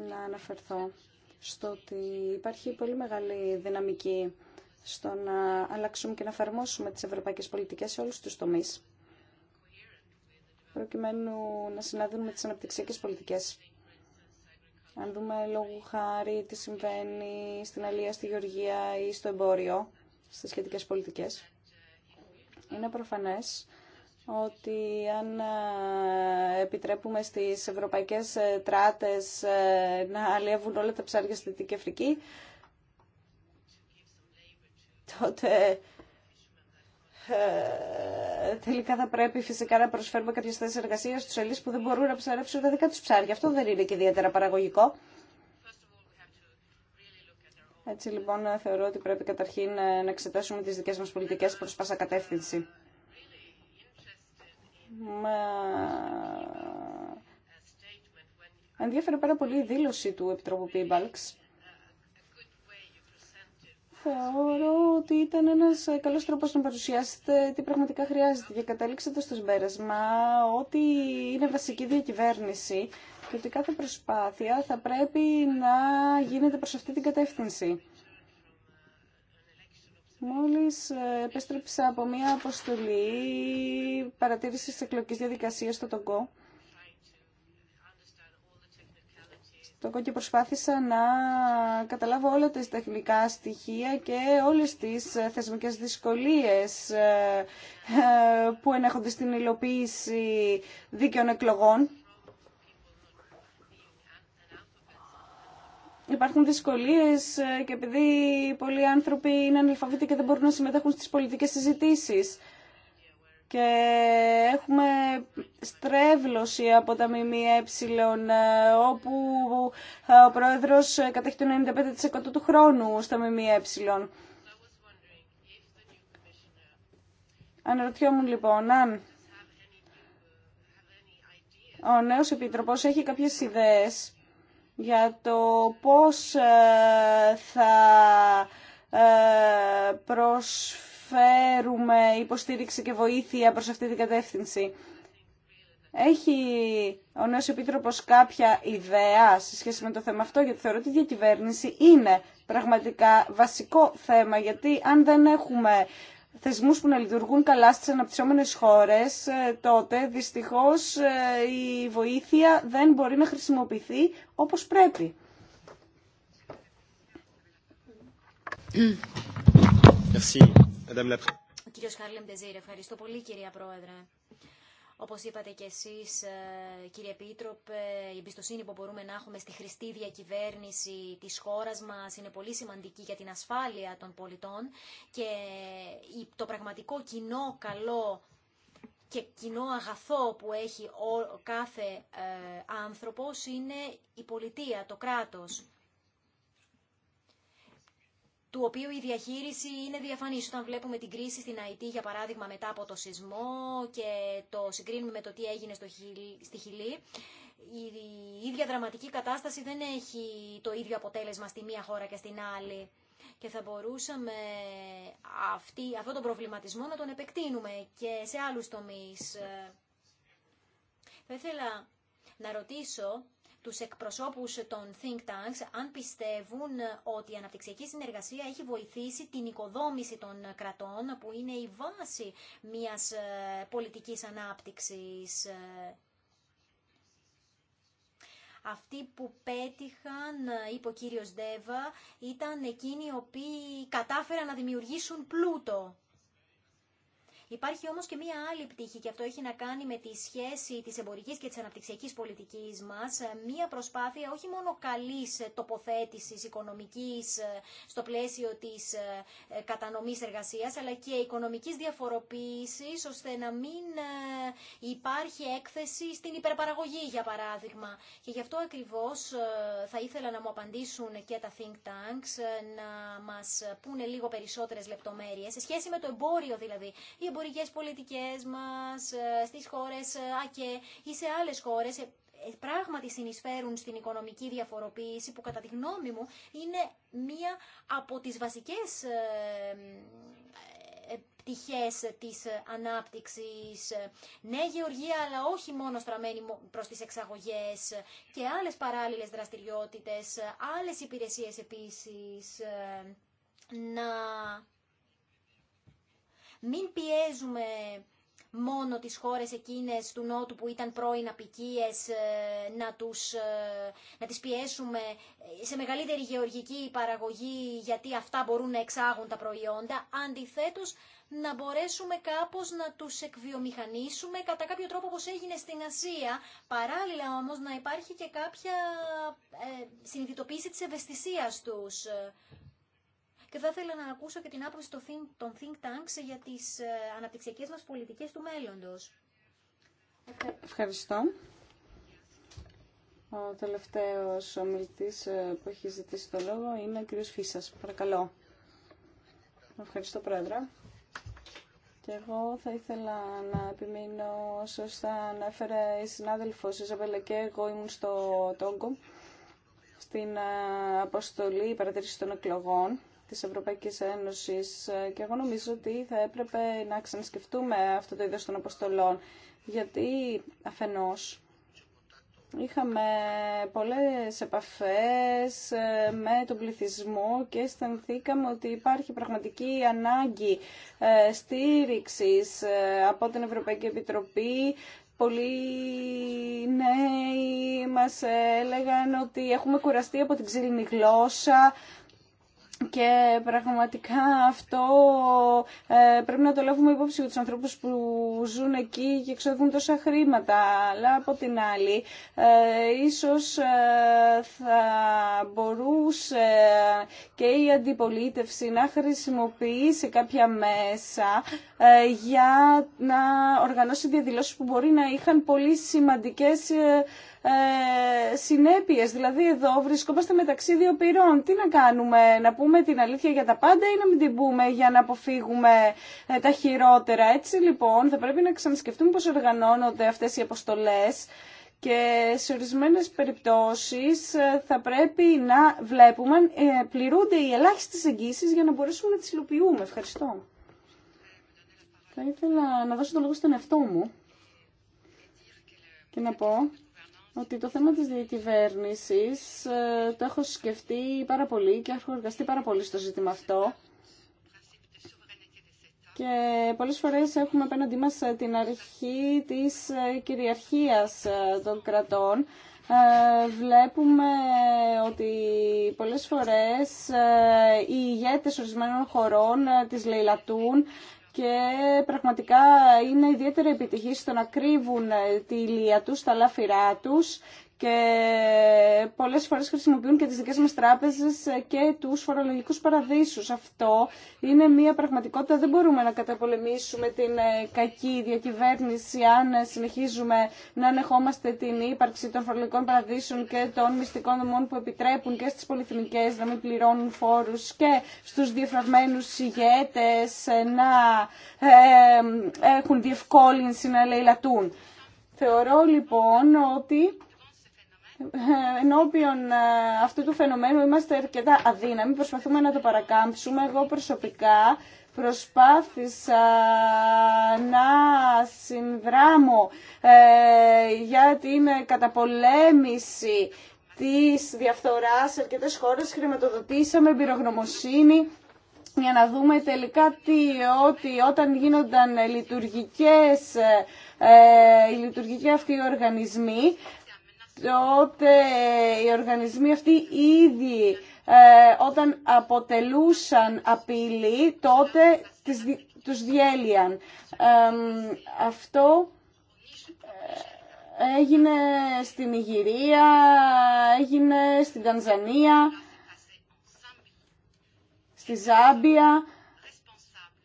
να αναφερθώ στο ότι υπάρχει πολύ μεγάλη δυναμική στο να αλλάξουμε και να εφαρμόσουμε τις ευρωπαϊκές πολιτικές σε όλους τους τομείς προκειμένου να συνάδουν με τις αναπτυξιακές πολιτικές. Αν δούμε λόγου χάρη τι συμβαίνει στην Αλία, στη Γεωργία ή στο εμπόριο, στις σχετικές πολιτικές, είναι προφανές ότι αν επιτρέπουμε στις ευρωπαϊκές ε, τράτες ε, να αλλιεύουν όλα τα ψάρια στη Δυτική Αφρική, τότε ε, τελικά θα πρέπει φυσικά να προσφέρουμε κάποιε θέσει εργασία στου Ελλήνε που δεν μπορούν να ψαρέψουν τα δικά του ψάρια. Αυτό δεν είναι και ιδιαίτερα παραγωγικό. Έτσι λοιπόν θεωρώ ότι πρέπει καταρχήν ε, να εξετάσουμε τις δικές μας πολιτικές προς πάσα κατεύθυνση. Μα... πάρα πολύ η δήλωση του Επιτροπού Πίμπαλξ Θεωρώ ότι ήταν ένα ε, καλό τρόπος να παρουσιάσετε τι πραγματικά χρειάζεται και καταλήξατε στο συμπέρασμα ότι είναι βασική διακυβέρνηση και ότι κάθε προσπάθεια θα πρέπει να γίνεται προ αυτή την κατεύθυνση. Μόλι ε, επέστρεψα από μια αποστολή παρατήρησης εκλογική διαδικασία στο τοκό. Το και προσπάθησα να καταλάβω όλα τα τεχνικά στοιχεία και όλες τις ε, θεσμικές δυσκολίες ε, ε, που ενέχονται στην υλοποίηση δίκαιων εκλογών. Υπάρχουν δυσκολίες και επειδή πολλοί άνθρωποι είναι ανελφαβήτοι και δεν μπορούν να συμμετέχουν στις πολιτικές συζητήσεις και έχουμε στρέβλωση από τα ΜΜΕ όπου ο πρόεδρος κατέχει το 95% του χρόνου στα ΜΜΕ. Αναρωτιόμουν λοιπόν αν ο νέος Επίτροπος έχει κάποιες ιδέες για το πώς ε, θα ε, προσφέρει προσφέρουμε υποστήριξη και βοήθεια προς αυτή την κατεύθυνση. Έχει ο νέος Επίτροπος κάποια ιδέα σε σχέση με το θέμα αυτό, γιατί θεωρώ ότι η διακυβέρνηση είναι πραγματικά βασικό θέμα, γιατί αν δεν έχουμε θεσμούς που να λειτουργούν καλά στις αναπτυσσόμενες χώρες, ε, τότε δυστυχώς ε, η βοήθεια δεν μπορεί να χρησιμοποιηθεί όπως πρέπει. Κύριο Χάρλεμ ευχαριστώ πολύ κυρία Πρόεδρε. Όπως είπατε και εσείς, ε, κύριε Επίτροπε, η εμπιστοσύνη που μπορούμε να έχουμε στη χρηστή διακυβέρνηση της χώρας μας είναι πολύ σημαντική για την ασφάλεια των πολιτών και το πραγματικό κοινό καλό και κοινό αγαθό που έχει ο κάθε ε, άνθρωπος είναι η πολιτεία, το κράτος του οποίου η διαχείριση είναι διαφανής. Όταν βλέπουμε την κρίση στην ΑΕΤ, για παράδειγμα, μετά από το σεισμό και το συγκρίνουμε με το τι έγινε στο στη Χιλή, η ίδια δραματική κατάσταση δεν έχει το ίδιο αποτέλεσμα στη μία χώρα και στην άλλη. Και θα μπορούσαμε αυτή, αυτόν τον προβληματισμό να τον επεκτείνουμε και σε άλλους τομείς. Ε, θα ήθελα να ρωτήσω τους εκπροσώπους των think tanks αν πιστεύουν ε, ότι η αναπτυξιακή συνεργασία έχει βοηθήσει την οικοδόμηση των κρατών που είναι η βάση μιας ε, πολιτικής ανάπτυξης ε. αυτοί που πέτυχαν, είπε ο κύριος Ντέβα, ήταν εκείνοι οι οποίοι κατάφεραν να δημιουργήσουν πλούτο. Υπάρχει όμω και μία άλλη πτύχη και αυτό έχει να κάνει με τη σχέση τη εμπορική και τη αναπτυξιακή πολιτική μα. Ε, μία προσπάθεια όχι μόνο καλή τοποθέτηση οικονομική ε, στο πλαίσιο τη ε, κατανομής εργασία, αλλά και οικονομική διαφοροποίηση, ώστε να μην υπάρχει έκθεση στην υπερπαραγωγή, για παράδειγμα. Και γι' αυτό ακριβώ θα ήθελα να μου απαντήσουν και τα think tanks, να μα πούνε λίγο περισσότερε λεπτομέρειε σε σχέση με το εμπόριο δηλαδή εμπορικέ πολιτικές μας ε, στις χώρες ε, ΑΚΕ ή σε άλλες χώρες ε, πράγματι συνεισφέρουν στην οικονομική διαφοροποίηση που κατά τη γνώμη μου είναι μία από τις βασικές πτυχές της ανάπτυξης. Ναι, γεωργία, αλλά όχι μόνο στραμμένη προς τις εξαγωγές και άλλες παράλληλες δραστηριότητες, άλλες υπηρεσίες επίσης. Να μην πιέζουμε μόνο τις χώρες εκείνες του Νότου που ήταν πρώην απικίες ε, να, τους, ε, να τις πιέσουμε σε μεγαλύτερη γεωργική παραγωγή γιατί αυτά μπορούν να εξάγουν τα προϊόντα. Αντιθέτως να μπορέσουμε κάπως να τους εκβιομηχανίσουμε κατά κάποιο τρόπο όπως έγινε στην Ασία. Παράλληλα όμως να υπάρχει και κάποια ε, συνειδητοποίηση της ευαισθησίας τους. Και θα ήθελα να ακούσω και την άποψη των Think Tanks για τις ε, αναπτυξιακές μας πολιτικές του μέλλοντος. Ευχαριστώ. Ο τελευταίος ομιλητής ε, που έχει ζητήσει το λόγο είναι ο κ. Φίσας. Παρακαλώ. Ευχαριστώ, Πρόεδρε. Και εγώ θα ήθελα να επιμείνω, σωστά ανέφερε η συνάδελφος Ιζαβέλα και εγώ ήμουν στο Τόγκο, στην ε, αποστολή παρατήρηση των εκλογών της Ευρωπαϊκής Ένωσης και εγώ νομίζω ότι θα έπρεπε να ξανασκεφτούμε αυτό το είδος των αποστολών γιατί αφενός είχαμε πολλές επαφές ε, με τον πληθυσμό και αισθανθήκαμε ότι υπάρχει πραγματική ανάγκη ε, στήριξης ε, από την Ευρωπαϊκή Επιτροπή Πολλοί νέοι μας έλεγαν ότι έχουμε κουραστεί από την ξύλινη γλώσσα, και πραγματικά αυτό ε, πρέπει να το λάβουμε υπόψη για τους ανθρώπους που ζουν εκεί και εξοδεύουν τόσα χρήματα. Αλλά από την άλλη, ε, ίσως ε, θα μπορούσε και η αντιπολίτευση να χρησιμοποιήσει κάποια μέσα ε, για να οργανώσει διαδηλώσεις που μπορεί να είχαν πολύ σημαντικές ε, Συνέπειε, Δηλαδή εδώ βρισκόμαστε μεταξύ δύο πυρών. Τι να κάνουμε, να πούμε την αλήθεια για τα πάντα ή να μην την πούμε για να αποφύγουμε ε, τα χειρότερα. Έτσι λοιπόν θα πρέπει να ξανασκεφτούμε πώ οργανώνονται αυτές οι αποστολέ. και σε ορισμένε περιπτώσεις ε, θα πρέπει να βλέπουμε αν πληρούνται οι ελάχιστες εγγύσεις για να μπορέσουμε να τις υλοποιούμε. Ευχαριστώ. Θα ήθελα να δώσω το λόγο στον εαυτό μου και να πω ότι το θέμα της διακυβέρνησης ε, το έχω σκεφτεί πάρα πολύ και έχω εργαστεί πάρα πολύ στο ζήτημα αυτό. Και πολλές φορές έχουμε απέναντί μας ε, την αρχή της ε, κυριαρχίας των κρατών. βλέπουμε ότι πολλές φορές οι ηγέτες ορισμένων χωρών τις λαιλατούν και πραγματικά είναι ιδιαίτερη επιτυχή στο να κρύβουν ε, τη ηλία τους, τα λάφυρά τους και πολλές φορές χρησιμοποιούν και τις δικές μας τράπεζες και τους φορολογικούς παραδείσους. Αυτό είναι μια πραγματικότητα. Δεν μπορούμε να καταπολεμήσουμε την ε, κακή διακυβέρνηση αν συνεχίζουμε να ανεχόμαστε την ύπαρξη των φορολογικών παραδείσων και των μυστικών δομών που επιτρέπουν και στις πολυθυμικές να μην πληρώνουν φόρους και στους διαφραγμένους ηγέτες να ε, έχουν διευκόλυνση να λαιλατούν. Θεωρώ λοιπόν ότι ενώπιον ε, αυτού του φαινομένου είμαστε αρκετά αδύναμοι, προσπαθούμε να το παρακάμψουμε. Εγώ προσωπικά προσπάθησα να συνδράμω ε, για την καταπολέμηση της διαφθοράς σε αρκετές χώρες, χρηματοδοτήσαμε εμπειρογνωμοσύνη για να δούμε τελικά τι, ότι όταν γίνονταν λειτουργικές ε, ε οι λειτουργικοί αυτοί οι οργανισμοί τότε οι οργανισμοί αυτοί ήδη ε, όταν αποτελούσαν απειλή, τότε τους διέλυαν. Αυτό ε, έγινε στην Ιγυρία, έγινε στην Τανζανία, στη Ζάμπια.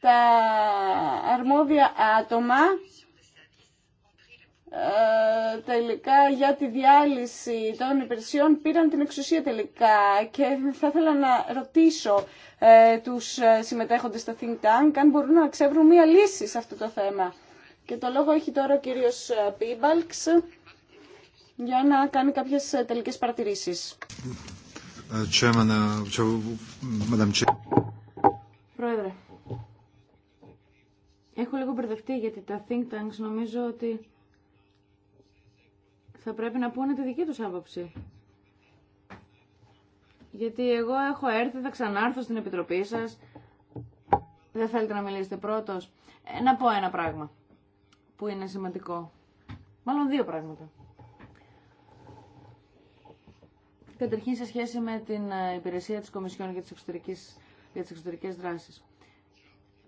Τα αρμόδια άτομα ε, τελικά για τη διάλυση των υπηρεσιών πήραν την εξουσία τελικά και θα ήθελα να ρωτήσω ε, τους ε, συμμετέχοντες στα Think Tank αν μπορούν να ξεύρουν μία λύση σε αυτό το θέμα. Και το λόγο έχει τώρα ο κύριος ε, Πίμπαλξ για να κάνει κάποιες τελικές παρατηρήσεις. Πρόεδρε, έχω λίγο μπερδευτεί γιατί τα Think Tanks νομίζω ότι θα πρέπει να πούνε τη δική τους άποψη. Γιατί εγώ έχω έρθει, θα ξανάρθω στην Επιτροπή σας. Δεν θέλετε να μιλήσετε πρώτος. Ε, να πω ένα πράγμα που είναι σημαντικό. Μάλλον δύο πράγματα. Καταρχήν σε σχέση με την ε, υπηρεσία της Κομισιόν για τις εξωτερικές, για τις εξωτερικές δράσεις.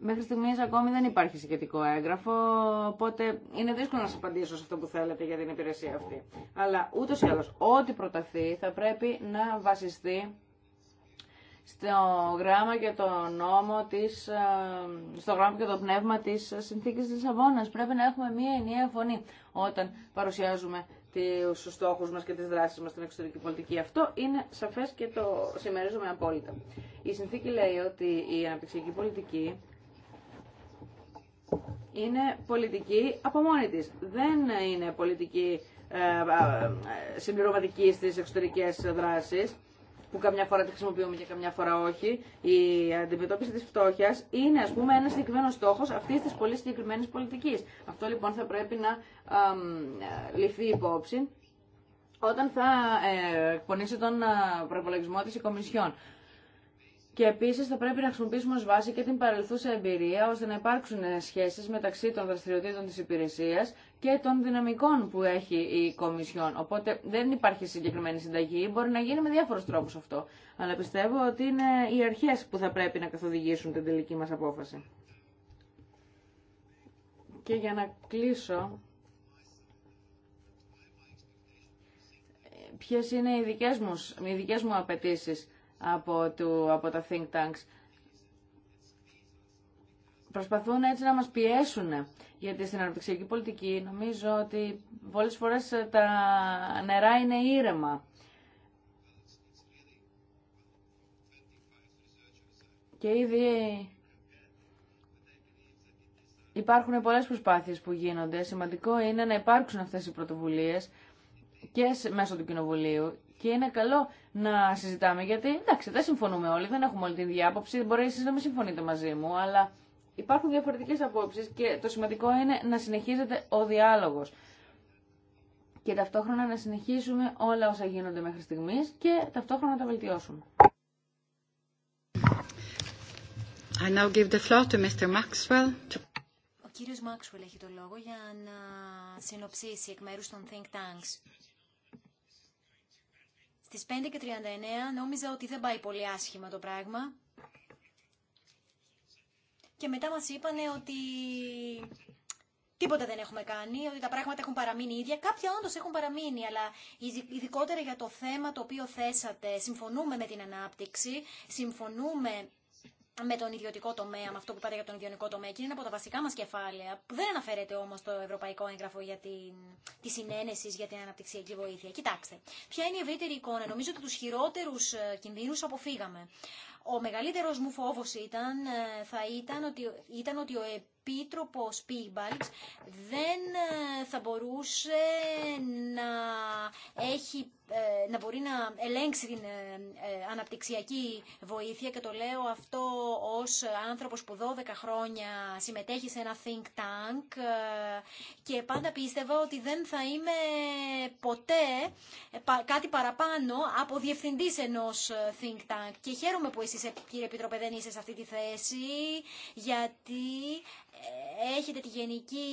Μέχρι στιγμή ακόμη δεν υπάρχει σχετικό έγγραφο, οπότε είναι δύσκολο να σα απαντήσω σε αυτό που θέλετε για την υπηρεσία αυτή. Αλλά ούτω ή άλλω, ό,τι προταθεί θα πρέπει να βασιστεί στο γράμμα και το νόμο της, ε, στο γράμμα και το πνεύμα της συνθήκης της Αβώνας Πρέπει να έχουμε μία ενιαία φωνή όταν παρουσιάζουμε τους στόχους μας και τις δράσεις μας στην εξωτερική πολιτική. Αυτό είναι σαφές και το συμμερίζομαι απόλυτα. Η συνθήκη λέει ότι η αναπτυξιακή πολιτική είναι πολιτική από μόνη της. Δεν είναι πολιτική ε, ε, ε, συμπληρωματική στις εξωτερικές δράσεις που καμιά φορά τη χρησιμοποιούμε και καμιά φορά όχι, η αντιμετώπιση τη φτώχεια είναι ας πούμε ένα συγκεκριμένο στόχο αυτή τη πολύ συγκεκριμένη πολιτική. Αυτό λοιπόν θα πρέπει να ληφθεί υπόψη όταν θα εκπονήσει τον προπολογισμό της η Κομισιόν. Και επίση θα πρέπει να χρησιμοποιήσουμε ω βάση και την παρελθούσα εμπειρία ώστε να υπάρξουν σχέσει μεταξύ των δραστηριοτήτων τη υπηρεσία και των δυναμικών που έχει η Κομισιόν. Οπότε δεν υπάρχει συγκεκριμένη συνταγή. Μπορεί να γίνει με διάφορου τρόπου αυτό. Αλλά πιστεύω ότι είναι οι αρχέ που θα πρέπει να καθοδηγήσουν την τελική μα απόφαση. Και για να κλείσω. ποιε είναι οι δικέ μου, απαιτήσει, από, του, από τα think tanks. Προσπαθούν έτσι να μας πιέσουν, γιατί στην αναπτυξιακή πολιτική νομίζω ότι πολλές φορές τα νερά είναι ήρεμα. Και ήδη υπάρχουν πολλές προσπάθειες που γίνονται. Σημαντικό είναι να υπάρξουν αυτές οι πρωτοβουλίες και μέσω του Κοινοβουλίου και είναι καλό να συζητάμε γιατί, εντάξει, δεν συμφωνούμε όλοι, δεν έχουμε όλη την άποψη. μπορεί να μην συμφωνείτε μαζί μου, αλλά υπάρχουν διαφορετικές απόψεις και το σημαντικό είναι να συνεχίζεται ο διάλογος. Και ταυτόχρονα να συνεχίσουμε όλα όσα γίνονται μέχρι στιγμή και ταυτόχρονα να τα βελτιώσουμε. I now give the floor to Mr. Maxwell. Ο κύριος Μάξουελ έχει το λόγο για να συνοψίσει εκ μέρους των Think Tanks. Στις 5.39 νόμιζα ότι δεν πάει πολύ άσχημα το πράγμα. Και μετά μας είπανε ότι τίποτα δεν έχουμε κάνει, ότι τα πράγματα έχουν παραμείνει ίδια. Κάποια όντω έχουν παραμείνει, αλλά ειδικότερα για το θέμα το οποίο θέσατε, συμφωνούμε με την ανάπτυξη, συμφωνούμε με τον ιδιωτικό τομέα, με αυτό που είπατε για τον ιδιωτικό τομέα, και είναι από τα βασικά μα κεφάλαια, που δεν αναφέρεται όμω το Ευρωπαϊκό Έγγραφο για την, τη συνένεση για την αναπτυξιακή βοήθεια. Κοιτάξτε, ποια είναι η ευρύτερη εικόνα. Νομίζω ότι του χειρότερου ε, κινδύνου αποφύγαμε. Ο μεγαλύτερο μου φόβο ήταν, ε, θα ήταν, ότι, ήταν ότι ο Επίτροπο Πίμπαλξ δεν ε, θα μπορούσε να έχει ε, να μπορεί να ελέγξει την ε, ε, αναπτυξιακή βοήθεια και το λέω αυτό ως άνθρωπος που 12 χρόνια συμμετέχει σε ένα think tank και πάντα πίστευα ότι δεν θα είμαι ποτέ κάτι παραπάνω από διευθυντής ενός think tank και χαίρομαι που εσείς κύριε Επιτροπέ δεν είστε σε αυτή τη θέση γιατί έχετε τη γενική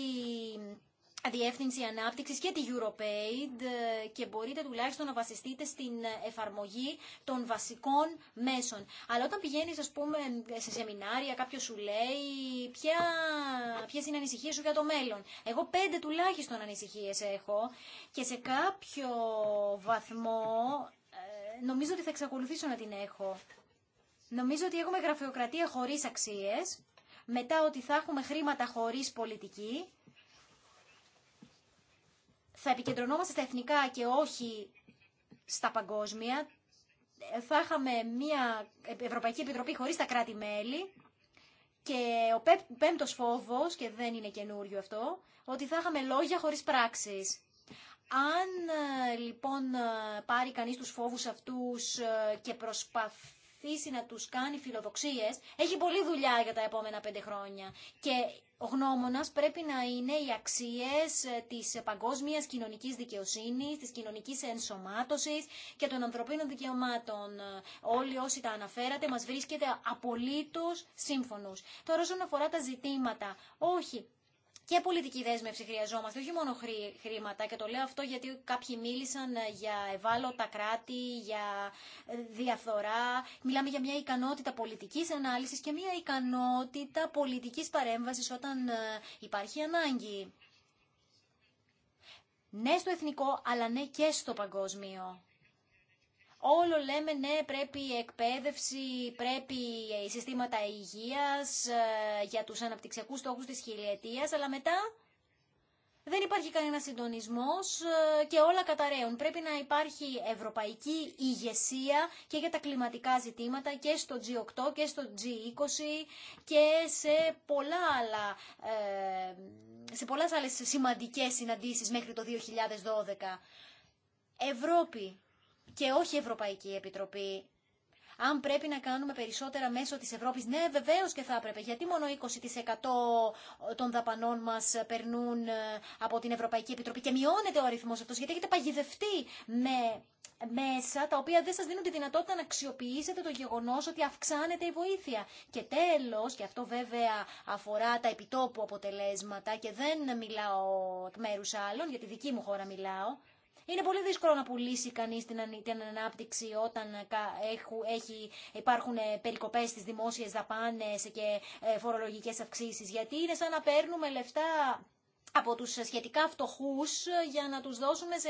Διεύθυνση Ανάπτυξης και τη EuroPaid ε, και μπορείτε τουλάχιστον να βασιστείτε στην ε, εφαρμογή των βασικών μέσων. Αλλά όταν πηγαίνεις ας πούμε σε σεμινάρια κάποιο σου λέει ποια, ποιες είναι οι ανησυχίες σου για το μέλλον. Εγώ πέντε τουλάχιστον ανησυχίες έχω και σε κάποιο βαθμό ε, νομίζω ότι θα εξακολουθήσω να την έχω. Νομίζω ότι έχουμε γραφειοκρατία χωρίς αξίες, μετά ότι θα έχουμε χρήματα χωρίς πολιτική θα επικεντρωνόμαστε στα εθνικά και όχι στα παγκόσμια. Θα είχαμε μια Ευρωπαϊκή Επιτροπή χωρίς τα κράτη-μέλη και ο πέμπτος φόβος, και δεν είναι καινούριο αυτό, ότι θα είχαμε λόγια χωρίς πράξεις. Αν λοιπόν πάρει κανείς τους φόβους αυτούς ε, και προσπαθήσει να τους κάνει φιλοδοξίες, έχει πολλή δουλειά για τα επόμενα πέντε χρόνια. Και ο γνώμονας πρέπει να είναι οι αξίες ε, της παγκόσμιας κοινωνικής δικαιοσύνης, της κοινωνικής ενσωμάτωσης και των ανθρωπίνων δικαιωμάτων. Ε, όλοι όσοι τα αναφέρατε μας βρίσκεται απολύτως σύμφωνος. Τώρα όσον αφορά τα ζητήματα, όχι, και πολιτική δέσμευση χρειαζόμαστε, όχι μόνο χρήματα. Και το λέω αυτό γιατί κάποιοι μίλησαν ε, για ευάλωτα κράτη, για ε, διαφθορά. Μιλάμε για μια ικανότητα πολιτικής ανάλυσης και μια ικανότητα πολιτικής παρέμβασης όταν ε, υπάρχει ανάγκη. Ναι στο εθνικό, αλλά ναι και στο παγκόσμιο. Όλο λέμε ναι πρέπει η εκπαίδευση, πρέπει οι συστήματα υγείας ε, για τους αναπτυξιακούς στόχους της χιλιετίας, αλλά μετά δεν υπάρχει κανένα συντονισμός ε, και όλα καταραίουν. Πρέπει να υπάρχει ευρωπαϊκή ηγεσία και για τα κλιματικά ζητήματα και στο G8 και στο G20 και σε, πολλά άλλα, ε, σε πολλές άλλες σημαντικές συναντήσεις μέχρι το 2012. Ευρώπη, και όχι η Ευρωπαϊκή Επιτροπή. Αν πρέπει να κάνουμε περισσότερα μέσω της Ευρώπης, ναι βεβαίως και θα έπρεπε. Γιατί μόνο 20% των δαπανών μας περνούν ε, από την Ευρωπαϊκή Επιτροπή και μειώνεται ο αριθμός αυτός, γιατί έχετε παγιδευτεί με μέσα τα οποία δεν σας δίνουν τη δυνατότητα να αξιοποιήσετε το γεγονός ότι αυξάνεται η βοήθεια. Και τέλος, και αυτό βέβαια αφορά τα επιτόπου αποτελέσματα και δεν μιλάω εκ μέρους άλλων, για τη δική μου χώρα μιλάω, είναι πολύ δύσκολο να πουλήσει κανεί την, την ανάπτυξη όταν ε, έχει, υπάρχουν ε, περικοπέ στι δημόσιε δαπάνε και ε, φορολογικέ αυξήσει. γιατί είναι σαν να παίρνουμε λεφτά από τους σχετικά φτωχούς για να, τους δώσουμε σε,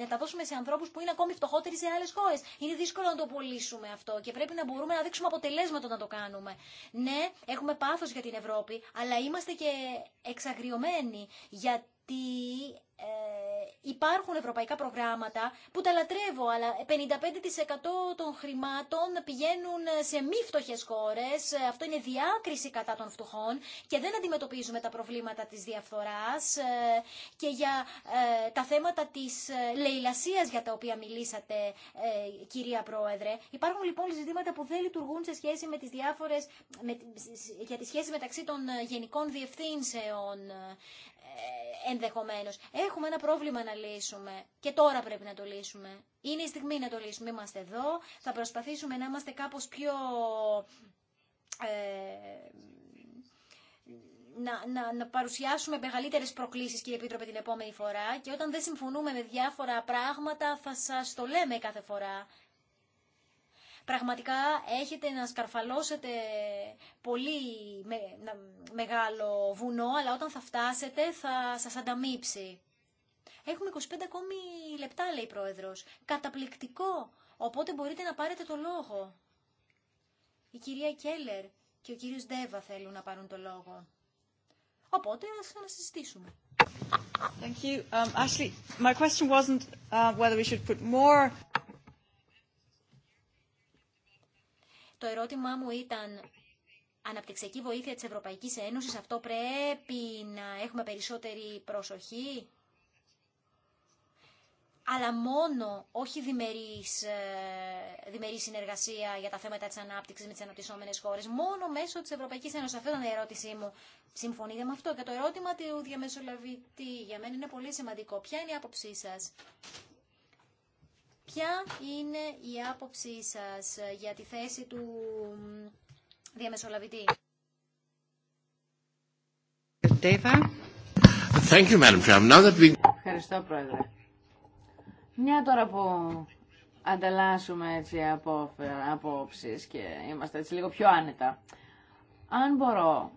να τα δώσουμε σε ανθρώπους που είναι ακόμη φτωχότεροι σε άλλες χώρες. Είναι δύσκολο να το πουλήσουμε αυτό και πρέπει να μπορούμε να δείξουμε αποτελέσματα να το κάνουμε. Ναι, έχουμε πάθος για την Ευρώπη, αλλά είμαστε και εξαγριωμένοι γιατί ε, υπάρχουν ευρωπαϊκά προγράμματα που τα λατρεύω, αλλά 55% των χρημάτων πηγαίνουν σε μη φτωχέ ε, Αυτό είναι διάκριση κατά των φτωχών και δεν αντιμετωπίζουμε τα προβλήματα της διαφθοράς ε, και για τα θέματα της λαιλασίας για τα οποία μιλήσατε, κυρία Πρόεδρε. Υπάρχουν λοιπόν ζητήματα που δεν λειτουργούν σε σχέση με τις διάφορες, με, για τη σχέση μεταξύ των γενικών διευθύνσεων ενδεχομένως. Έχουμε ένα πρόβλημα να λύσουμε και τώρα πρέπει να το λύσουμε. Είναι η στιγμή να το λύσουμε. Είμαστε εδώ, θα προσπαθήσουμε να είμαστε κάπως πιο... Ε, να, να, να παρουσιάσουμε μεγαλύτερε προκλήσεις κύριε Επίτροπε την επόμενη φορά και όταν δεν συμφωνούμε με διάφορα πράγματα θα σας το λέμε κάθε φορά. Πραγματικά έχετε να σκαρφαλώσετε πολύ μεγάλο βουνό, αλλά όταν θα φτάσετε θα σας ανταμείψει. Έχουμε 25 ακόμη λεπτά, λέει η Πρόεδρος. Καταπληκτικό. Οπότε μπορείτε να πάρετε το λόγο. Η κυρία Κέλλερ και ο κύριος Ντέβα θέλουν να πάρουν το λόγο. Οπότε ας ξανασυζητήσουμε. Thank you. Um, Ashley, my question wasn't uh, whether we should put more Το ερώτημά μου ήταν αναπτυξιακή βοήθεια της Ευρωπαϊκής Ένωσης, αυτό πρέπει να έχουμε περισσότερη προσοχή αλλά μόνο όχι διμερής, ε, διμερής συνεργασία για τα θέματα της ανάπτυξης με τις αναπτυσσόμενες χώρες, μόνο μέσω της Ευρωπαϊκής Ένωσης. Αυτό ήταν η ερώτησή μου. Συμφωνείτε με αυτό. Και το ερώτημα του διαμεσολαβητή για μένα είναι πολύ σημαντικό. Ποια είναι η άποψή σας. Ποια είναι η άποψή σας για τη θέση του διαμεσολαβητή. Ευχαριστώ, Πρόεδρε. Μια τώρα που ανταλλάσσουμε έτσι από, απόψεις και είμαστε έτσι λίγο πιο άνετα. Αν μπορώ,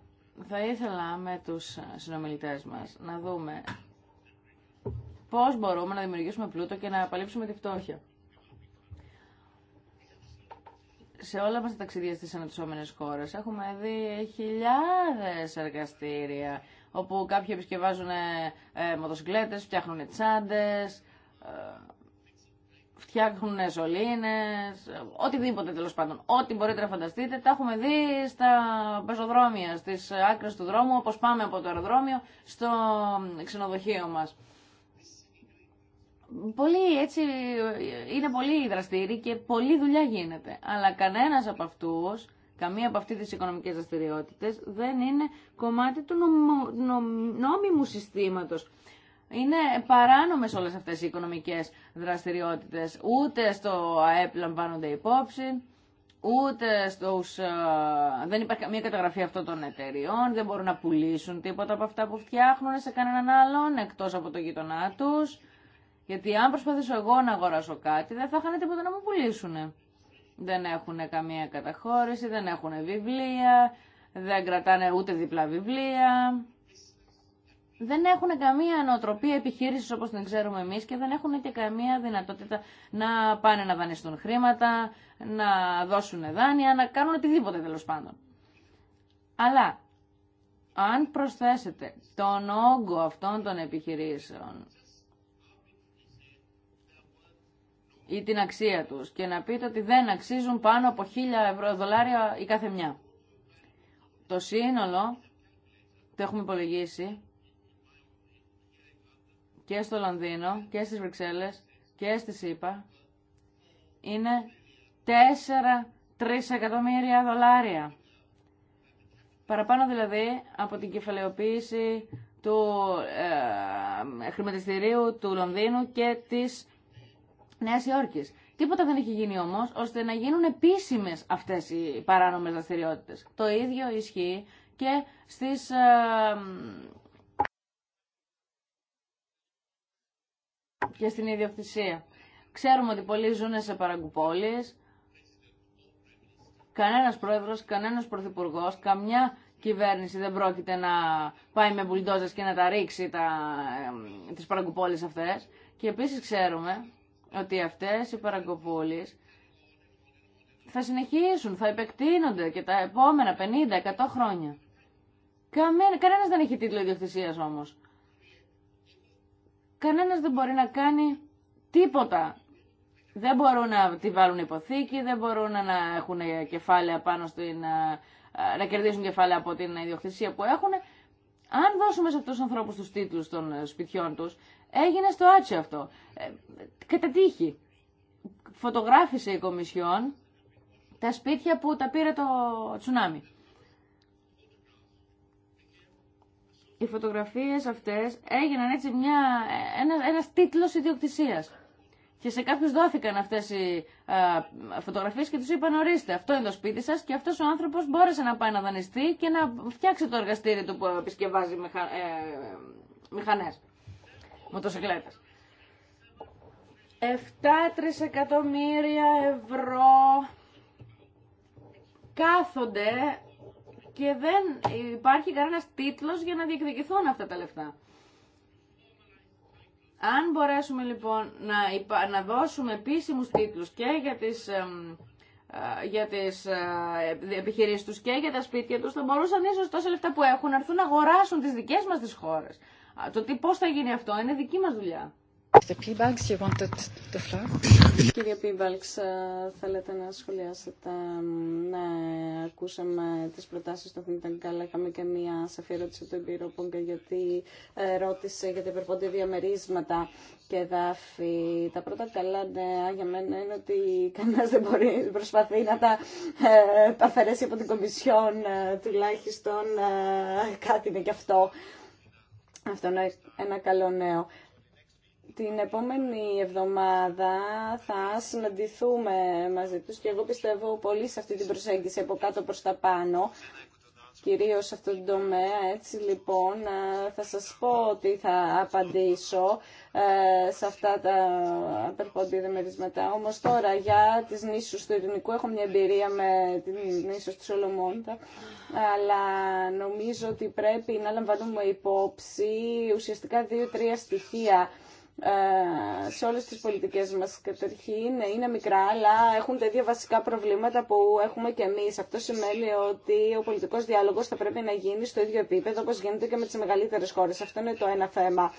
θα ήθελα με τους συνομιλητές μας να δούμε πώς μπορούμε να δημιουργήσουμε πλούτο και να απαλείψουμε τη φτώχεια. Σε όλα μας τα ταξίδια στις ανατουσόμενες χώρες έχουμε δει χιλιάδες εργαστήρια όπου κάποιοι επισκευάζουν ε, ε μοτοσυκλέτες, φτιάχνουν τσάντες, ε, φτιάχνουν ζωλήνες, οτιδήποτε τέλο πάντων. Ό,τι μπορείτε να φανταστείτε, τα έχουμε δει στα πεζοδρόμια, στις άκρες του δρόμου, όπως πάμε από το αεροδρόμιο στο ξενοδοχείο μας. Πολύ, έτσι, είναι πολύ δραστήριοι και πολλή δουλειά γίνεται. Αλλά κανένας από αυτούς, καμία από αυτή τις οικονομικές δραστηριότητες δεν είναι κομμάτι του νόμιμου συστήματος είναι παράνομες όλες αυτές οι οικονομικές δραστηριότητες. Ούτε στο ΑΕΠ λαμβάνονται υπόψη, ούτε στους... Ε, δεν υπάρχει καμία καταγραφή αυτών των εταιριών, δεν μπορούν να πουλήσουν τίποτα από αυτά που φτιάχνουν σε κανέναν άλλον, εκτός από το γειτονά τους. Γιατί αν προσπαθήσω εγώ να αγοράσω κάτι, δεν θα είχαν τίποτα να μου πουλήσουν. Δεν έχουν καμία καταχώρηση, δεν έχουν βιβλία, δεν κρατάνε ούτε διπλά βιβλία δεν έχουν καμία νοοτροπία επιχείρησης όπως την ξέρουμε εμείς και δεν έχουν και καμία δυνατότητα να πάνε να δανειστούν χρήματα, να δώσουν δάνεια, να κάνουν οτιδήποτε τέλο πάντων. Αλλά αν προσθέσετε τον όγκο αυτών των επιχειρήσεων ή την αξία τους και να πείτε ότι δεν αξίζουν πάνω από 1000 ευρώ δολάρια η κάθε μια. Το σύνολο, το έχουμε υπολογίσει, και στο Λονδίνο και στις Βρυξέλλες και στη ΣΥΠΑ είναι 4-3 εκατομμύρια δολάρια. Παραπάνω δηλαδή από την κεφαλαιοποίηση του ε, χρηματιστηρίου του Λονδίνου και της Νέας Υόρκης. Τίποτα δεν έχει γίνει όμως ώστε να γίνουν επίσημες αυτές οι παράνομες δραστηριότητε. Το ίδιο ισχύει και στις, ε, και στην ιδιοκτησία. Ξέρουμε ότι πολλοί ζουν σε παραγκουπόλεις. Κανένας πρόεδρος, κανένας πρωθυπουργό, καμιά κυβέρνηση δεν πρόκειται να πάει με μπουλντόζες και να τα ρίξει τα, ε, τις παραγκουπόλεις αυτές. Και επίσης ξέρουμε ότι αυτές οι παραγκουπόλεις θα συνεχίσουν, θα επεκτείνονται και τα επόμενα 50-100 χρόνια. Κανένα δεν έχει τίτλο ιδιοκτησία όμω κανένας δεν μπορεί να κάνει τίποτα. Δεν μπορούν να τη βάλουν υποθήκη, δεν μπορούν να έχουν κεφάλαια πάνω στην, να κερδίσουν κεφάλαια από την ιδιοκτησία που έχουν. Αν δώσουμε σε αυτούς τους ανθρώπους τους τίτλους των ε, σπιτιών τους, έγινε στο άτσι αυτό. Ε, κατά τύχη. Φωτογράφησε η Κομισιόν τα σπίτια που τα πήρε το τσουνάμι. οι φωτογραφίες αυτές έγιναν έτσι μια, ένα, ένας τίτλος ιδιοκτησίας. Και σε κάποιους δόθηκαν αυτές οι φωτογραφίε φωτογραφίες και τους είπαν ορίστε αυτό είναι το σπίτι σας και αυτός ο άνθρωπος μπόρεσε να πάει να δανειστεί και να φτιάξει το εργαστήρι του που επισκευάζει μηχα, ε, μηχανές, μοτοσυκλέτες. 7 εκατομμύρια ευρώ κάθονται και δεν υπάρχει κανένας τίτλος για να διεκδικηθούν αυτά τα λεφτά. Αν μπορέσουμε λοιπόν να, να δώσουμε επίσημους τίτλους και για τις, για τις επιχειρήσεις τους και για τα σπίτια τους, θα μπορούσαν ίσως τόσα λεφτά που έχουν να έρθουν να αγοράσουν τις δικές μας τις χώρες. Το τι πώς θα γίνει αυτό είναι δική μας δουλειά you wanted the Κύριε Πίμπαλξ, ε, θέλετε να σχολιάσετε. Ναι, ακούσαμε τις προτάσεις των Θεμητανικά, αλλά είχαμε και μία σαφή ερώτηση του Πόγκα γιατί ε, ρώτησε για τα υπερπόντια διαμερίσματα και δάφη. Τα πρώτα καλά νέα ναι, για μένα είναι ότι κανένα δεν μπορεί, να προσπαθεί να ε, τα αφαιρέσει από την Κομισιόν, τουλάχιστον κάτι είναι και αυτό. Αυτό είναι ένα καλό νέο. Την επόμενη εβδομάδα θα συναντηθούμε μαζί τους και εγώ πιστεύω πολύ σε αυτή την προσέγγιση από κάτω προς τα πάνω κυρίως σε αυτόν τον τομέα. Έτσι λοιπόν θα σας πω ότι θα απαντήσω ε, σε αυτά τα απερχόντια μερισμένα. Όμως τώρα για τις νήσους του Ειρηνικού έχω μια εμπειρία με την νήσους του Σολομόντα. Αλλά νομίζω ότι πρέπει να λαμβάνουμε υπόψη ουσιαστικά δύο-τρία στοιχεία ε, σε όλες τις πολιτικές μας καταρχήν είναι μικρά αλλά έχουν τα ίδια βασικά προβλήματα που έχουμε και εμείς. Αυτό σημαίνει ότι ο πολιτικός διάλογος θα πρέπει να γίνει στο ίδιο επίπεδο όπως γίνεται και με τις μεγαλύτερες χώρες. Αυτό είναι το ένα θέμα.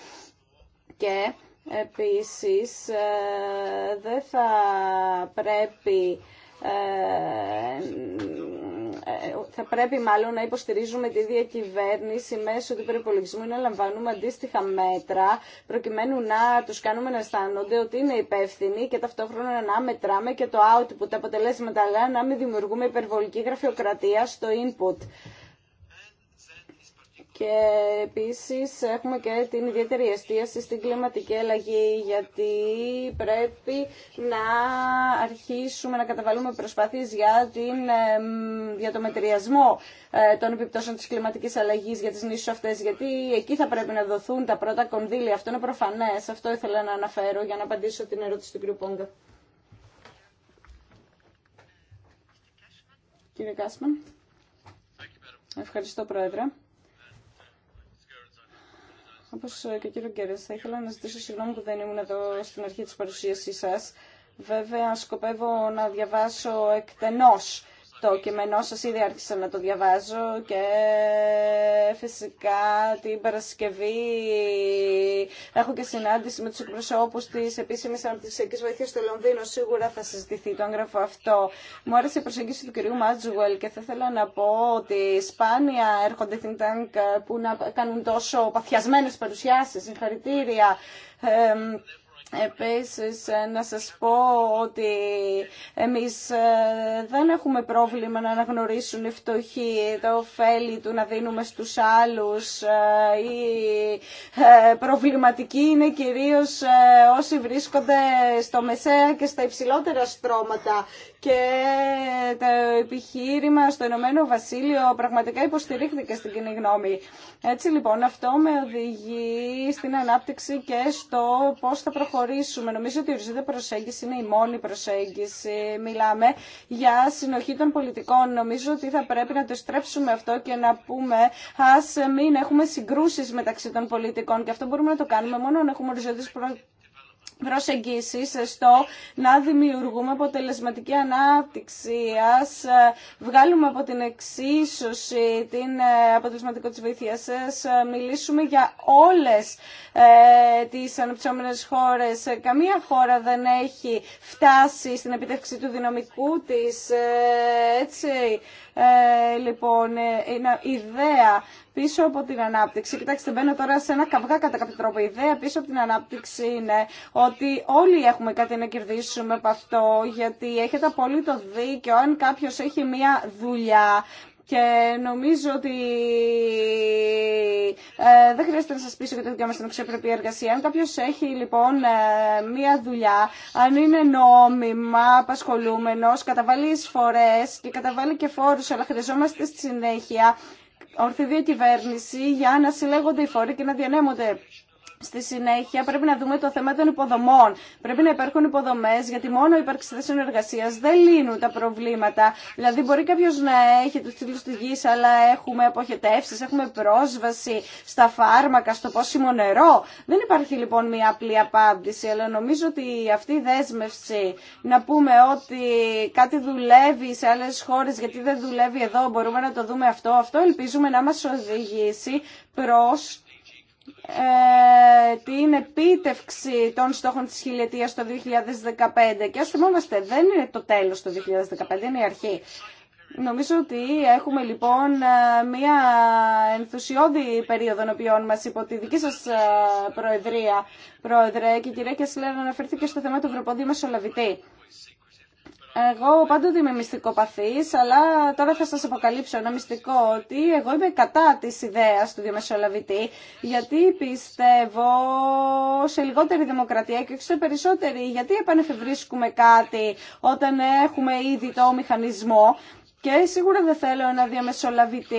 Και επίσης ε, δεν θα πρέπει ε, ε, θα πρέπει μάλλον να υποστηρίζουμε τη διακυβέρνηση μέσω του περιπολογισμού να λαμβάνουμε αντίστοιχα μέτρα προκειμένου να τους κάνουμε να αισθάνονται ότι είναι υπεύθυνοι και ταυτόχρονα να μετράμε και το output, τα αποτελέσματα, αλλά να μην δημιουργούμε υπερβολική γραφειοκρατία στο input. Και επίσης έχουμε και την ιδιαίτερη εστίαση στην κλιματική αλλαγή, γιατί πρέπει να αρχίσουμε να καταβαλούμε προσπάθειες για, για το μετριασμό ε, των επιπτώσεων της κλιματικής αλλαγής για τις νήσους αυτές, γιατί εκεί θα πρέπει να δοθούν τα πρώτα κονδύλια. Αυτό είναι προφανές, αυτό ήθελα να αναφέρω για να απαντήσω την ερώτηση του κ. Πόγκα. Κύριε Κάσμαν. Ευχαριστώ, Πρόεδρε. Όπω ε, και ο κύριο Γκέρε, θα ήθελα να ζητήσω συγγνώμη που δεν ήμουν εδώ στην αρχή τη παρουσίασή σα, Βέβαια, σκοπεύω να διαβάσω εκτενώς το κείμενό σας ήδη άρχισα να το διαβάζω και φυσικά την Παρασκευή έχω και συνάντηση με τους εκπροσώπους της επίσημης αναπτυξιακής βοήθειας στο Λονδίνο. Σίγουρα θα συζητηθεί το έγγραφο αυτό. Μου άρεσε η προσέγγιση του κυρίου Μάτζουελ και θα ήθελα να πω ότι σπάνια έρχονται think tank που να κάνουν τόσο παθιασμένες παρουσιάσεις, συγχαρητήρια Επίσης, ε, να σας πω ότι εμείς ε, δεν έχουμε πρόβλημα να αναγνωρίσουν οι φτωχοί τα ωφέλη του να δίνουμε στους άλλους. Ε, η προβληματική είναι κυρίως όσοι βρίσκονται στο μεσαία και στα υψηλότερα στρώματα και το επιχείρημα στο Ηνωμένο Βασίλειο πραγματικά υποστηρίχθηκε στην κοινή γνώμη. Έτσι λοιπόν αυτό με οδηγεί στην ανάπτυξη και στο πώς θα προχωρήσουμε. Νομίζω ότι η οριζόντια προσέγγιση είναι η μόνη προσέγγιση. Μιλάμε για συνοχή των πολιτικών. Νομίζω ότι θα πρέπει να το στρέψουμε αυτό και να πούμε ας μην έχουμε συγκρούσεις μεταξύ των πολιτικών και αυτό μπορούμε να το κάνουμε μόνο αν έχουμε οριζόντιες προσεγγίσεις στο να δημιουργούμε αποτελεσματική ανάπτυξη, ας ε, βγάλουμε από την εξίσωση την ε, αποτελεσματικότητα της βοήθειας, ε, μιλήσουμε για όλες ε, τις αναπτυσσόμενες χώρες. Καμία χώρα δεν έχει φτάσει στην επιτεύξη του δυναμικού της, έτσι. λοιπόν, είναι ιδέα πίσω από την ανάπτυξη. Κοιτάξτε, μπαίνω τώρα σε ένα καυγά κατά κάποιο τρόπο. Η ιδέα πίσω από την ανάπτυξη είναι ότι όλοι έχουμε κάτι να κερδίσουμε από αυτό, γιατί έχετε απολύτω δίκιο. Αν κάποιο έχει μία δουλειά, και νομίζω ότι ε, δεν χρειάζεται να σα πείσω για το δικαίωμα στην αξιοπρεπή εργασία. Αν κάποιο έχει λοιπόν ε, μία δουλειά, αν είναι νόμιμα απασχολούμενο, καταβάλει εισφορέ και καταβάλει και φόρου, αλλά χρειαζόμαστε στη συνέχεια ορθιδία κυβέρνηση για να συλλέγονται οι φόροι και να διανέμονται Στη συνέχεια πρέπει να δούμε το θέμα των υποδομών. Πρέπει να υπάρχουν υποδομέ, γιατί μόνο η ύπαρξη θέσεων εργασία δεν λύνουν τα προβλήματα. Δηλαδή, μπορεί κάποιο να έχει του τίτλου τη γη, αλλά έχουμε αποχετεύσει, έχουμε πρόσβαση στα φάρμακα, στο πόσιμο νερό. Δεν υπάρχει λοιπόν μια απλή απάντηση, αλλά νομίζω ότι αυτή η δέσμευση να πούμε ότι κάτι δουλεύει σε άλλε χώρε, γιατί δεν δουλεύει εδώ, μπορούμε να το δούμε αυτό. Αυτό ελπίζουμε να μα οδηγήσει προ. Ε, την επίτευξη των στόχων της χιλιετίας το 2015. Και ας θυμόμαστε, δεν είναι το τέλος το 2015, είναι η αρχή. Νομίζω ότι έχουμε λοιπόν ε, μια ενθουσιώδη περίοδο οποίων μας υπό τη δική σας ε, προεδρία, πρόεδρε, και η κυρία Κεσλέρα αναφέρθηκε στο θέμα του Ευρωπαϊκού Μεσολαβητή. Εγώ πάντοτε είμαι μυστικοπαθής, αλλά τώρα θα σας αποκαλύψω ένα μυστικό ότι εγώ είμαι κατά της ιδέας του διαμεσολαβητή, γιατί πιστεύω σε λιγότερη δημοκρατία και όχι σε περισσότερη. Γιατί επανεφευρίσκουμε κάτι όταν έχουμε ήδη το μηχανισμό και σίγουρα δεν θέλω ένα διαμεσολαβητή,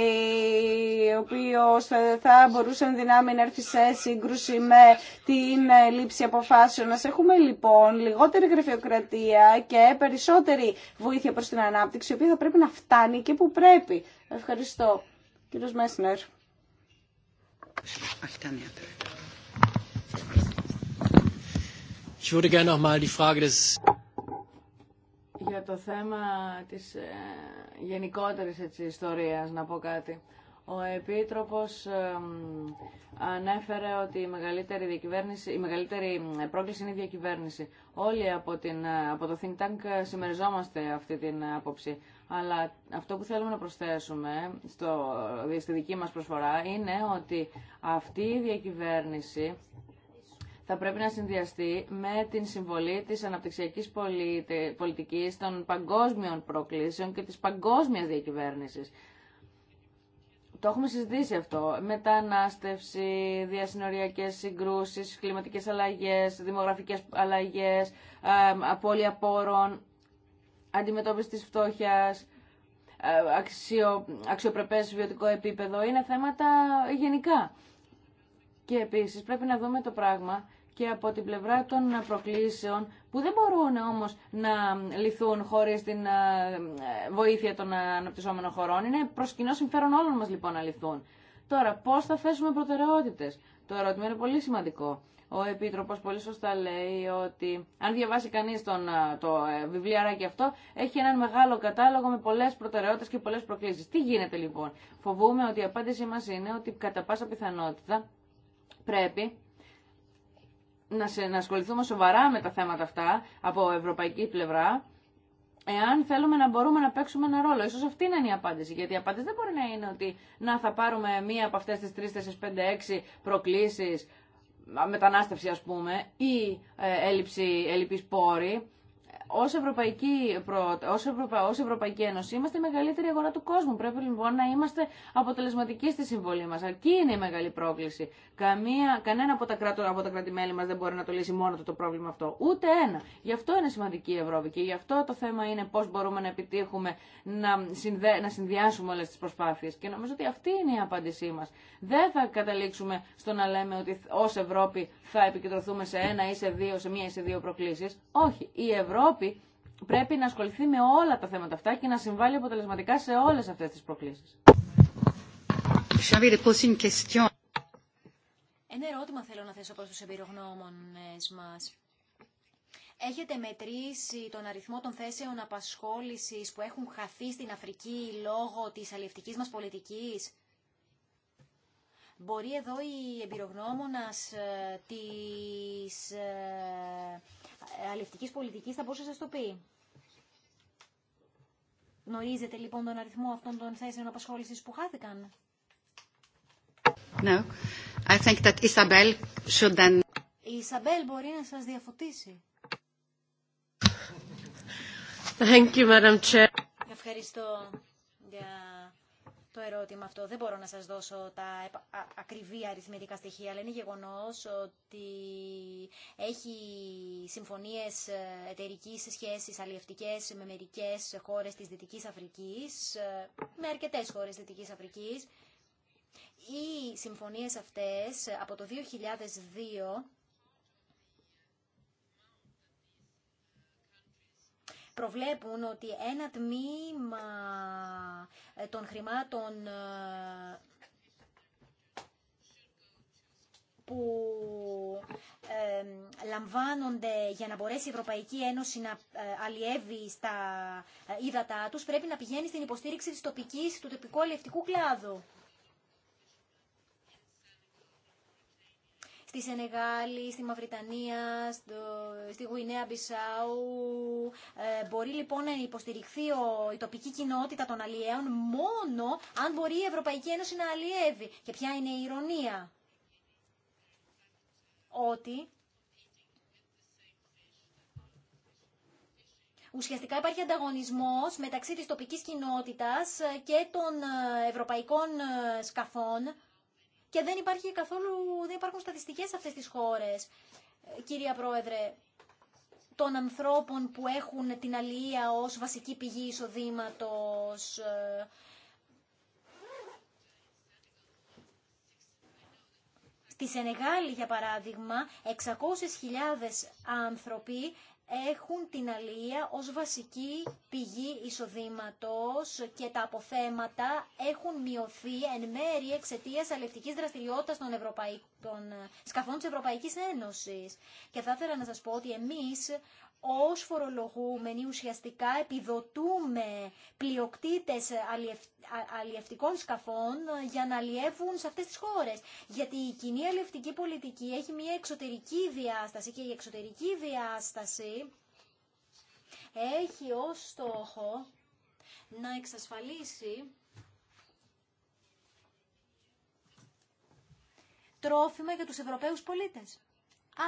ο οποίο θα μπορούσε εν δυνάμει να έρθει σε σύγκρουση με την ε, λήψη αποφάσεων. Να έχουμε λοιπόν λιγότερη γραφειοκρατία και περισσότερη βοήθεια προ την ανάπτυξη, η οποία θα πρέπει να φτάνει και που πρέπει. Ευχαριστώ. Κύριο Μέσνερ. Ich würde gerne noch mal die Frage des για το θέμα της ε, γενικότερης έτσι, ιστορίας, να πω κάτι. Ο Επίτροπος ανέφερε ότι η μεγαλύτερη, διακυβέρνηση, η μεγαλύτερη ε, πρόκληση είναι η διακυβέρνηση. Όλοι από, την, ε, από το Think Tank συμμεριζόμαστε αυτή την άποψη. Αλλά αυτό που θέλουμε να προσθέσουμε στο, στη δική μας προσφορά είναι ότι αυτή η διακυβέρνηση θα πρέπει να συνδυαστεί με την συμβολή της αναπτυξιακής πολιτικής, των παγκόσμιων προκλήσεων και της παγκόσμιας διακυβέρνησης. Το έχουμε συζητήσει αυτό. Μετανάστευση, διασυνοριακές συγκρούσεις, κλιματικές αλλαγές, δημογραφικές αλλαγές, απώλεια πόρων, αντιμετώπιση της φτώχειας, αξιο, αξιοπρεπές βιωτικό επίπεδο. Είναι θέματα γενικά. Και επίσης πρέπει να δούμε το πράγμα και από την πλευρά των προκλήσεων που δεν μπορούν όμως να λυθούν χωρίς την ε, βοήθεια των αναπτυσσόμενων χωρών. Είναι προς κοινό συμφέρον όλων μας λοιπόν να λυθούν. Τώρα, πώς θα θέσουμε προτεραιότητες. Το ερώτημα είναι πολύ σημαντικό. Ο Επίτροπος πολύ σωστά λέει ότι αν διαβάσει κανείς τον, ε, το ε, βιβλιαράκι αυτό, έχει έναν μεγάλο κατάλογο με πολλές προτεραιότητες και πολλές προκλήσεις. Τι γίνεται λοιπόν. Φοβούμε ότι η απάντησή μας είναι ότι κατά πάσα πιθανότητα πρέπει να, να ασχοληθούμε σοβαρά με τα θέματα αυτά από ευρωπαϊκή πλευρά, εάν θέλουμε να μπορούμε να παίξουμε ένα ρόλο. Ίσως αυτή είναι η απάντηση, γιατί η απάντηση δεν μπορεί να είναι ότι να θα πάρουμε μία από αυτές τις 3, 4, 5, 6 προκλήσεις, μετανάστευση ας πούμε, ή ε, έλλειψη, έλλειψη πόρη, ως Ευρωπαϊκή, ως, Ευρωπα... ως Ευρωπαϊκή Ένωση είμαστε η μεγαλύτερη αγορά του κόσμου. Πρέπει λοιπόν να είμαστε αποτελεσματικοί στη συμβολή μας. Αρκεί είναι η μεγάλη πρόκληση. Καμία... Κανένα από τα, κράτη, από τα μελη μας δεν μπορεί να το λύσει μόνο το, το πρόβλημα αυτό. Ούτε ένα. Γι' αυτό είναι σημαντική η Ευρώπη και γι' αυτό το θέμα είναι πώς μπορούμε να επιτύχουμε να, συνδε... να συνδυάσουμε όλες τις προσπάθειες. Και νομίζω ότι αυτή είναι η απάντησή μας. Δεν θα καταλήξουμε στο να λέμε ότι ω Ευρώπη θα επικεντρωθούμε σε ένα ή σε δύο, σε μία ή σε δύο προκλήσεις. Όχι. Η Ευρώπη πρέπει να ασχοληθεί με όλα τα θέματα αυτά και να συμβάλλει αποτελεσματικά σε όλες αυτές τις προκλήσεις. Ένα ερώτημα θέλω να θέσω προς τους εμπειρογνώμονες μας. Έχετε μετρήσει τον αριθμό των θέσεων απασχόλησης που έχουν χαθεί στην Αφρική λόγω της αλληλευτικής μας πολιτικής. Μπορεί εδώ η εμπειρογνώμονας ε, της ε, αλληλευτική πολιτική θα μπορούσε να σα το πει. Γνωρίζετε λοιπόν τον αριθμό αυτών των θέσεων απασχόληση που χάθηκαν. No. I think that Isabel should then... Η Ισαμπέλ μπορεί να σας διαφωτίσει. Thank you, Madam Chair. Ευχαριστώ για το ερώτημα αυτό. Δεν μπορώ να σας δώσω τα ακριβή αριθμητικά στοιχεία, αλλά είναι γεγονός ότι έχει συμφωνίες ε, εταιρική σχέσης αλλιευτικές με μερικές χώρες της Δυτικής Αφρικής, ε, με αρκετές χώρες της Δυτικής Αφρικής. Οι συμφωνίες αυτές ε, από το 2002 προβλέπουν ότι ένα τμήμα ε, των χρημάτων ε, που ε, λαμβάνονται για να μπορέσει η Ευρωπαϊκή Ένωση να αλλιεύει στα ύδατά τους πρέπει να πηγαίνει στην υποστήριξη της τοπικής, του τοπικού αλλιευτικού κλάδου. στη Σενεγάλη, στη Μαυριτανία, στη Γουινέα Μπισάου. Ε, μπορεί λοιπόν να υποστηριχθεί η τοπική κοινότητα των αλλιέων μόνο αν μπορεί η Ευρωπαϊκή Ένωση να αλλιεύει. Και ποια είναι η ηρωνία. Ότι Ουσιαστικά υπάρχει ανταγωνισμός μεταξύ της τοπικής κοινότητας και των ε, ευρωπαϊκών ε, σκαφών και δεν, υπάρχει καθόλου, δεν υπάρχουν στατιστικές σε αυτές τις χώρες, ε, κυρία Πρόεδρε, των ανθρώπων που έχουν την αλληλεία ως βασική πηγή εισοδήματος. Ε. Στη Σενεγάλη, για παράδειγμα, 600.000 άνθρωποι έχουν την αλεία ως βασική πηγή εισοδήματος και τα αποθέματα έχουν μειωθεί εν μέρη εξαιτίας αλληλευτικής δραστηριότητας των, σκαφών της Ευρωπαϊκής Ένωσης. Και θα ήθελα να σας πω ότι εμείς ως φορολογούμενοι ουσιαστικά επιδοτούμε πλειοκτήτες αλλιευτικών σκαφών για να αλλιεύουν σε αυτές τις χώρες. Γιατί η κοινή αλλιευτική πολιτική έχει μια εξωτερική διάσταση και η εξωτερική διάσταση έχει ως στόχο να εξασφαλίσει τρόφιμα για τους Ευρωπαίους πολίτες.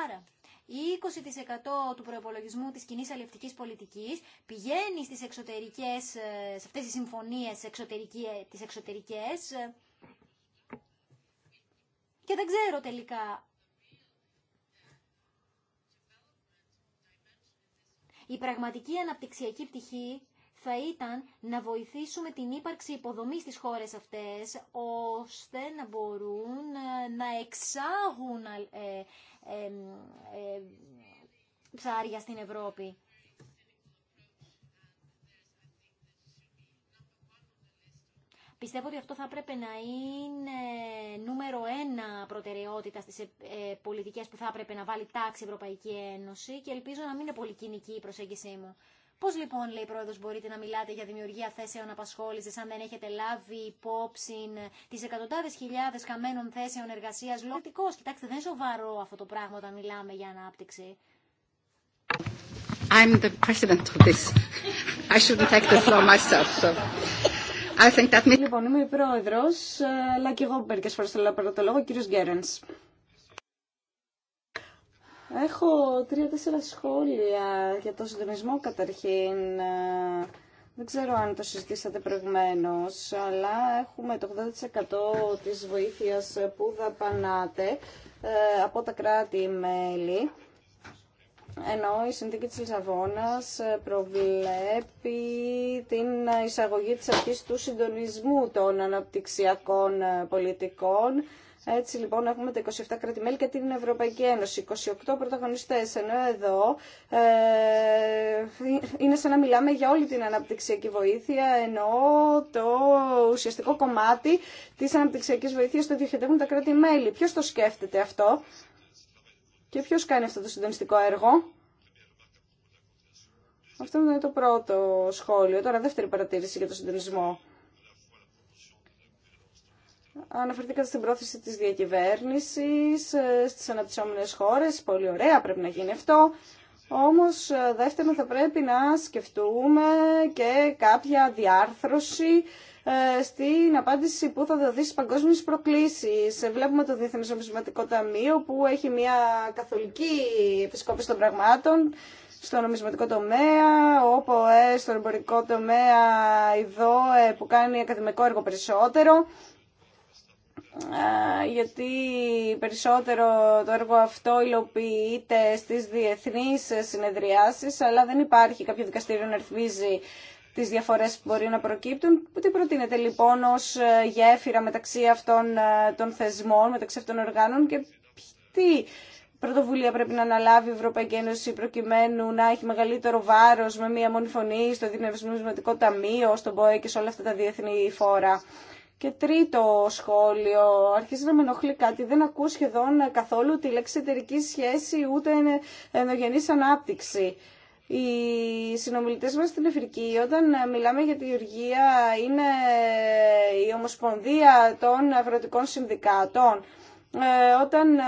Άρα, 20% του προπολογισμού της κοινή αλληλευτικής πολιτικής πηγαίνει στις εξωτερικές, ε, σε αυτές τις συμφωνίες εξωτερικές, ε, τις εξωτερικές ε, και δεν ξέρω τελικά Η πραγματική αναπτυξιακή πτυχή θα ήταν να βοηθήσουμε την ύπαρξη υποδομής στις χώρες αυτές, ώστε να μπορούν να εξάγουν ψάρια στην Ευρώπη. Πιστεύω ότι αυτό θα πρέπει να είναι νούμερο ένα προτεραιότητα στις ε, πολιτικές που θα έπρεπε να βάλει τάξη η Ευρωπαϊκή Ένωση και ελπίζω να μην είναι πολύ κοινική η προσέγγιση μου. Πώς λοιπόν, λέει η Πρόεδρος, μπορείτε να μιλάτε για δημιουργία θέσεων απασχόληση, αν δεν έχετε λάβει υπόψη τις εκατοντάδες χιλιάδες καμένων θέσεων εργασίας λογικό, Κοιτάξτε, δεν είναι σοβαρό αυτό το πράγμα όταν μιλάμε για ανάπτυξη. I'm the president of this. I shouldn't take the floor myself. So. I think that... Λοιπόν, είμαι η πρόεδρος, ε, αλλά και εγώ μερικές φορές θέλω να παίρνω το λόγο, ο κύριος Γκέρενς. Έχω τρία-τέσσερα σχόλια για το συντονισμό καταρχήν. Ε, δεν ξέρω αν το συζητήσατε προηγουμένως, αλλά έχουμε το 80% της βοήθειας που δαπανάτε από τα κράτη-μέλη. Ενώ η συνθήκη της Λισαβόνας ε, προβλέπει την εισαγωγή της αρχής του συντονισμού των αναπτυξιακών ε, πολιτικών έτσι λοιπόν έχουμε τα 27 κράτη-μέλη και την Ευρωπαϊκή Ένωση. 28 πρωταγωνιστές, ενώ εδώ ε, είναι σαν να μιλάμε για όλη την αναπτυξιακή βοήθεια, ενώ το ουσιαστικό κομμάτι της αναπτυξιακής βοήθειας το διοχετεύουν τα κράτη-μέλη. Ποιος το σκέφτεται αυτό και ποιος κάνει αυτό το συντονιστικό έργο. Αυτό είναι το πρώτο σχόλιο. Τώρα δεύτερη παρατήρηση για το συντονισμό. Αναφερθήκατε στην πρόθεση της διακυβέρνησης ε, στις αναπτυσσόμενες χώρες. Πολύ ωραία, πρέπει να γίνει αυτό. Όμως, ε, δεύτερον, θα πρέπει να σκεφτούμε και κάποια διάρθρωση ε, στην απάντηση που θα δοθεί στις παγκόσμιες προκλήσεις. Βλέπουμε το Διεθνές Νομισματικό Ταμείο που έχει μια καθολική επισκόπηση των πραγμάτων στο νομισματικό τομέα, όπου ε, στον εμπορικό τομέα η ΔΟΕ που κάνει ακαδημικό έργο περισσότερο γιατί περισσότερο το έργο αυτό υλοποιείται στις διεθνείς συνεδριάσεις, αλλά δεν υπάρχει κάποιο δικαστήριο να ρυθμίζει τις διαφορές που μπορεί να προκύπτουν. Τι προτείνεται λοιπόν ως ε, γέφυρα μεταξύ αυτών ε, των θεσμών, μεταξύ αυτών των οργάνων και τι πρωτοβουλία πρέπει να αναλάβει η Ευρωπαϊκή Ένωση προκειμένου να έχει μεγαλύτερο βάρος με μία μόνη φωνή στο διευθυντικό Ταμείο, στον ΠΟΕ και σε όλα αυτά τα διεθνή φόρα. Και τρίτο σχόλιο, αρχίζει να με ενοχλεί κάτι. Δεν ακούω σχεδόν καθόλου τη λέξη εταιρική σχέση ούτε ενδογενή ανάπτυξη. Οι συνομιλητέ μα στην Αφρική, όταν μιλάμε για τη Γεωργία, είναι η Ομοσπονδία των Αγροτικών Συνδικάτων. Ε, όταν ε,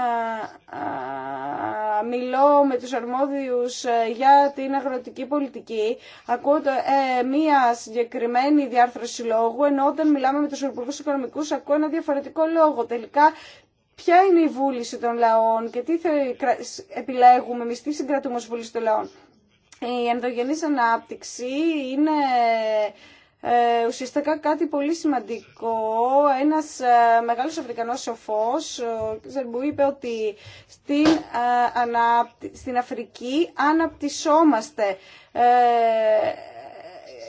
ε, μιλώ με τους αρμόδιους για την αγροτική πολιτική, ακούω μία συγκεκριμένη διάρθρωση λόγου, ενώ όταν μιλάμε με τους υπουργούς οικονομικούς ακούω ένα διαφορετικό λόγο. Τελικά, ποια είναι η βούληση των λαών και τι επιλέγουμε εμείς, τι συγκρατούμε ως βούληση των λαών. Η ενδογενής ανάπτυξη είναι ε, ουσιαστικά κάτι πολύ σημαντικό. Ένας ε, μεγάλος Αφρικανός σοφός, ο είπε ότι στην, ε, στην Αφρική αναπτυσσόμαστε.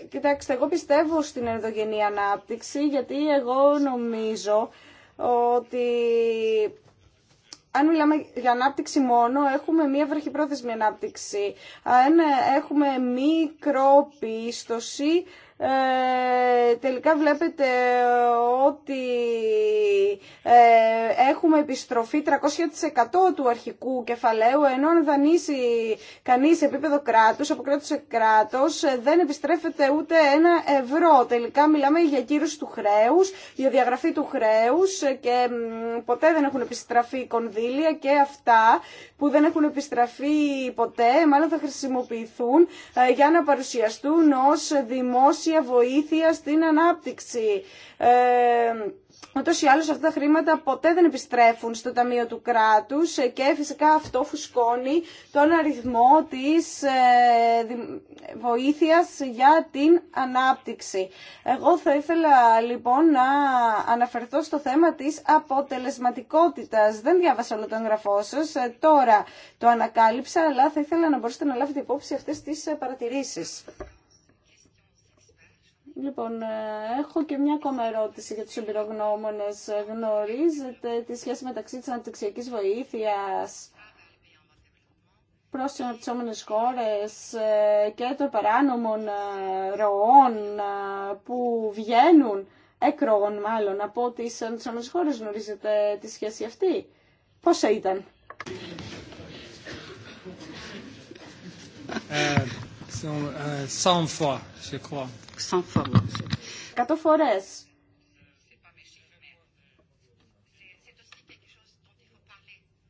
Κοιτάξτε, εγώ πιστεύω στην ενδογενή ανάπτυξη, γιατί εγώ νομίζω ότι αν μιλάμε για ανάπτυξη μόνο, έχουμε μία βραχυπρόθεσμη ανάπτυξη. Αν έχουμε μικρόπιστοση, ε, τελικά βλέπετε ότι ε, έχουμε επιστροφή 300% του αρχικού κεφαλαίου ενώ αν δανείσει κανείς επίπεδο κράτους, από κράτος σε κράτος ε, δεν επιστρέφεται ούτε ένα ευρώ. Τελικά μιλάμε για κύρωση του χρέους, για διαγραφή του χρέους ε, και ποτέ δεν έχουν επιστραφεί κονδύλια και αυτά που δεν έχουν επιστραφεί ποτέ μάλλον θα χρησιμοποιηθούν για να παρουσιαστούν ως δημόσια για βοήθεια στην ανάπτυξη. Ε, Ούτω ή άλλω αυτά τα χρήματα ποτέ δεν επιστρέφουν στο Ταμείο του Κράτου ε, και φυσικά αυτό φουσκώνει τον αριθμό τη ε, βοήθεια για την ανάπτυξη. Εγώ θα ήθελα λοιπόν να αναφερθώ στο θέμα τη αποτελεσματικότητα. Δεν διάβασα όλο το εγγραφό σα, ε, τώρα το ανακάλυψα, αλλά θα ήθελα να μπορέσετε να λάβετε υπόψη αυτέ τι παρατηρήσει. Λοιπόν, έχω και μια ακόμα ερώτηση για τους εμπειρογνώμονες. Γνωρίζετε τη σχέση μεταξύ της αναπτυξιακής βοήθειας προς τις αναπτυσσόμενες χώρες και των παράνομων ροών που βγαίνουν, έκρογων μάλλον, από τις αναπτυσσόμενες χώρες. Γνωρίζετε τη σχέση αυτή. Πόσα ήταν. Uh, so, uh, σαν φορέ.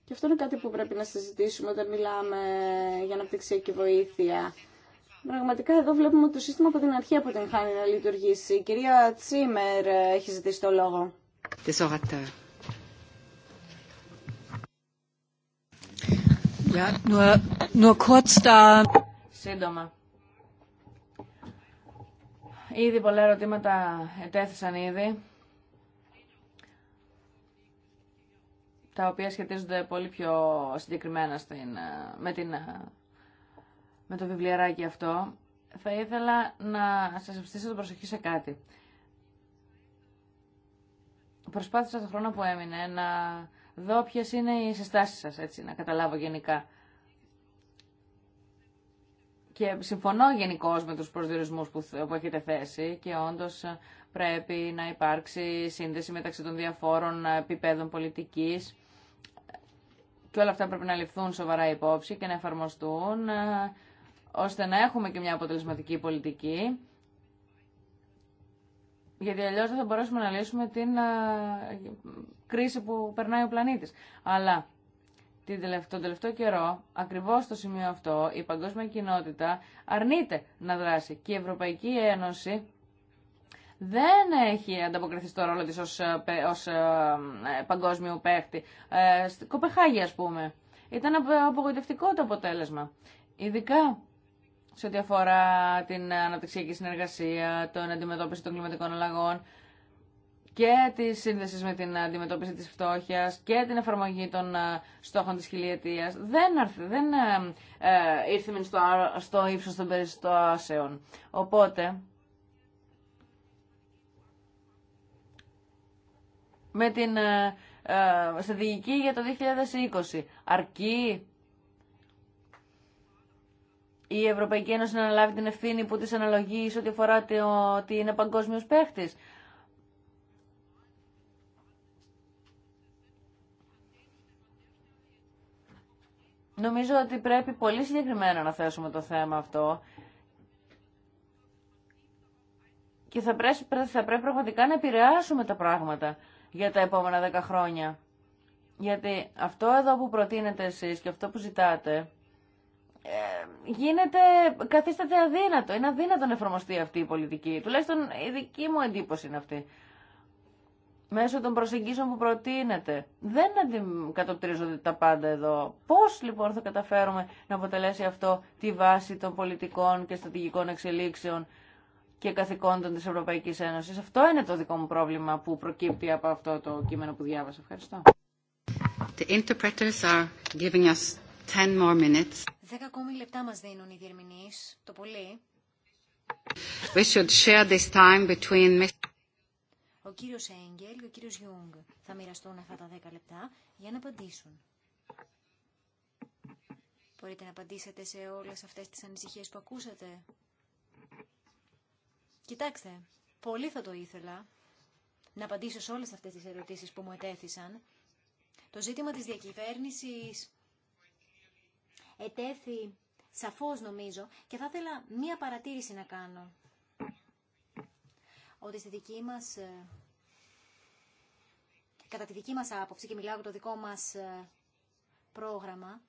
Και αυτό είναι κάτι που πρέπει να συζητήσουμε όταν μιλάμε για αναπτυξιακή βοήθεια. Πραγματικά εδώ βλέπουμε ότι το σύστημα από την αρχή από την χάνει να λειτουργήσει. Η κυρία Τσίμερ έχει ζητήσει το λόγο. Σύντομα. Ήδη πολλά ερωτήματα ετέθησαν ήδη, τα οποία σχετίζονται πολύ πιο συγκεκριμένα στην, ε, με, την, ε, με το βιβλιαράκι αυτό. Θα ήθελα να σας ευστήσω την προσοχή σε κάτι. Προσπάθησα το χρόνο που έμεινε να δω ποιες είναι οι συστάσεις σας, έτσι, να καταλάβω γενικά. Και συμφωνώ γενικώ με τους προσδιορισμούς που, έχετε θέσει και όντως ε, πρέπει να υπάρξει σύνδεση μεταξύ των διαφόρων επιπέδων πολιτικής και όλα αυτά πρέπει να ληφθούν σοβαρά υπόψη και να εφαρμοστούν ε, ώστε να έχουμε και μια αποτελεσματική πολιτική γιατί αλλιώ δεν θα μπορέσουμε να λύσουμε την ε, κρίση που περνάει ο πλανήτης. Αλλά τον τελευταίο καιρό, ακριβώς στο σημείο αυτό, η παγκόσμια κοινότητα αρνείται να δράσει και η Ευρωπαϊκή Ένωση δεν έχει ανταποκριθεί στο ρόλο της ως, ε, ως ε, ε, παγκόσμιο παίχτη. Ε, στην Κοπεχάγη, ας πούμε. Ήταν απογοητευτικό το αποτέλεσμα. Ειδικά σε ό,τι αφορά την αναπτυξιακή συνεργασία, τον αντιμετώπιση των κλιματικών αλλαγών και τη σύνδεση με την αντιμετώπιση της φτώχεια και την εφαρμογή των ε, στόχων της χιλιετία. δεν, αρθ, δεν ε, ε ήρθε στο, στο ύψος των ασέων. Οπότε, με την ε, ε στρατηγική για το 2020, αρκεί η Ευρωπαϊκή Ένωση να αναλάβει την ευθύνη που της αναλογεί σε ό,τι αφορά ότι είναι παγκόσμιος παίχτης. Νομίζω ότι πρέπει πολύ συγκεκριμένα να θέσουμε το θέμα αυτό και θα πρέπει, πρέπει πραγματικά να επηρεάσουμε τα πράγματα για τα επόμενα δέκα χρόνια. Γιατί αυτό εδώ που προτείνετε εσείς και αυτό που ζητάτε ε, γίνεται, καθίσταται αδύνατο. Είναι αδύνατο να εφαρμοστεί αυτή η πολιτική. Τουλάχιστον η δική μου εντύπωση είναι αυτή μέσω των προσεγγίσεων που προτείνεται. Δεν αντικατοπτρίζονται τα πάντα εδώ. Πώς λοιπόν θα καταφέρουμε να αποτελέσει αυτό τη βάση των πολιτικών και στρατηγικών εξελίξεων και καθηκόντων της Ευρωπαϊκής Ένωση. Αυτό είναι το δικό μου πρόβλημα που προκύπτει από αυτό το κείμενο που διάβασα. Ευχαριστώ. The 10 λεπτά μας δίνουν οι διερμηνείς, το πολύ. We should share this time between ο κύριος Έγγελ και ο κύριος Γιούγκ θα μοιραστούν αυτά τα δέκα λεπτά για να απαντήσουν. Μπορείτε να απαντήσετε σε όλες αυτές τις ανησυχίες που ακούσατε. Κοιτάξτε, πολύ θα το ήθελα να απαντήσω σε όλες αυτές τις ερωτήσεις που μου ετέθησαν. Το ζήτημα της διακυβέρνησης ετέθη σαφώς νομίζω και θα ήθελα μία παρατήρηση να κάνω ότι στη μας, ε, κατά τη δική μας άποψη και μιλάω για το δικό μας ε, πρόγραμμα,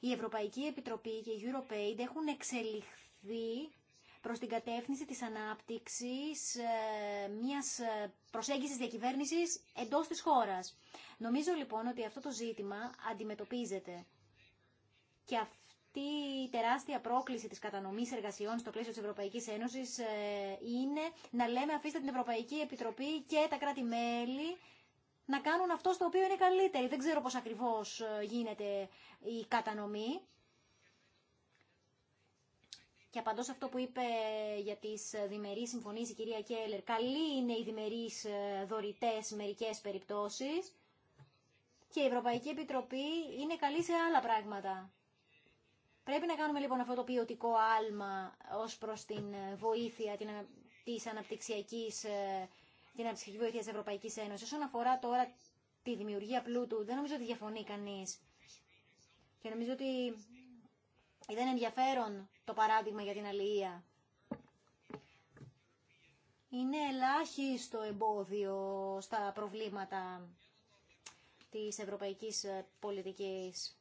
η Ευρωπαϊκή Επιτροπή και η EuroPaid έχουν εξελιχθεί προς την κατεύθυνση της ανάπτυξης ε, μιας προσέγγισης διακυβέρνησης εντός της χώρας. Νομίζω λοιπόν ότι αυτό το ζήτημα αντιμετωπίζεται. Και αυτό τι τεράστια πρόκληση της κατανομής εργασιών στο πλαίσιο της Ευρωπαϊκής Ένωσης ε, είναι να λέμε αφήστε την Ευρωπαϊκή Επιτροπή και τα κράτη-μέλη να κάνουν αυτό στο οποίο είναι καλύτεροι. Δεν ξέρω πώς ακριβώς ε, γίνεται η κατανομή. Και απαντώ σε αυτό που είπε για τις ε, διμερείς συμφωνίες η κυρία Κέλλερ. Καλή είναι οι διμερείς δωρητές μερικέ περιπτώσει και η Ευρωπαϊκή Επιτροπή είναι καλή σε άλλα πράγματα. Πρέπει να κάνουμε λοιπόν αυτό το ποιοτικό άλμα ως προς την ε, βοήθεια ε, της αναπτυξιακής, ε, την αναπτυξιακή βοήθεια της Ευρωπαϊκής Ένωσης. Όσον αφορά τώρα τη δημιουργία πλούτου, δεν νομίζω ότι διαφωνεί κανείς. Και νομίζω ότι δεν ενδιαφέρον το παράδειγμα για την αλληλεία. Είναι ελάχιστο εμπόδιο στα προβλήματα της ευρωπαϊκής πολιτικής.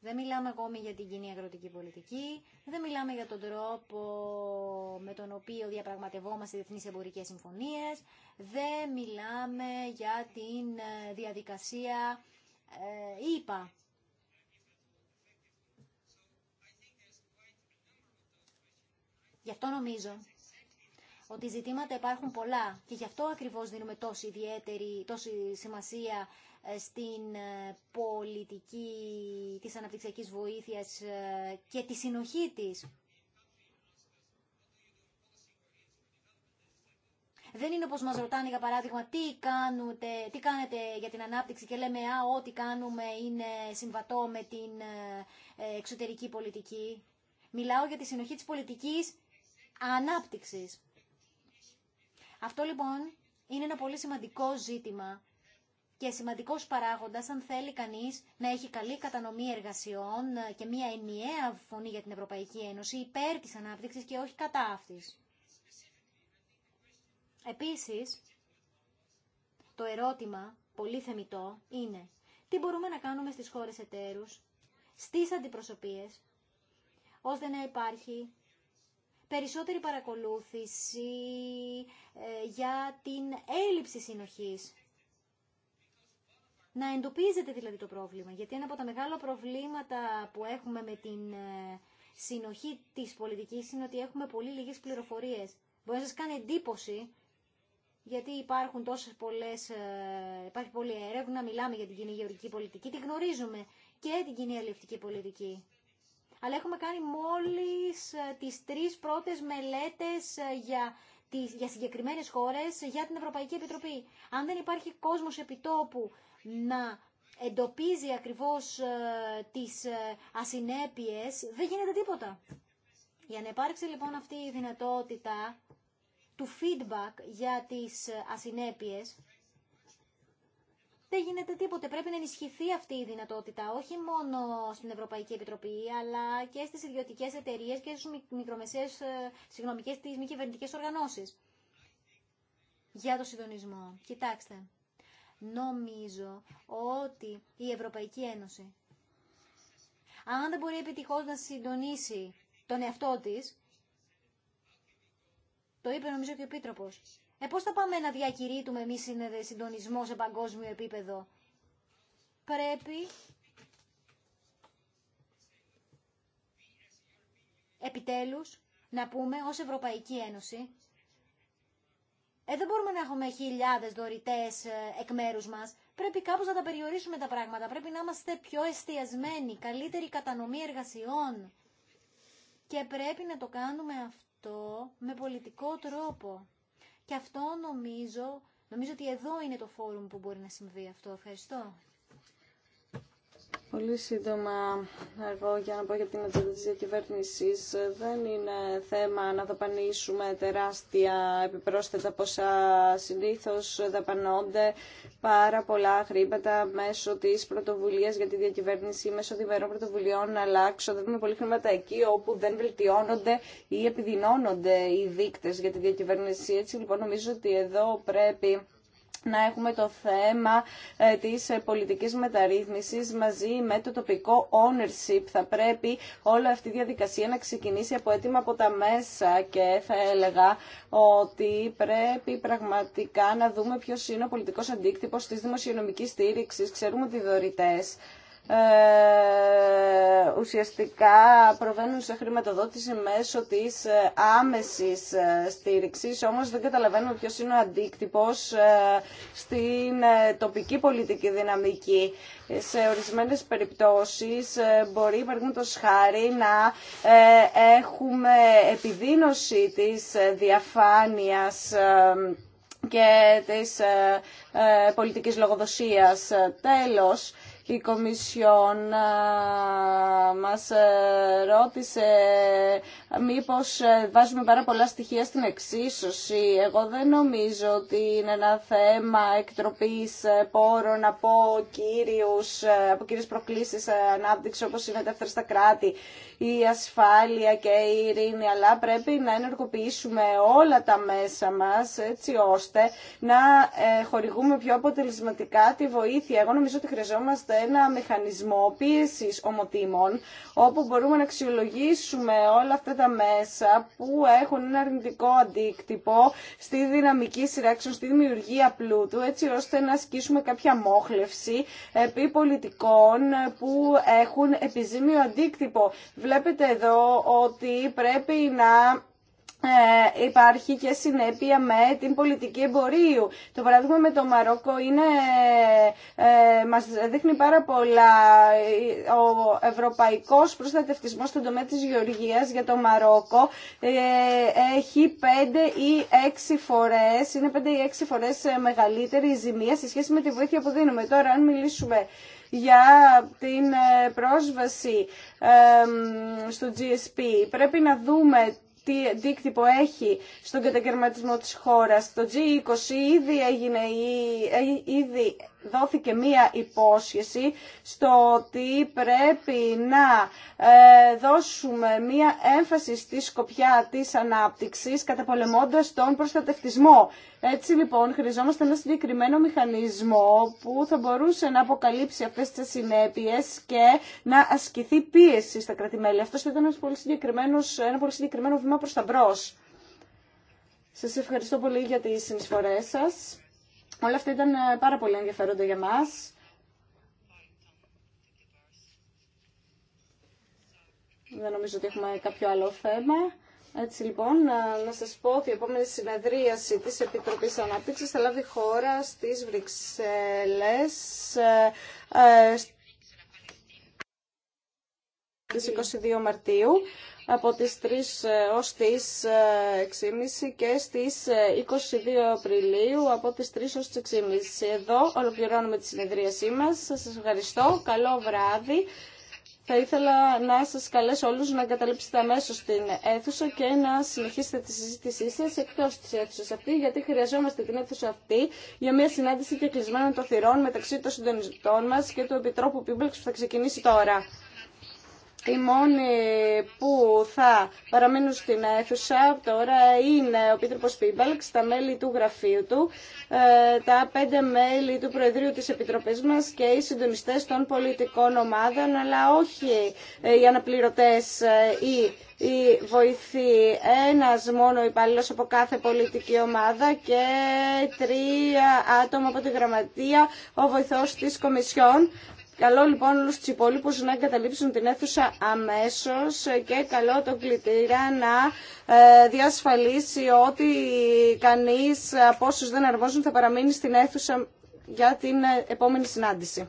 Δεν μιλάμε ακόμη για την κοινή αγροτική πολιτική, δεν μιλάμε για τον τρόπο με τον οποίο διαπραγματευόμαστε διεθνείς εμπορικές συμφωνίες, δεν μιλάμε για την ε, διαδικασία ε, ΙΠΑ. Γι' αυτό νομίζω ότι ζητήματα υπάρχουν πολλά και γι' αυτό ακριβώς δίνουμε τόση ιδιαίτερη, τόση σημασία ε, στην ε, πολιτική της αναπτυξιακής βοήθειας ε, και τη συνοχή της. Δεν είναι όπως μας ρωτάνε για παράδειγμα τι, κάνετε, τι κάνετε για την ανάπτυξη και λέμε α, ό,τι κάνουμε είναι συμβατό με την εξωτερική πολιτική. Μιλάω για τη συνοχή της πολιτικής ανάπτυξης. Αυτό λοιπόν είναι ένα πολύ σημαντικό ζήτημα και σημαντικός παράγοντας αν θέλει κανείς να έχει καλή κατανομή εργασιών και μια ενιαία φωνή για την Ευρωπαϊκή Ένωση υπέρ της ανάπτυξης και όχι κατά αυτής. Επίσης, το ερώτημα, πολύ θεμητό, είναι τι μπορούμε να κάνουμε στις χώρες εταίρους, στις αντιπροσωπείες, ώστε να υπάρχει περισσότερη παρακολούθηση ε, για την έλλειψη συνοχής να εντοπίζεται δηλαδή το πρόβλημα. Γιατί ένα από τα μεγάλα προβλήματα που έχουμε με την ε, συνοχή της πολιτικής είναι ότι έχουμε πολύ λίγες πληροφορίες. Μπορεί να σας κάνει εντύπωση γιατί υπάρχουν τόσες πολλές, ε, υπάρχει πολλή έρευνα, μιλάμε για την κοινή γεωργική πολιτική, την γνωρίζουμε και την κοινή αλληλευτική πολιτική. Αλλά έχουμε κάνει μόλις ε, τις τρεις πρώτες μελέτες για, για συγκεκριμένες χώρες για την Ευρωπαϊκή Επιτροπή. Αν δεν υπάρχει κόσμος επιτόπου να εντοπίζει ακριβώς ε, τις ε, ασυνέπειες, δεν γίνεται τίποτα. Για να υπάρξει λοιπόν αυτή η δυνατότητα του feedback για τις ε, ασυνέπειες, δεν γίνεται τίποτε. Πρέπει να ενισχυθεί αυτή η δυνατότητα, όχι μόνο στην Ευρωπαϊκή Επιτροπή, αλλά και στις ιδιωτικές εταιρείες και στις μικρομεσαίες, συγγνωμικές, τις μη κυβερνητικές οργανώσεις. Για το συντονισμό. Κοιτάξτε. Νομίζω ότι η Ευρωπαϊκή Ένωση, αν δεν μπορεί επιτυχώς να συντονίσει τον εαυτό της, το είπε νομίζω και ο Επίτροπος, ε πώς θα πάμε να διακηρύττουμε εμείς συντονισμό σε παγκόσμιο επίπεδο. Πρέπει επιτέλους να πούμε ως Ευρωπαϊκή Ένωση ε, δεν μπορούμε να έχουμε χιλιάδες δωρητές ε, εκ μέρου μα. Πρέπει κάπως να τα περιορίσουμε τα πράγματα. Πρέπει να είμαστε πιο εστιασμένοι, καλύτερη κατανομή εργασιών. Και πρέπει να το κάνουμε αυτό με πολιτικό τρόπο. Και αυτό νομίζω, νομίζω ότι εδώ είναι το φόρουμ που μπορεί να συμβεί αυτό. Ευχαριστώ. Πολύ σύντομα, εγώ για να πω για την ατζέντα τη διακυβέρνηση, δεν είναι θέμα να δαπανίσουμε τεράστια επιπρόσθετα ποσά. Συνήθω δαπανώνται πάρα πολλά χρήματα μέσω τη πρωτοβουλία για τη διακυβέρνηση, μέσω διμερών πρωτοβουλειών, Δεν έχουμε πολύ χρήματα εκεί όπου δεν βελτιώνονται ή επιδεινώνονται οι δείκτε για τη διακυβέρνηση. Έτσι λοιπόν νομίζω ότι εδώ πρέπει να έχουμε το θέμα ε, της ε, πολιτικής μεταρρύθμισης μαζί με το τοπικό ownership. Θα πρέπει όλη αυτή η διαδικασία να ξεκινήσει από έτοιμα από τα μέσα και θα έλεγα ότι πρέπει πραγματικά να δούμε ποιος είναι ο πολιτικός αντίκτυπος της δημοσιονομικής στήριξης. Ξέρουμε ότι οι δωρητές ε, ουσιαστικά προβαίνουν σε χρηματοδότηση μέσω της ε, άμεσης ε, στήριξης, όμως δεν καταλαβαίνουμε ποιος είναι ο αντίκτυπος στην τοπική πολιτική δυναμική. Σε ορισμένες περιπτώσεις μπορεί, το χάρη, να έχουμε επιδίνωση της διαφάνειας και της πολιτικής λογοδοσίας. Τέλος, η Κομισιόν μας ε, ρώτησε μήπως ε, βάζουμε πάρα πολλά στοιχεία στην εξίσωση. Εγώ δεν νομίζω ότι είναι ένα θέμα εκτροπής ε, πόρων από κύριους, από κύριες προκλήσεις ανάπτυξη όπως είναι τα κράτη η ασφάλεια και η ειρήνη, αλλά πρέπει να ενεργοποιήσουμε όλα τα μέσα μας έτσι ώστε να ε, χορηγούμε πιο αποτελεσματικά τη βοήθεια. Εγώ νομίζω ότι χρειαζόμαστε ένα μηχανισμό πίεσης ομοτήμων όπου μπορούμε να αξιολογήσουμε όλα αυτά τα μέσα που έχουν ένα αρνητικό αντίκτυπο στη δυναμική σειράξεων, στη δημιουργία πλούτου έτσι ώστε να ασκήσουμε κάποια μόχλευση επί πολιτικών που έχουν επιζήμιο αντίκτυπο βλέπετε εδώ ότι πρέπει να ε, υπάρχει και συνέπεια με την πολιτική εμπορίου. Το παράδειγμα με το Μαρόκο είναι, ε, ε μας δείχνει πάρα πολλά ε, ο ευρωπαϊκός προστατευτισμός στον τομέα της γεωργίας για το Μαρόκο ε, έχει 5 ή 6 φορές, είναι 5 ή 6 φορές μεγαλύτερη η 6 φορες ειναι πέντε η 6 φορες μεγαλυτερη η ζημια σε σχέση με τη βοήθεια που δίνουμε. Τώρα αν μιλήσουμε για την ε, πρόσβαση στο GSP. Πρέπει να δούμε τι αντίκτυπο έχει στον κατακαιρματισμό της χώρας. Το G20 ήδη, έγινε, ε, ήδη δόθηκε μία υπόσχεση στο ότι πρέπει να ε, δώσουμε μία έμφαση στη σκοπιά της ανάπτυξης καταπολεμώντας τον προστατευτισμό. Έτσι λοιπόν χρειαζόμαστε ένα συγκεκριμένο μηχανισμό που θα μπορούσε να αποκαλύψει αυτές τις συνέπειες και να ασκηθεί πίεση στα κρατημέλη. Αυτό ήταν πολύ ένα πολύ συγκεκριμένο βήμα προς τα μπρος. Σας ευχαριστώ πολύ για τις συνεισφορές σας. Όλα αυτά ήταν ε, πάρα πολύ ενδιαφέροντα για μας. Δεν νομίζω ότι έχουμε κάποιο άλλο θέμα. Έτσι λοιπόν, ε, να σας πω ότι η επόμενη συνεδρίαση της Επιτροπής Ανάπτυξης θα λάβει χώρα στις Βρυξέλλες, ε, στις 22 Μαρτίου από τις 3 ε, ως τις 6.30 ε, και στις 22 ε, Απριλίου από τις 3 ως τις 6.30. Εδώ ολοκληρώνουμε τη συνεδρίασή μας. Σας ευχαριστώ. Καλό βράδυ. Θα ήθελα να σας καλέσω όλους να καταλήψετε αμέσω στην αίθουσα και να συνεχίσετε τη συζήτησή σας εκτός της αίθουσας αυτή, γιατί χρειαζόμαστε την αίθουσα αυτή για μια συνάντηση και κλεισμένων των θυρών μεταξύ των συντονιστών μας και του Επιτρόπου Πίμπλεξ που θα ξεκινήσει τώρα. Οι μόνοι που θα παραμείνουν στην αίθουσα τώρα είναι ο Πίτροπος Πίμπαλξ, τα μέλη του γραφείου του, ε, τα πέντε μέλη του Προεδρείου της Επιτροπής μας και οι συντονιστές των πολιτικών ομάδων, αλλά όχι ε, οι αναπληρωτές ε, ή η βοηθή ένας μόνο υπαλλήλο από κάθε πολιτική ομάδα και τρία άτομα από τη γραμματεία, ο βοηθός της Κομισιόν, Καλό λοιπόν όλου του υπόλοιπου να εγκαταλείψουν την αίθουσα αμέσως και καλό το κλητήρα να ε, διασφαλίσει ότι κανείς από όσου δεν αρμόζουν θα παραμείνει στην αίθουσα για την ε, επόμενη συνάντηση.